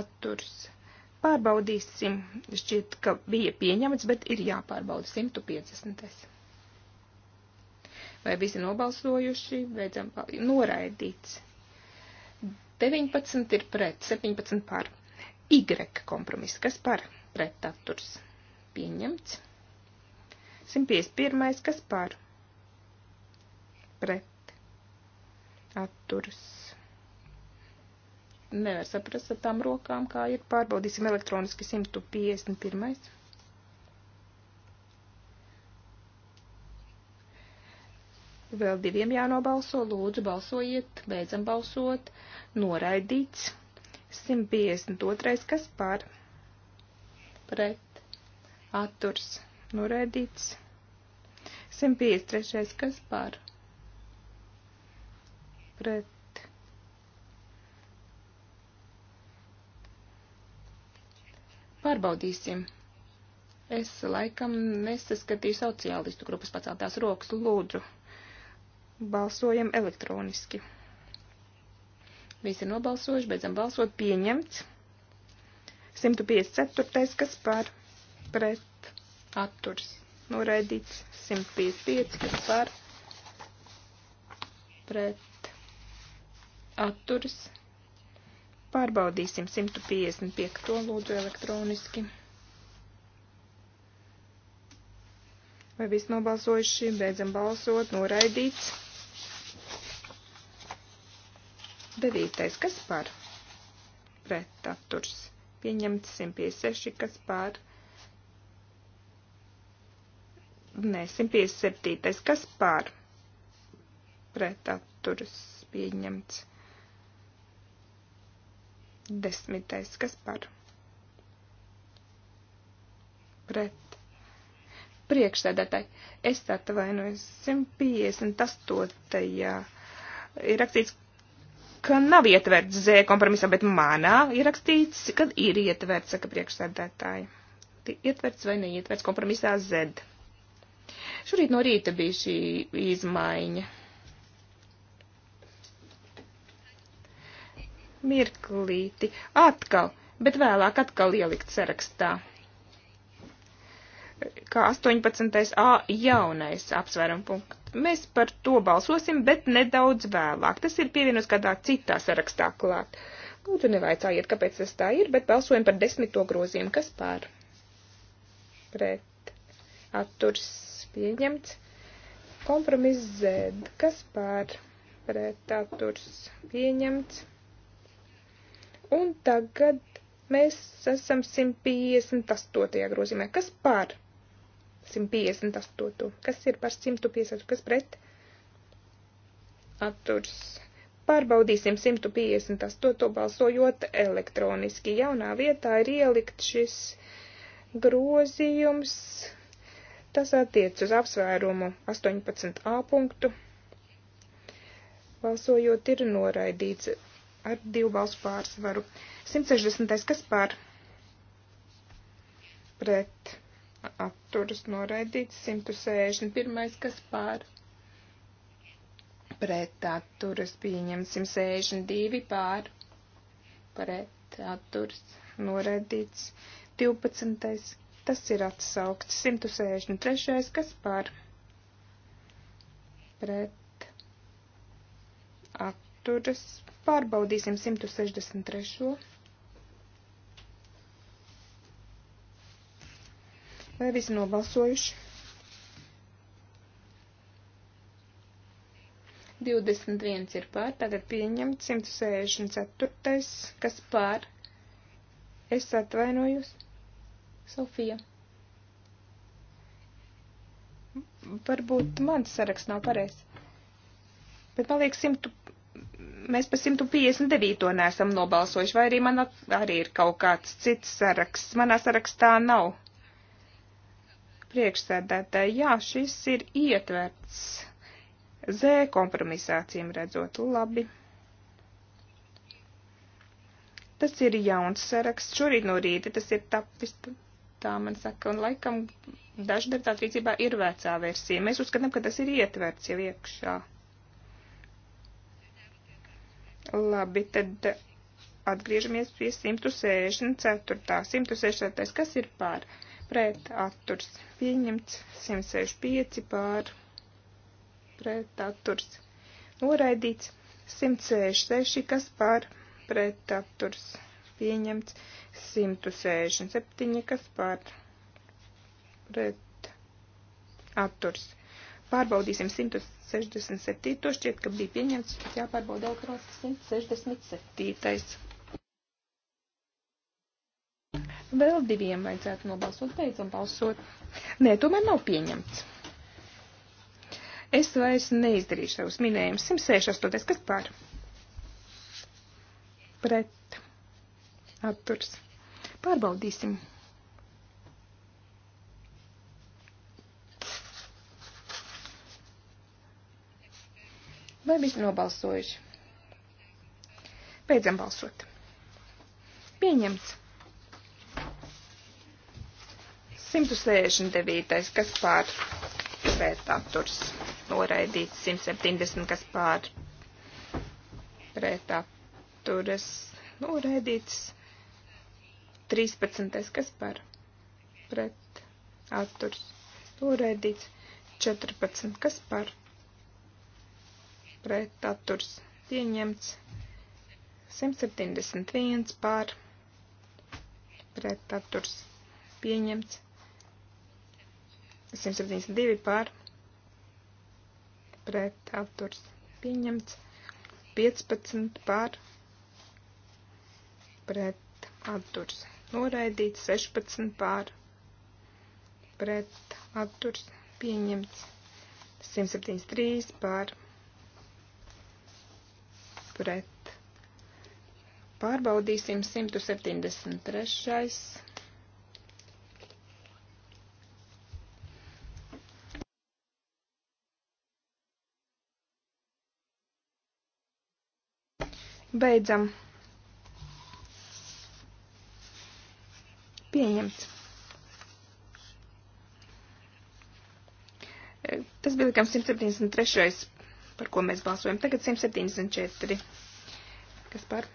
atturs pieņemts Pārbaudīsim, šķiet, ka bija pieņemts, bet ir jāpārbauda 150. Vai visi nobalsojuši, beidzam, noraidīts. 19 ir pret, 17 par. Y kompromiss, kas par pret atturs. Pieņemts. 151, kas par pret atturs nevar saprast ar tām rokām, kā ir. Pārbaudīsim elektroniski 151. Vēl diviem jānobalso, lūdzu balsojiet, beidzam balsot, noraidīts. 152. kas par? Pret. Atturs. Noraidīts. 153. kas par? Pret Pārbaudīsim. Es laikam nesaskatīju sociālistu grupas paceltās rokas lūdzu. Balsojam elektroniski. Visi ir nobalsojuši, beidzam balsot, pieņemts. 154. kas par pret atturs. Noraidīts 155, kas par pret atturs Pārbaudīsim 155. To lūdzu elektroniski. Vai viss nobalsojuši? Beidzam balsot. Noraidīts. Devītais. Kas par? Pret atturs. Pieņemts 156. Kas par? Nē, 157. Kas par? Pret atturs. Pieņemts Desmitais, kas par? Pret. Priekšsēdētāji, es atvainojos 158. ir rakstīts, ka nav ietverts Z kompromisā, bet manā ir rakstīts, ka ir ietverts, saka priekšsēdētāji. Ietverts vai neietverts kompromisā Z. Šorīt no rīta bija šī izmaiņa. mirklīti, atkal, bet vēlāk atkal ielikt sarakstā. Kā 18a jaunais apsvērumu punkts. Mēs par to balsosim, bet nedaudz vēlāk. Tas ir pievienots kādā citā sarakstā klāt. Lūdzu, nevaicājiet, kāpēc tas tā ir, bet balsojam par desmito grozījumu. Kas pār? Pret. Atturs pieņemts. Kompromiss Z. Kas pār? Pret. Atturs pieņemts Un tagad mēs esam 158. grozīmē. Kas par 158? Kas ir par 158? Kas pret? Atturs. Pārbaudīsim 158. balsojot elektroniski. Jaunā vietā ir ielikt šis grozījums. Tas attiec uz apsvērumu 18a punktu. Balsojot ir noraidīts ar divu balsu pārsvaru. 160. kas par pret atturas noraidīts. 161. kas par pret atturas pieņemts. 162 par pret atturas noraidīts. 12. Tas ir atsaukts 163. kas par pret atturas. Pārbaudīsim 163. Vai visi nobalsojuši? 21 ir pār, tātad pieņemt 164, kas pār. Es atvainojos. Sofija. Varbūt mans saraksts nav pareizs. Bet man liekas 100 mēs par 159. nesam nobalsojuši, vai arī man arī ir kaut kāds cits saraksts. Manā sarakstā nav priekšsēdētāji. Jā, šis ir ietverts Z kompromisācijām redzot labi. Tas ir jauns saraksts. Šorīt no rīta tas ir tapis, tā man saka, un laikam daži deputāti rīcībā ir vecā versija. Mēs uzskatām, ka tas ir ietverts jau iekšā. Labi, tad atgriežamies pie 164. 164. kas ir pār? Pret atturs pieņemts 165 pār. Pret atturs noraidīts 166, kas pār. Pret atturs pieņemts 167, kas pār. Pret atturs Pārbaudīsim 167. To šķiet, ka bija pieņemts, bet jāpārbauda elektroniski 167. Vēl diviem vajadzētu nobalsot, beidzam balsot. Nē, tomēr nav pieņemts. Es vairs neizdarīšu savus minējumus. 168. Kas pār? Pret. Atturs. Pārbaudīsim. Vai visi nobalsojuši? Beidzam balsot. Pieņemts. 169. kas pār pret atturs noraidīts, 170. kas pār pret atturas noraidīts, 13. kas pār pret atturs noraidīts, 14. kas pār pret pret atturs pieņemts 171 pār pret atturs pieņemts 172 pār pret atturs pieņemts 15 pār pret atturs noraidīts 16 pār pret atturs pieņemts 173 pār pret pret. Pārbaudīsim 173. Beidzam. Pieņemts. Eh, tas bija likams 173 par ko mēs balsojam. Tagad 174. Kas par?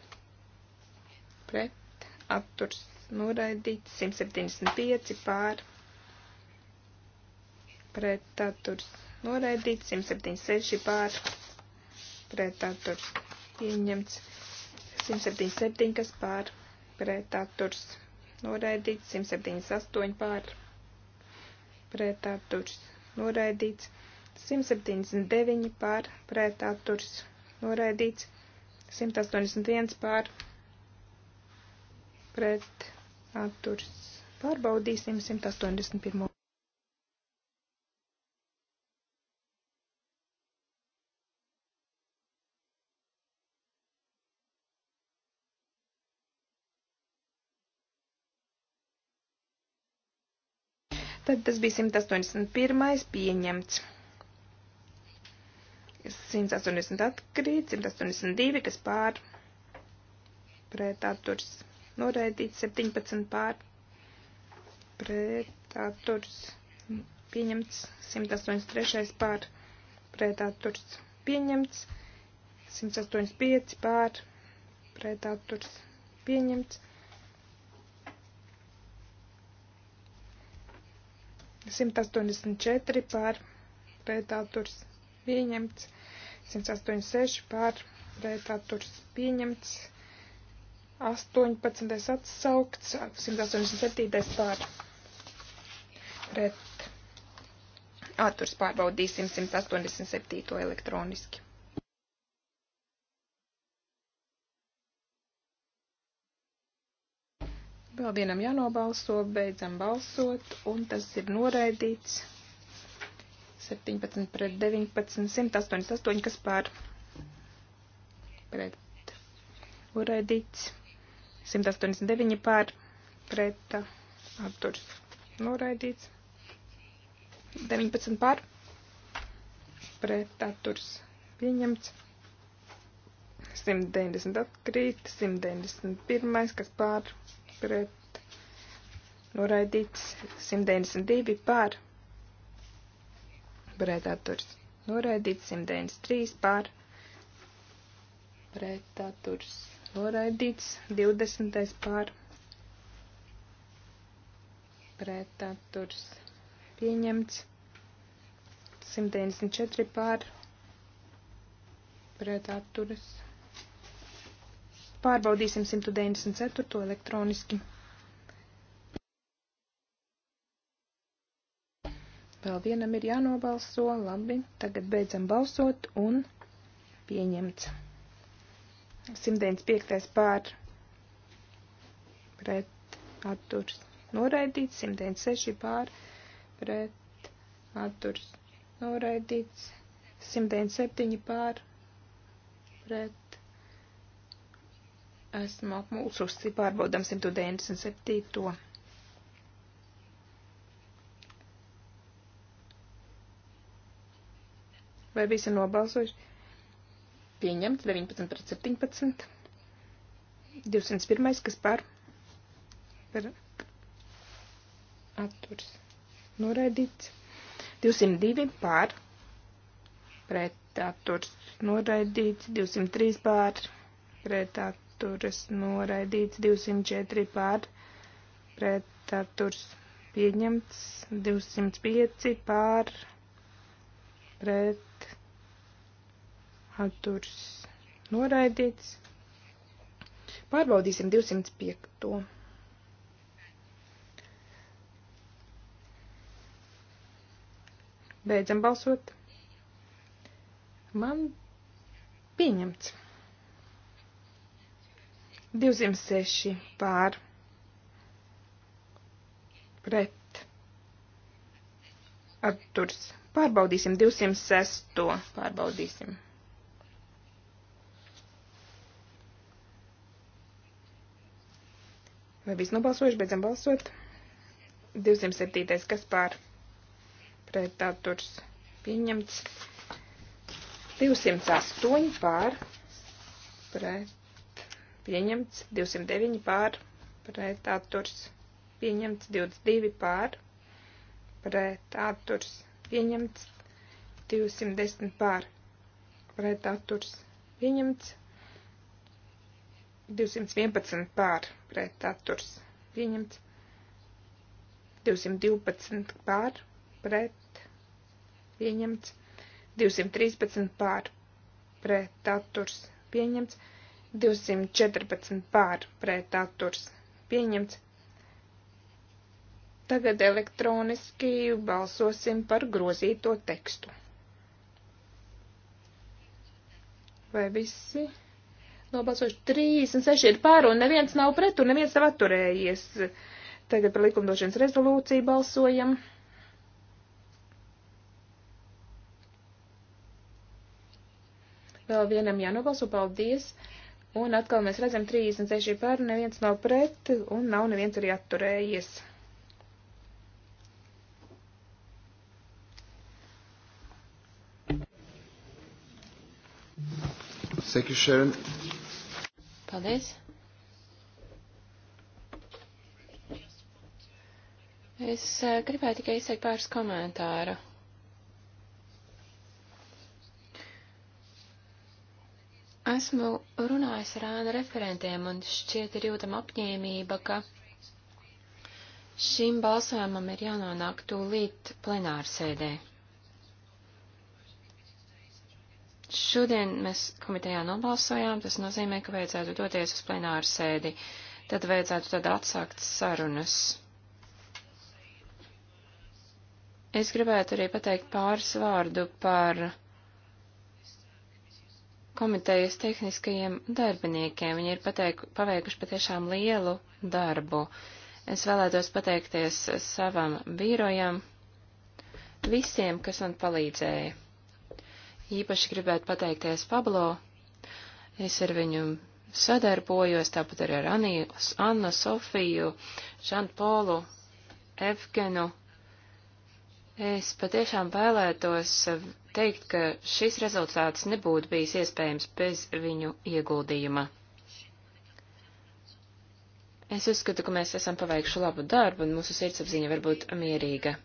Pret. Atturs noraidīts. 175 pār. Pret. Atturs noraidīts. 176 pār. Pret. Atturs pieņemts. 177 kas pār. Pret. Atturs noraidīts. 178 pār. Pret. Atturs noraidīts. 179 pār pret atturs noraidīts, 181 pār pret atturs pārbaudīsim 181. Tad tas bija 181. pieņemts. 180 atkrīt, 182, kas pār pret atturs noraidīts, 17 pār pret atturs pieņemts, 183 pār pret atturs pieņemts, 185 pār pret atturs pieņemts. 184 pār pretāturs pieņemts, 186 pār pret atturas pieņemts, 18. atsaukts, 187. pār pret atturas pārbaudīsim 187. elektroniski. Vēl vienam jānobalso, beidzam balsot, un tas ir noraidīts. 17 pret 19, 188, kas pār pret uraidīts, 189 pār pret apturs noraidīts, 19 pār pret apturs pieņemts, 190 atkrīt, 191, kas pār pret noraidīts, 192 pār pret pretaturs noraidīts, 193 pār pretaturs noraidīts, 20 pār pretaturs pieņemts, 194 pār pretaturs. Pārbaudīsim 194 elektroniski. Vēl vienam ir jānobalso, labi, tagad beidzam balsot un pieņemts. 195. pār pret atturs noraidīts, 196 pār pret atturs noraidīts, 197 pār pret esmu apmulsusi, pārbaudam 197. Vai visi nobalsojuši? Pieņemts 19 pret 17. 201. kas par? Par atturs. Noraidīts. 202 pār. Pret atturs. Noraidīts. 203 pār. Pret atturs. Noraidīts. 204 pār. Pret atturs. Pieņemts. 205 pār. Pret atturs noraidīts. Pārbaudīsim 205. Beidzam balsot. Man pieņemts. 206 pār pret atturs. Pārbaudīsim 206. Pārbaudīsim. Vai viss nobalsojuši? Beidzam balsot. 207. kas pār pret atturs pieņemts. 208 pār pret pieņemts. 209 pār pret atturs pieņemts. 22 pār pret atturs pieņemts. 210 pār pret atturs pieņemts. 211 pār pret atturs pieņemts. 212 pār pret pieņemts. 213 pār pret atturs pieņemts. 214 pār pret atturs pieņemts. Tagad elektroniski balsosim par grozīto tekstu. Vai visi? nobalsojuši 36 ir pār un neviens nav pret un neviens nav atturējies. Tagad par likumdošanas rezolūciju balsojam. Vēl vienam jānobalso, paldies. Un atkal mēs redzam 36 pār, neviens nav pret un nav neviens arī atturējies. Thank you, Sharon. Paldies. Es eh, gribēju tikai izteikt pāris komentāru. Esmu runājis ar ēnu referentiem un šķiet ir jūtama apņēmība, ka šim balsojumam ir jānonāk tūlīt plenārsēdē. sēdē. Šodien mēs komitejā nobalsojām, tas nozīmē, ka vajadzētu doties uz plenāru sēdi. Tad vajadzētu tad atsākt sarunas. Es gribētu arī pateikt pāris vārdu par komitejas tehniskajiem darbiniekiem. Viņi ir pateiku, paveikuši patiešām lielu darbu. Es vēlētos pateikties savam birojam, visiem, kas man palīdzēja. Īpaši gribētu pateikties Pablo. Es ar viņu sadarbojos, tāpat arī ar Aniju, Annu, Sofiju, Žanpolu, Evgenu. Es patiešām vēlētos teikt, ka šis rezultāts nebūtu bijis iespējams bez viņu ieguldījuma. Es uzskatu, ka mēs esam paveikuši labu darbu, un mūsu sirdsapziņa var būt mierīga.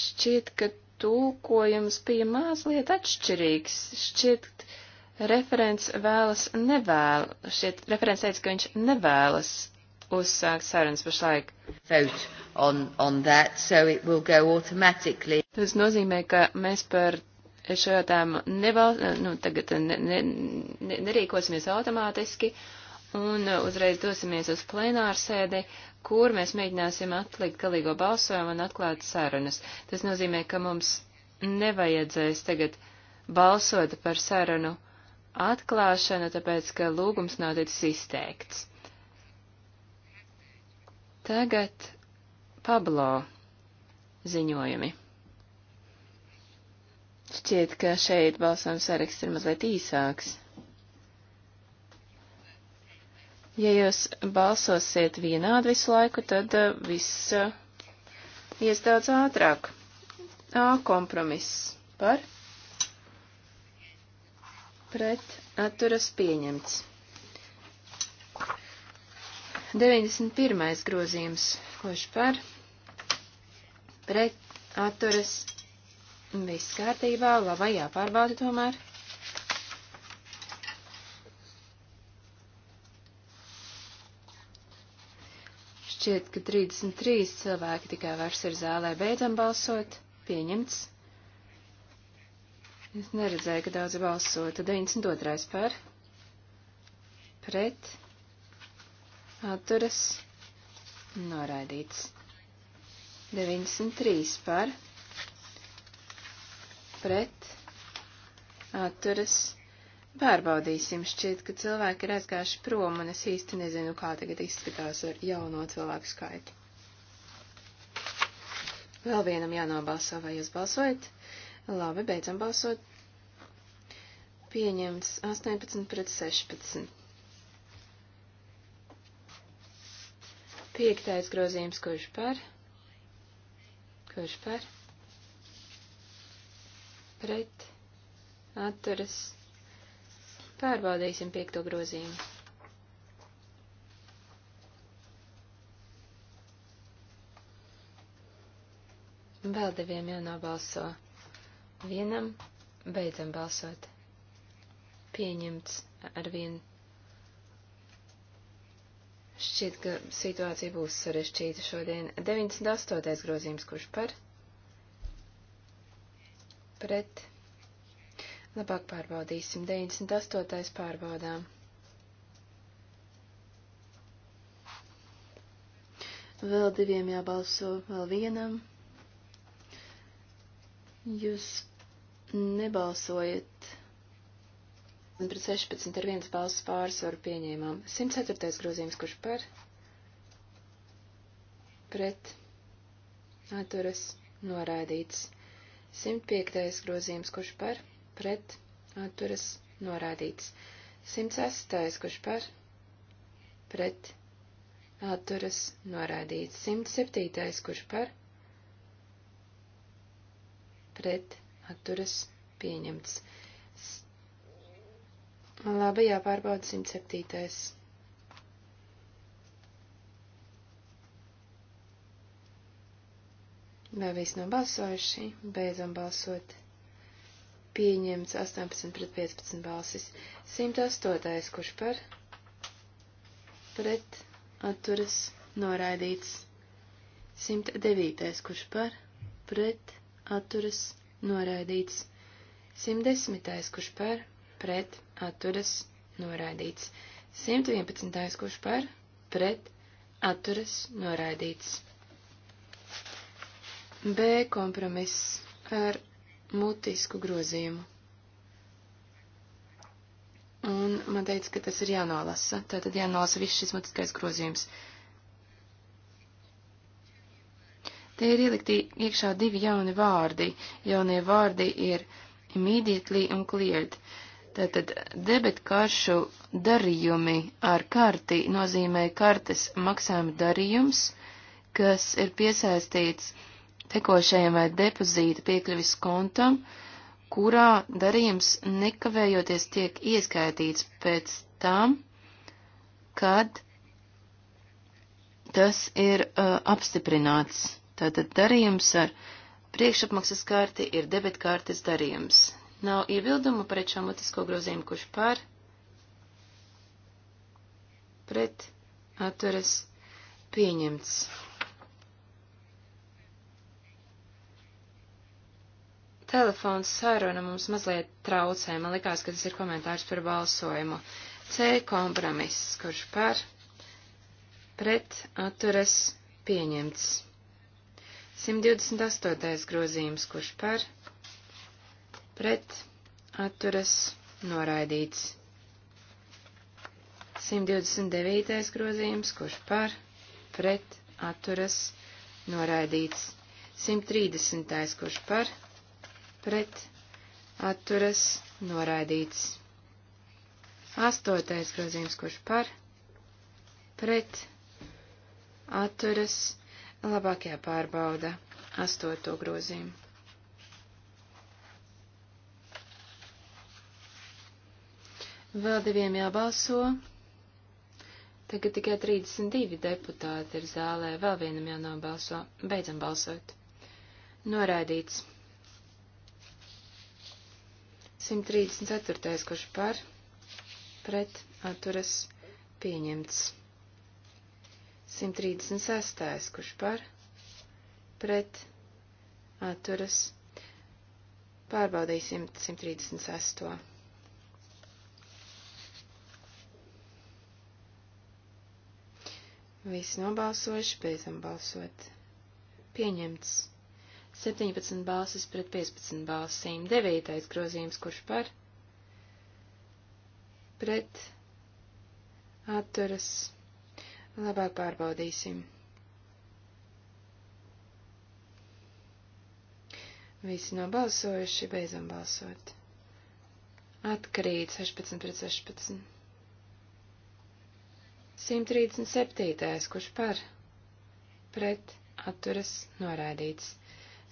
Šķiet, ka tūkojums bija mazliet atšķirīgs. Šķiet, referents vēlas nevēl, šķiet, referents teica, ka viņš nevēlas uzsākt sarunas pašlaik. On, on that, so Tas nozīmē, ka mēs par šo jautājumu neval, nu, tagad ne, ne, ne, nerīkosimies automātiski. Uh, un uh, uzreiz dosimies uz plenārsēdi, kur mēs mēģināsim atlikt galīgo balsojumu un atklāt sarunas. Tas nozīmē, ka mums nevajadzēs tagad balsot par sarunu atklāšanu, tāpēc, ka lūgums nav ticis izteikts. Tagad Pablo ziņojumi. Šķiet, ka šeit balsojums saraksts ir mazliet īsāks. Ja jūs balsosiet vienādi visu laiku, tad eh, viss eh, ies daudz ātrāk. A kompromiss par pret atturas pieņemts. 91. grozījums, koš par pret atturas viss kārtībā, labā jāpārbauda tomēr. Šķiet, ka 33 cilvēki tikai vairs ir zālē. Beidzam balsot. Pieņemts. Es neredzēju, ka daudz balsota. 92. par. Pret. Atturas. Noraidīts. 93 par. Pret. Atturas. Pārbaudīsim, šķiet, ka cilvēki ir aizgājuši prom, un es īsti nezinu, kā tagad izskatās ar jauno cilvēku skaitu. Vēl vienam jānobalso, vai jūs balsojat? Labi, beidzam balsot. Pieņemts 18 pret 16. Piektais grozījums, kurš par? Kurš par? Pret. Atturas Pārbaudīsim piekto grozījumu. Vēl diviem jānobalso. Vienam beidzam balsot. Pieņemts ar vienu. Šķiet, ka situācija būs sarežģīta šodien. 98. grozījums, kurš par? Pret Labāk pārbaudīsim. 98. pārbaudām. Vēl diviem jābalso, vēl vienam. Jūs nebalsojat. Un pret 16 ar viens balsu pārsvaru pieņēmām. 104. grozījums, kurš par? Pret. Atturas. Noraidīts. 105. grozījums, kurš par? Pret pret atturas norādīts. 106. kurš par pret atturas norādīts. 107. kurš par pret atturas pieņemts. Labi, jāpārbauda 107. Vai viss nobalsojuši? Beidzam balsot pieņemts 18 pret 15 balsis. 108. kurš par pret atturas noraidīts. 109. kurš par pret atturas noraidīts. 110. kurš par pret atturas noraidīts. 111. kurš par pret atturas noraidīts. B kompromiss ar mutisku grozījumu. Un man teica, ka tas ir jānolasa. Tātad jānolasa viss šis mutiskais grozījums. Te ir ielikti iekšā divi jauni vārdi. Jaunie vārdi ir immediately un cleared. Tātad debetkaršu darījumi ar karti nozīmē kartes maksājuma darījums, kas ir piesaistīts uh, tekošajam vai depozīta piekļuvis kontam, kurā darījums nekavējoties tiek ieskaitīts pēc tam, kad tas ir uh, apstiprināts. Tātad darījums ar priekšapmaksas karti ir debetkartes darījums. Nav iebildumu pret šo mutisko grozījumu, kurš pār pret atturas pieņemts. Telefons saruna mums mazliet traucē, man likās, ka tas ir komentārs par balsojumu. C kompromiss, kurš par pret atturas pieņemts. 128. grozījums, kurš par pret atturas noraidīts. 129. grozījums, kurš par pret atturas noraidīts. 130. kurš par pret pret atturas noraidīts. Astotais grozījums, kurš par pret atturas labākajā pārbauda astoto grozījumu. Vēl diviem jābalso. Tagad tikai 32 deputāti ir zālē, vēl vienam jānobalso. Beidzam balsot. Noraidīts. 134. kurš par pret atturas pieņemts. 136. kurš par pret atturas pārbaudīsim 136. Visi nobalsojuši, beidzam balsot. Pieņemts. 17 balsis pret 15 balsīm. 9. grozījums, kurš par pret atturas. Labāk pārbaudīsim. Visi nobalsojuši, beidzam balsot. Atkarīt 16 pret 16. 137. kurš par pret atturas noraidīts.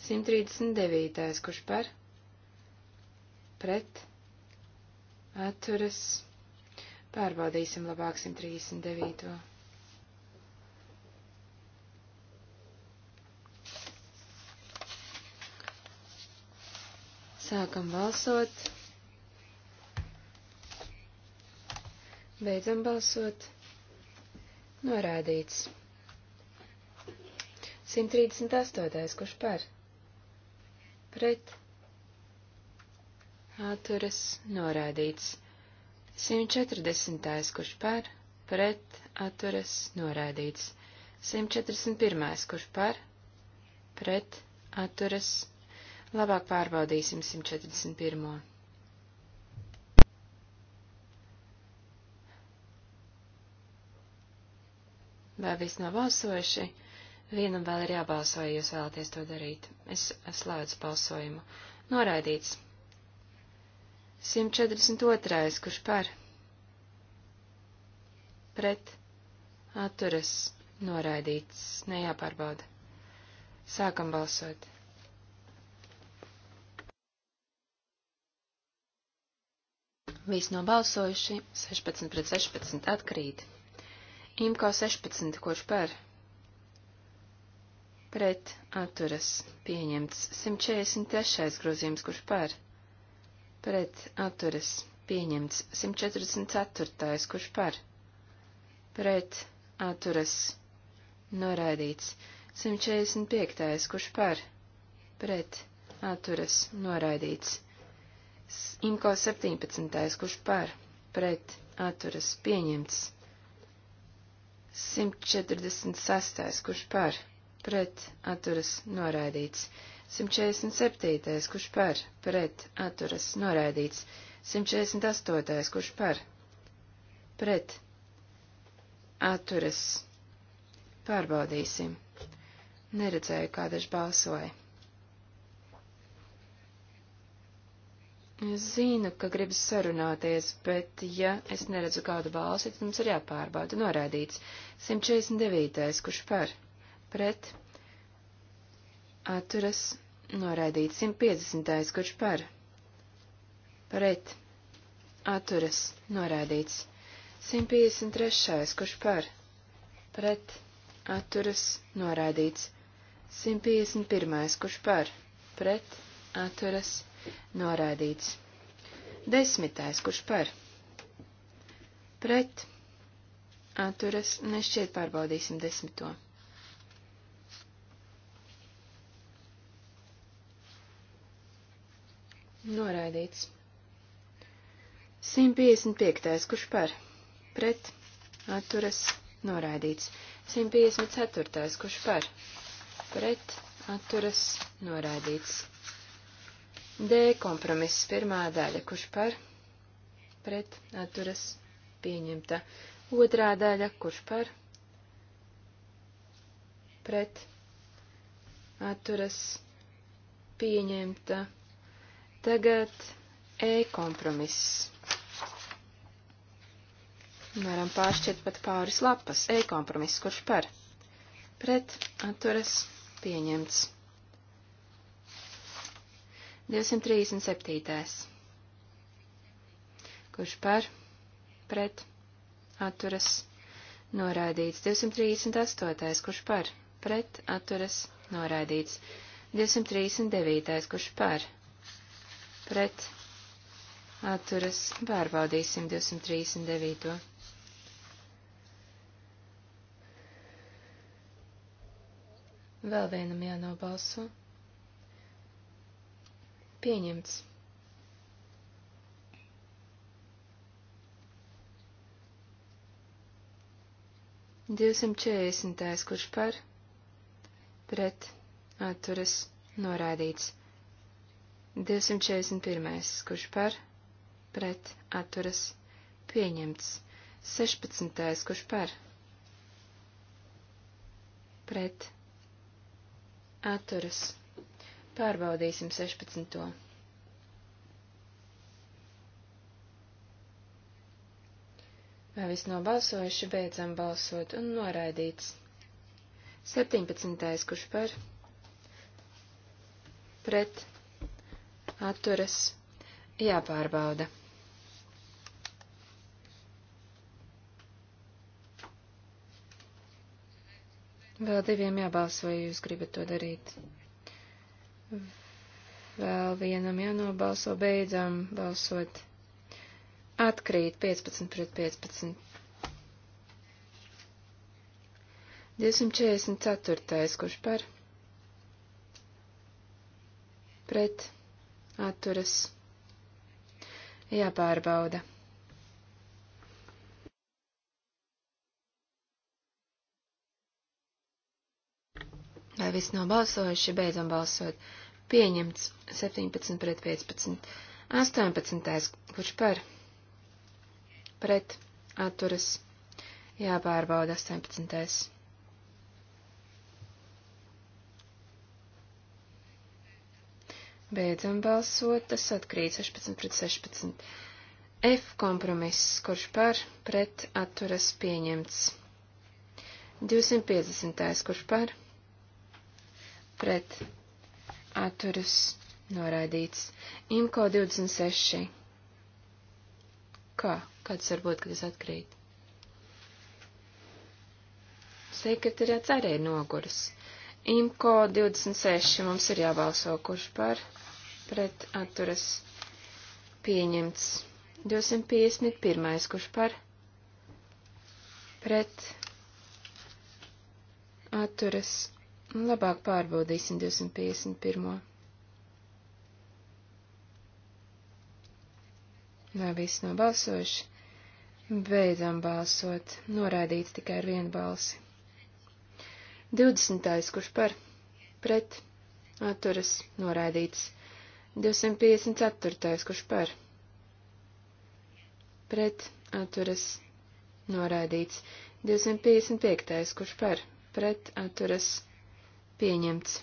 139. kurš par pret atturas pārbaudīsim labāk 139. Sākam balsot. Beidzam balsot. Norādīts. 138. kurš par? pret atturas norādīts. 140. kurš par pret atturas norādīts. 141. kurš par pret atturas. Labāk pārbaudīsim 141. Vai viss nav balsojuši? Vienam vēl ir jābalso, ja jūs vēlaties to darīt. Es slēdzu balsojumu. Noraidīts. 142. Kurš par? Pret. Atturas. Noraidīts. Nejāpārbauda. Sākam balsot. Visi nobalsojuši, 16 pret 16 atkrīt. Imko 16, kurš par? pret atturas pieņemts 143. grozījums, kurš par pret atturas pieņemts 144. kurš par pret atturas noraidīts 145. kurš par pret atturas noraidīts Imko 17. kurš par pret atturas pieņemts 146. kurš par pret pret atturas noraidīts. 147. kurš par, pret atturas noraidīts. 148. kurš par, pret atturas pārbaudīsim. Neredzēju, kā daži balsoja. Es zinu, ka gribas sarunāties, bet, ja es neredzu kādu balsi, tad mums ir jāpārbauda. Norādīts 149. kurš par pret atturas noraidīts 150. kurš par pret atturas noraidīts 153. kurš par pret atturas noraidīts 151. kurš par pret atturas noraidīts desmitais kurš par pret atturas nešķiet pārbaudīsim desmito. Noraidīts. 155. Kurš par? Pret. Atturas. Noraidīts. 154. Kurš par? Pret. Atturas. Noraidīts. D. Kompromiss. Pirmā daļa. Kurš par? Pret. Atturas. Pieņemta. Otrā daļa. Kurš par? Pret. Atturas. Pieņemta. Tagad e-kompromiss. Varam pāršķirt pat pāris lapas. E-kompromiss, kurš par? Pret atturas pieņemts. 237. Kurš par? Pret atturas noraidīts. 238. Kurš par? Pret atturas noraidīts. 239. Kurš par? pret atturas pārbaudīsim 239. Vēl vienam jānobalso. Pieņemts. Divsimt četrdesmitais, kurš par pret atturas norādīts. 241. Kurš par? Pret. Atturas. Pieņemts. 16. Kurš par? Pret. Atturas. Pārbaudīsim 16. Vai viss nobalsojuši, beidzam balsot un noraidīts. 17. kurš par pret atturas jāpārbauda. Vēl diviem jābalso, ja jūs gribat to darīt. Vēl vienam jānobalso, beidzam balsot. Atkrīt 15 pret 15. 244. Kurš par? Pret atturas jāpārbauda. Vai viss nav balsojuši, beidzam balsot. Pieņemts 17 pret 15. 18. Kurš par? Pret. Atturas. Jāpārbauda 18. Beidzam balsot, tas atkrīt 16 pret 16. F kompromiss, kurš par pret atturas pieņemts. 250. kurš par pret atturas noraidīts. Imko 26. Kā? Kāds var būt, ka tas atkrīt? Sekretariāts arī ir noguris. Imko 26 mums ir jābalso, kurš par pret atturas pieņemts. 251. kurš par pret atturas. Labāk pārbaudīsim 251. Nav viss nobalsojuši. Beidzam balsot. Noraidīts tikai ar vienu balsi. 20. kurš par pret atturas noraidīts. 254. kurš par pret atturas noraidīts. 255. kurš par pret atturas pieņemts.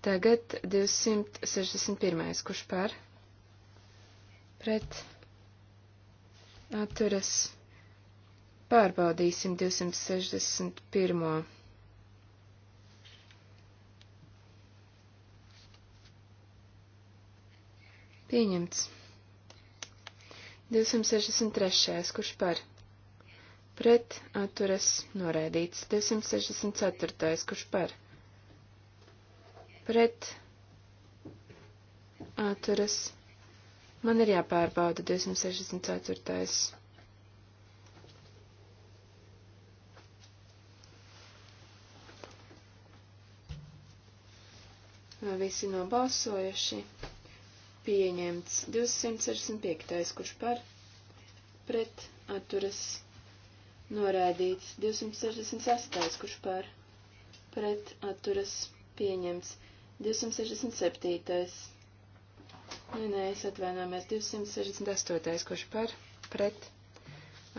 Tagad 261. kurš par pret atturas pieņemts. Pārbaudīsim 261. Pieņemts. 263. Kurš par? Pret atturas noraidīts. 264. Kurš par? Pret atturas. Man ir jāpārbauda 264. Visi nobalsojuši. Pieņemts 265. kurš par pret atturas noraidīts. 268. kurš par pret atturas pieņemts. 267. Nē, nē, es atvainojos. 268. kurš par pret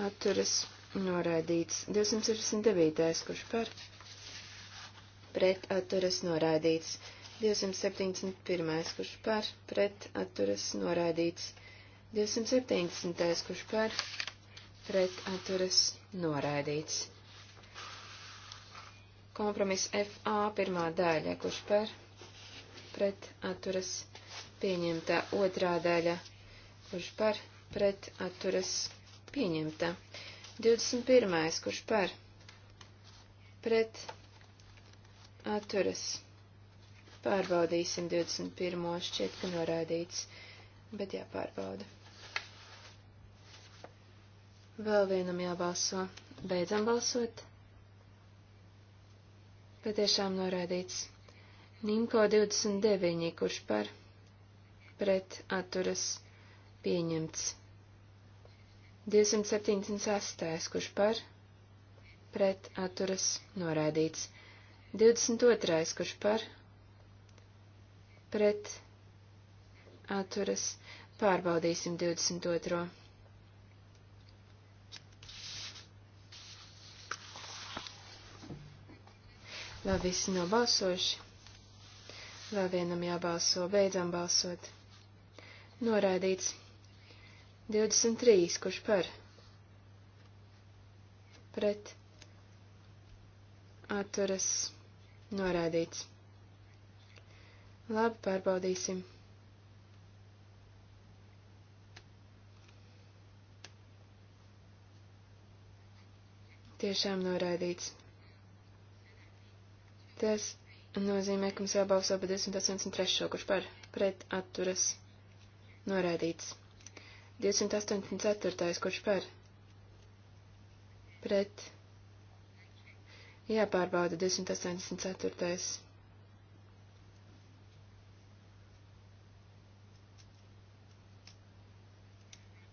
atturas noraidīts. 269. kurš par pret atturas noraidīts. 271. kurš par pret atturas noraidīts. 270. kurš par pret atturas noraidīts. Kompromiss FA pirmā daļa, kurš par pret atturas pieņemta. Otrā daļa, kurš par pret atturas pieņemta. 21. kurš par pret atturas pieņemta Pārbaudīsim 21. šķiet, ka norādīts, bet jāpārbauda. Vēl vienam jābalso. Beidzam balsot. Patiešām norādīts. Nimko 29, kurš par pret atturas pieņemts. 278, kurš par pret atturas norādīts. 22, kurš par pret atturas pārbaudīsim 22. Lai visi nobalsoši, lai vienam jābalso, beidzam balsot. Noraidīts 23, kurš par pret atturas norādīts. Labi, pārbaudīsim. Tiešām noraidīts. Tas nozīmē, ka mums jābalso par 283, kurš par pret atturas noraidīts. 284, kurš par pret jāpārbauda 284.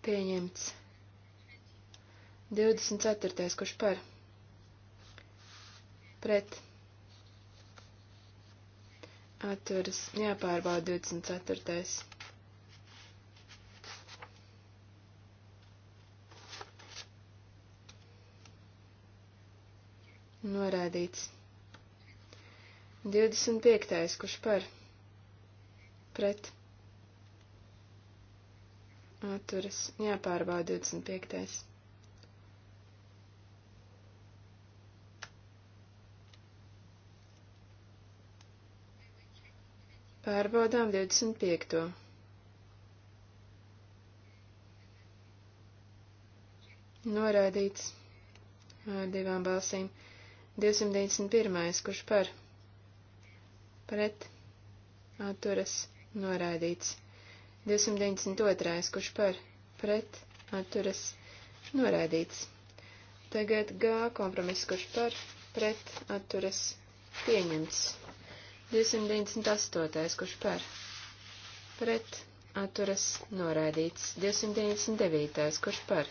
Pieņemts. 24. kurš par? Pret. Atveras. Jāpārbauda 24. Norādīts. 25. kurš par? Pret atturas jāpārbauda 25. Pārbaudām 25. Noraidīts ar divām balsīm. 291. kurš par pret atturas noraidīts. 292. kurš par pret atturas norādīts. Tagad G kompromiss, kurš par pret atturas pieņemts. 298. kurš par pret atturas norādīts. 299. kurš par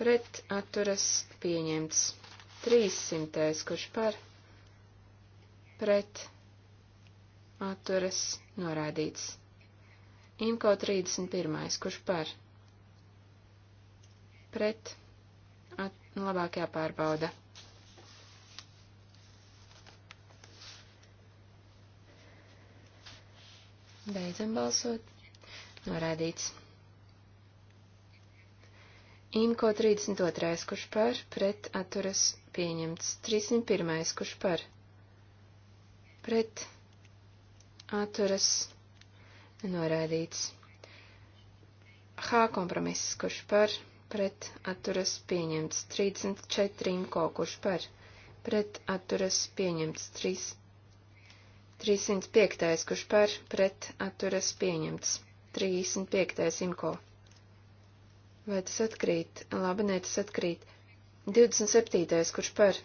pret atturas pieņemts. 300. kurš par pret atturas norādīts. Imko 31. Kurš par? Pret. At, nu, labāk jāpārbauda. Beidzam balsot. Norādīts. Imko 32. kurš par, pret atturas pieņemts. 301. kurš par, pret atturas Noraidīts. H kompromiss, kurš par, pret, atturas pieņemts. 34 imko, kurš par, pret, atturas pieņemts. 3, 305, kurš par, pret, atturas pieņemts. 35 imko. Vai tas atkrīt? Labi, nē, tas atkrīt. 27. kurš par?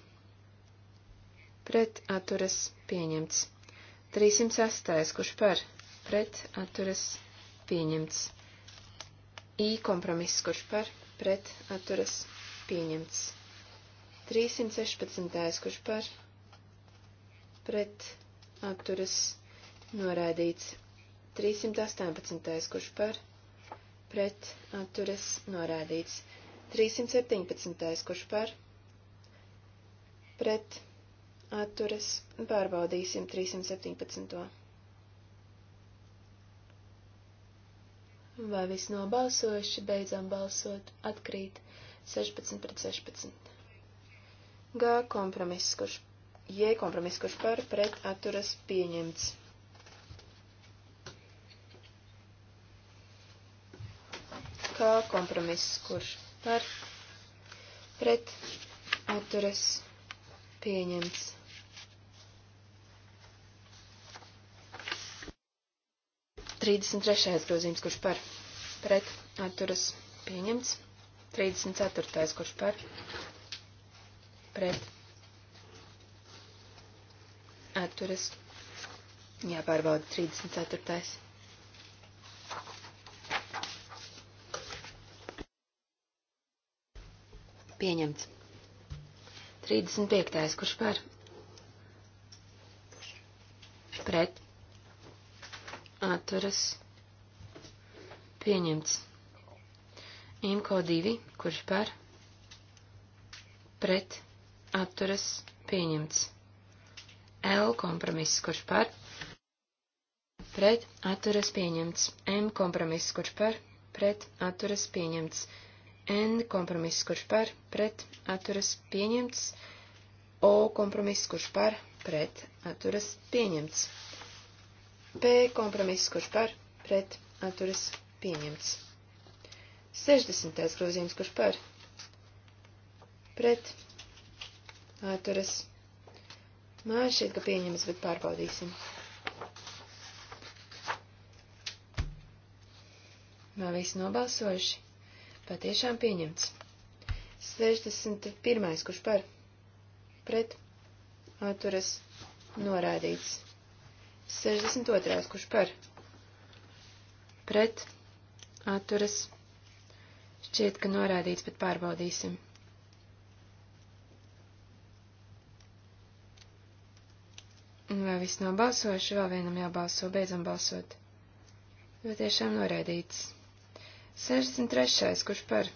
Pret atturas pieņemts. 308. kurš par? pret atturas pieņemts. I kompromiss, kurš par pret atturas pieņemts. 316. kurš par pret atturas noraidīts. 318. kurš par pret atturas noraidīts. 317. kurš par pret atturas pārbaudīsim 317. Vai viss nobalsojuši, beidzam balsot, atkrīt 16 pret 16. G kompromiss, kurš, J kompromiss, kurš par pret atturas pieņemts. K kompromiss, kurš par pret atturas pieņemts. 33. grozījums, kurš par pret atturas pieņemts. 34. kurš par pret atturas jāpārbauda 34. Pieņemts. 35. kurš par pret atturas pieņemts. Imko 2, kurš par pret atturas pieņemts. L kompromiss, kurš par pret atturas pieņemts. M kompromiss, kurš par pret atturas pieņemts. N kompromiss, kurš par pret atturas pieņemts. O kompromiss, kurš par pret atturas pieņemts. P kompromiss, kurš par, pret, atturas, pieņemts. 60. grozījums, kurš par, pret, atturas, man šķiet, ka pieņems, bet pārbaudīsim. Vai visi nobalsojuši? Patiešām pieņemts. 61. kurš par, pret, atturas, norādīts. 62. kurš par pret atturas šķiet, ka norādīts, bet pārbaudīsim. Vai viss nav balsojuši, vēl vienam jābalso, beidzam balsot. Jo tiešām norādīts. 63. kurš par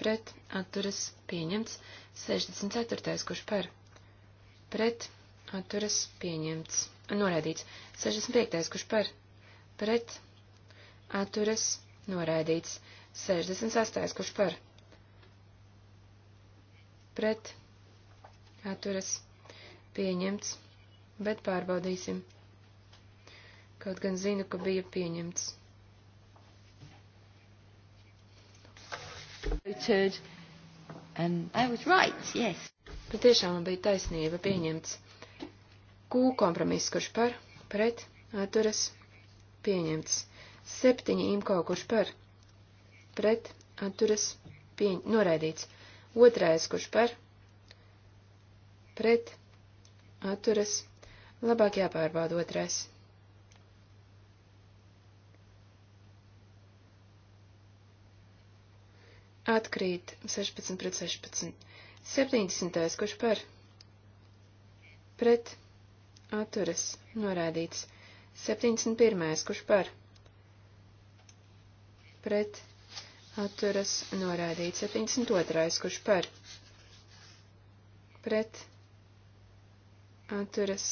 pret atturas pieņemts, 64. kurš par pret atturas pieņemts. Noraidīts. 65. Kurš par? Pret. Atturas. Noraidīts. 68. Kurš par? Pret. Atturas. Pieņemts. Bet pārbaudīsim. Kaut gan zinu, ka bija pieņemts. Voted, and I was right, yes. Patiešām bija taisnība pieņemts. Mm. Q kompromiss, kurš par, pret, atturas, pieņemts. 7 imko, kurš par, pret, atturas, pieņ... noraidīts. Otrais, kurš par, pret, atturas, labāk jāpārbauda otrais. Atkrīt 16 pret 16. 70. kurš par? Pret Atturas. Norādīts. 71. Kurš par? Pret. Atturas. Norādīts. 72. Kurš par? Pret. Atturas.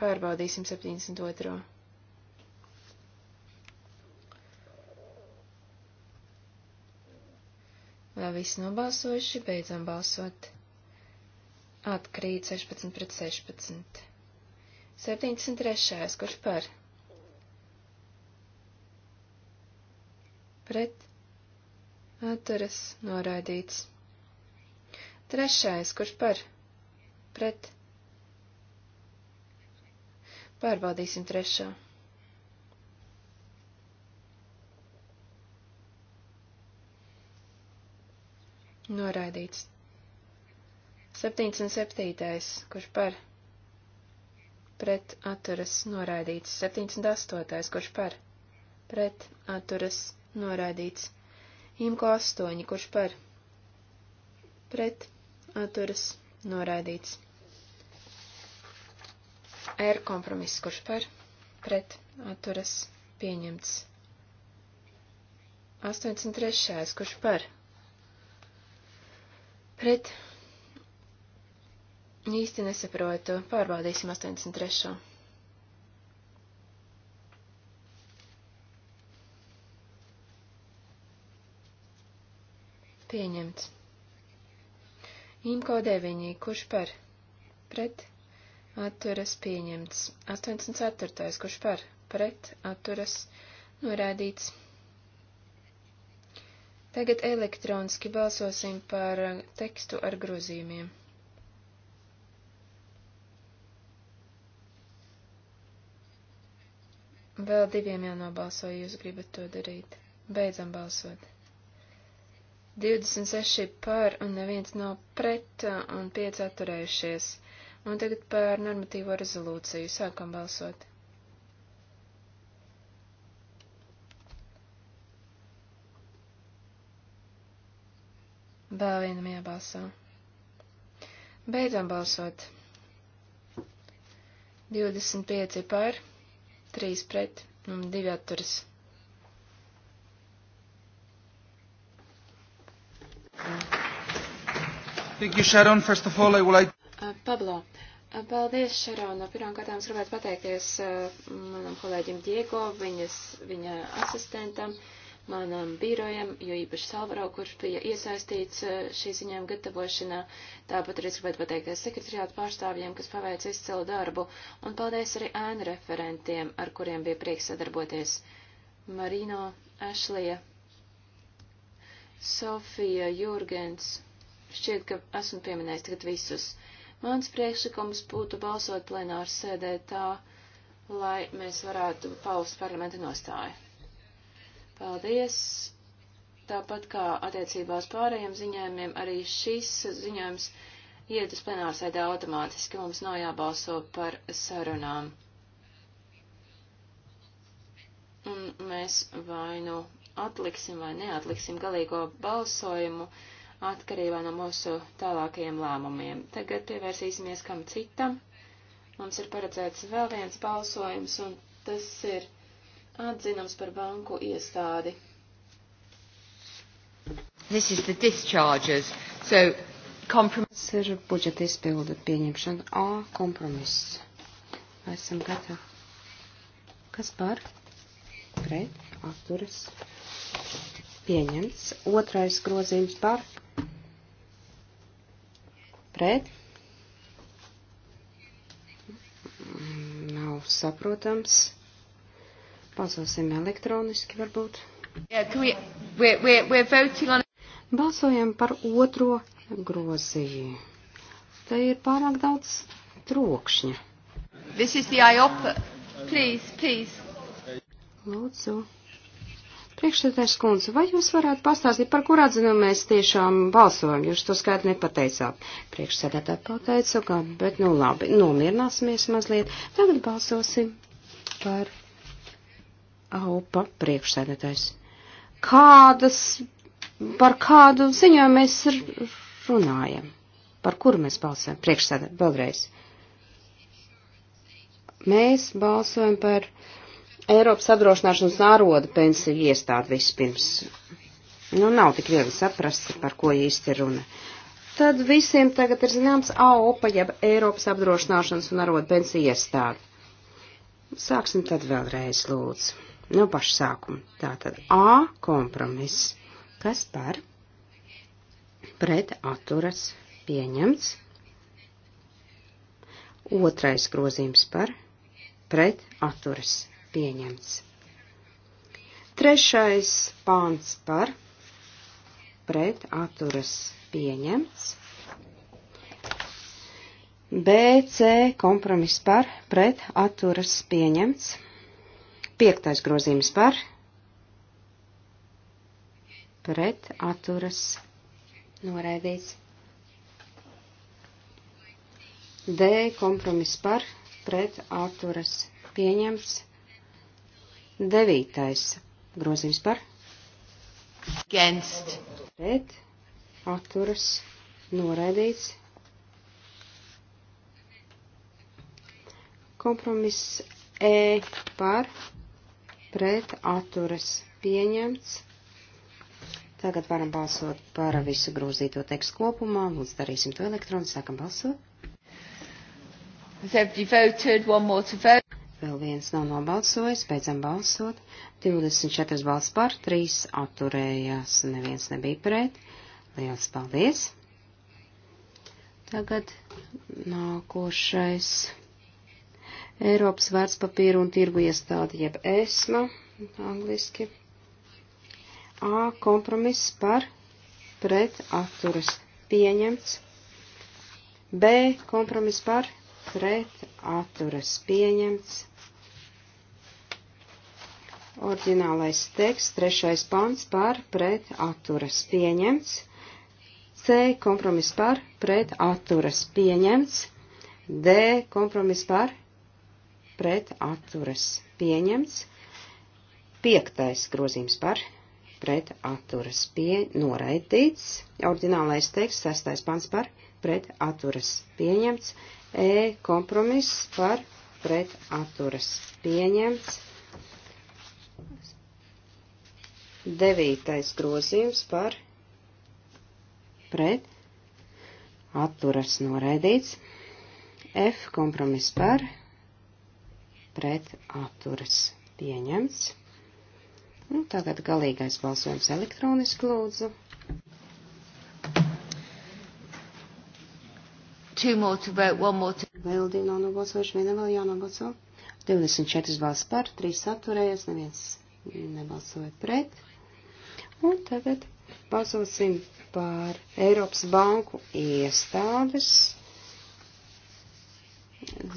Pārbaudīsim 72. Vai visi nobalsojuši? Beidzam balsot. Atkrīt 16 pret 16. 73. kurš par? Pret atturas noraidīts. Trešais, kurš par? Pret. Pārbaudīsim trešā. Noraidīts. 77. kurš par? pret atturas noraidīts 78. kurš par, pret atturas noraidīts imko 8. kurš par, pret atturas noraidīts R kompromiss kurš par, pret atturas pieņemts 83. kurš par, pret Īsti nesaprotu. Pārbaudīsim 83. Pieņemts. Imko 9. Kurš par? Pret. Atturas pieņemts. 84. Kurš par? Pret. Atturas norādīts. Tagad elektroniski balsosim par tekstu ar grozījumiem. Vēl diviem jānobalso, ja jūs gribat to darīt. Beidzam balsot. 26 par un neviens nav pret un 5 atturējušies. Un tagad par normatīvo rezolūciju. Sākam balsot. Vēl vienam jābalso. Beidzam balsot. 25 par 3 pret un nu, 2 atturas. Thank you, Sharon. First of all, I would like... Uh, Pablo, uh, Paldies, Šarona. Pirmām kārtām es gribētu pateikties uh, manam kolēģim Diego, viņas, viņa asistentam. Uh, manam birojam, jo īpaši Salvaro, kurš bija iesaistīts eh, šī ziņojuma gatavošanā. Tāpat arī gribētu pateikties sekretariātu pārstāvjiem, kas paveic izcilu darbu, un paldies arī ēnu referentiem, ar kuriem bija prieks sadarboties. Marino, Ešlija, Sofija, Jurgens. Šķiet, ka esmu pieminējis tagad visus. Mans priekšlikums būtu balsot plenāru sēdē tā, lai mēs varētu paust parlamenta nostāju. Paldies! Tāpat kā attiecībās pārējiem ziņojumiem, arī šis ziņojums iet uz plenārsēdē automātiski. Mums nav jābalso par sarunām. Un mēs vai nu atliksim vai neatliksim galīgo balsojumu atkarībā no mūsu tālākajiem lēmumiem. Tagad pievērsīsimies kam citam. Mums ir paredzēts vēl viens balsojums, un tas ir atzinams par banku iestādi. This is the discharges. So, kompromiss ir budžeta izpildu pieņemšana. A, kompromiss. Vai esam gatavi? Kas par? Pret, atturas. Pieņemts. Otrais grozījums par? Pret. Mm, nav saprotams. Balsosim elektroniski varbūt. Yeah, we, we're, we're on... Balsojam par otro grozīju. Te ir pārāk daudz trokšņa. This is the IOP. Please, please. Lūdzu. Priekšsēdētājs kundze, vai jūs varētu pastāstīt, par kur atzinu mēs tiešām balsojam? Jūs to skaitu nepateicāt. Priekšsēdētāji pateicu, ka, bet nu labi, nomierināsimies mazliet. Tagad balsosim par Aupa priekšsēdētājs. Kādas, par kādu ziņojumu mēs runājam? Par kuru mēs balsojam? Priekšsēdētājs, vēlreiz. Mēs balsojam par Eiropas apdrošināšanas nāroda pensiju iestādi vispirms. Nu, nav tik viegli saprast, par ko īsti runa. Tad visiem tagad ir zināms AOPA, jeb Eiropas apdrošināšanas un arodu pensiju iestādi. Sāksim tad vēlreiz, lūdzu no pašsākuma. Tātad A kompromiss, kas par pret atturas pieņemts. Otrais grozījums par pret atturas pieņemts. Trešais pāns par pret atturas pieņemts. BC kompromiss par pret atturas pieņemts. Piektais grozījums par pret atturas noraidīts. D kompromiss par pret atturas pieņemts. Devītais grozījums par against pret atturas noraidīts. Kompromiss E par pret pret atturas pieņemts. Tagad varam balsot par visu grozīto tekstu kopumā. Lūdzu, darīsim to elektroniski. Sākam balsot. Voted, Vēl viens nav nobalsojis, beidzam balsot. 24 balss par, 3 atturējās, neviens nebija pret. Liels paldies! Tagad nākošais. Eiropas vērtspapīru un tirgu iestādi, jeb ESMA, angliski. A kompromiss par pret atturas pieņemts. B kompromiss par pret atturas pieņemts. Orģinālais teksts, trešais pants par pret atturas pieņemts. C kompromiss par pret atturas pieņemts. D kompromiss par pret atturas pieņemts. Piektais grozījums par pret atturas pie noraidīts. Ordinālais teksts, sestais pants par pret atturas pieņemts. E kompromiss par pret atturas pieņemts. Devītais grozījums par pret atturas noraidīts. F kompromiss par pret pret atturas pieņemts. Un nu, tagad galīgais balsojums elektroniski lūdzu. Vote, vēl divi nav nobalsojuši, viena vēl jānobalso. 24 balss par, 3 atturējies, neviens nebalsoja pret. Un tagad balsosim par Eiropas banku iestādes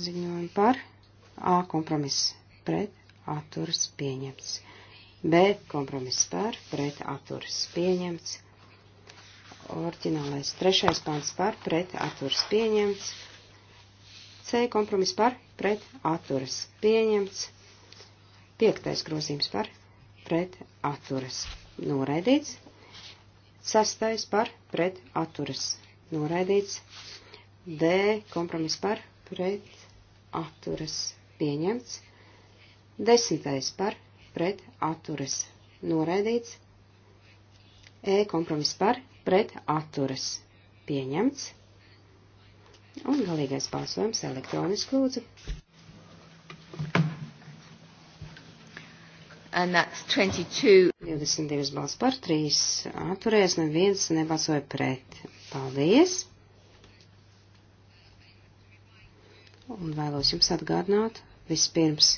ziņojumu par A kompromiss pret atturas pieņemts. B kompromiss par pret atturas pieņemts. Orģinālais trešais pants par pret atturas pieņemts. C kompromiss par pret atturas pieņemts. Piektais grozījums par pret atturas noraidīts. Sastais par pret atturas noraidīts. D kompromiss par pret atturas pieņemts, desmitais par pret atturas noraidīts, E kompromiss par pret atturas pieņemts, un galīgais balsojums elektroniski lūdzu. And that's 22. 22 balss par 3. Atturēs neviens nebalsoja pret. Paldies! Un vēlos jums atgādināt vispirms,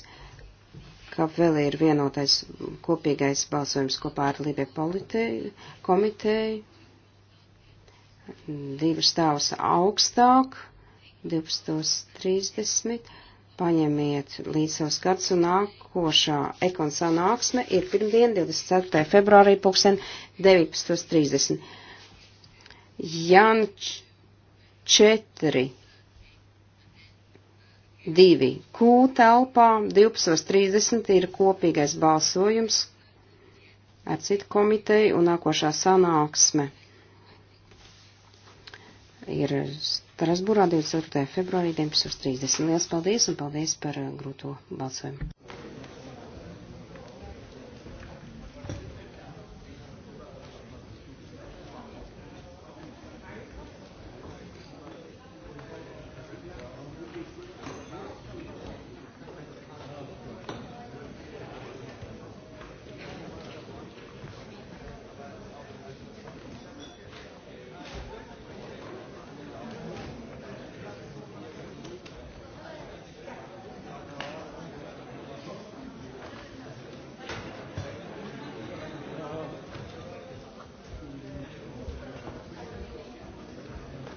ka vēl ir vienotais kopīgais balsojums kopā ar Libie komiteju. Divi stāvus augstāk, 12.30. Paņemiet līdz savus gadus un nākošā ekon sanāksme ir pirmdien 24. februārī pulksten 19.30. Jan 4 Divi Q telpā 12.30 ir kopīgais balsojums ar citu komiteju un nākošā sanāksme ir Strasburā 24. februārī 11.30. Lielas paldies un paldies par uh, grūto balsojumu!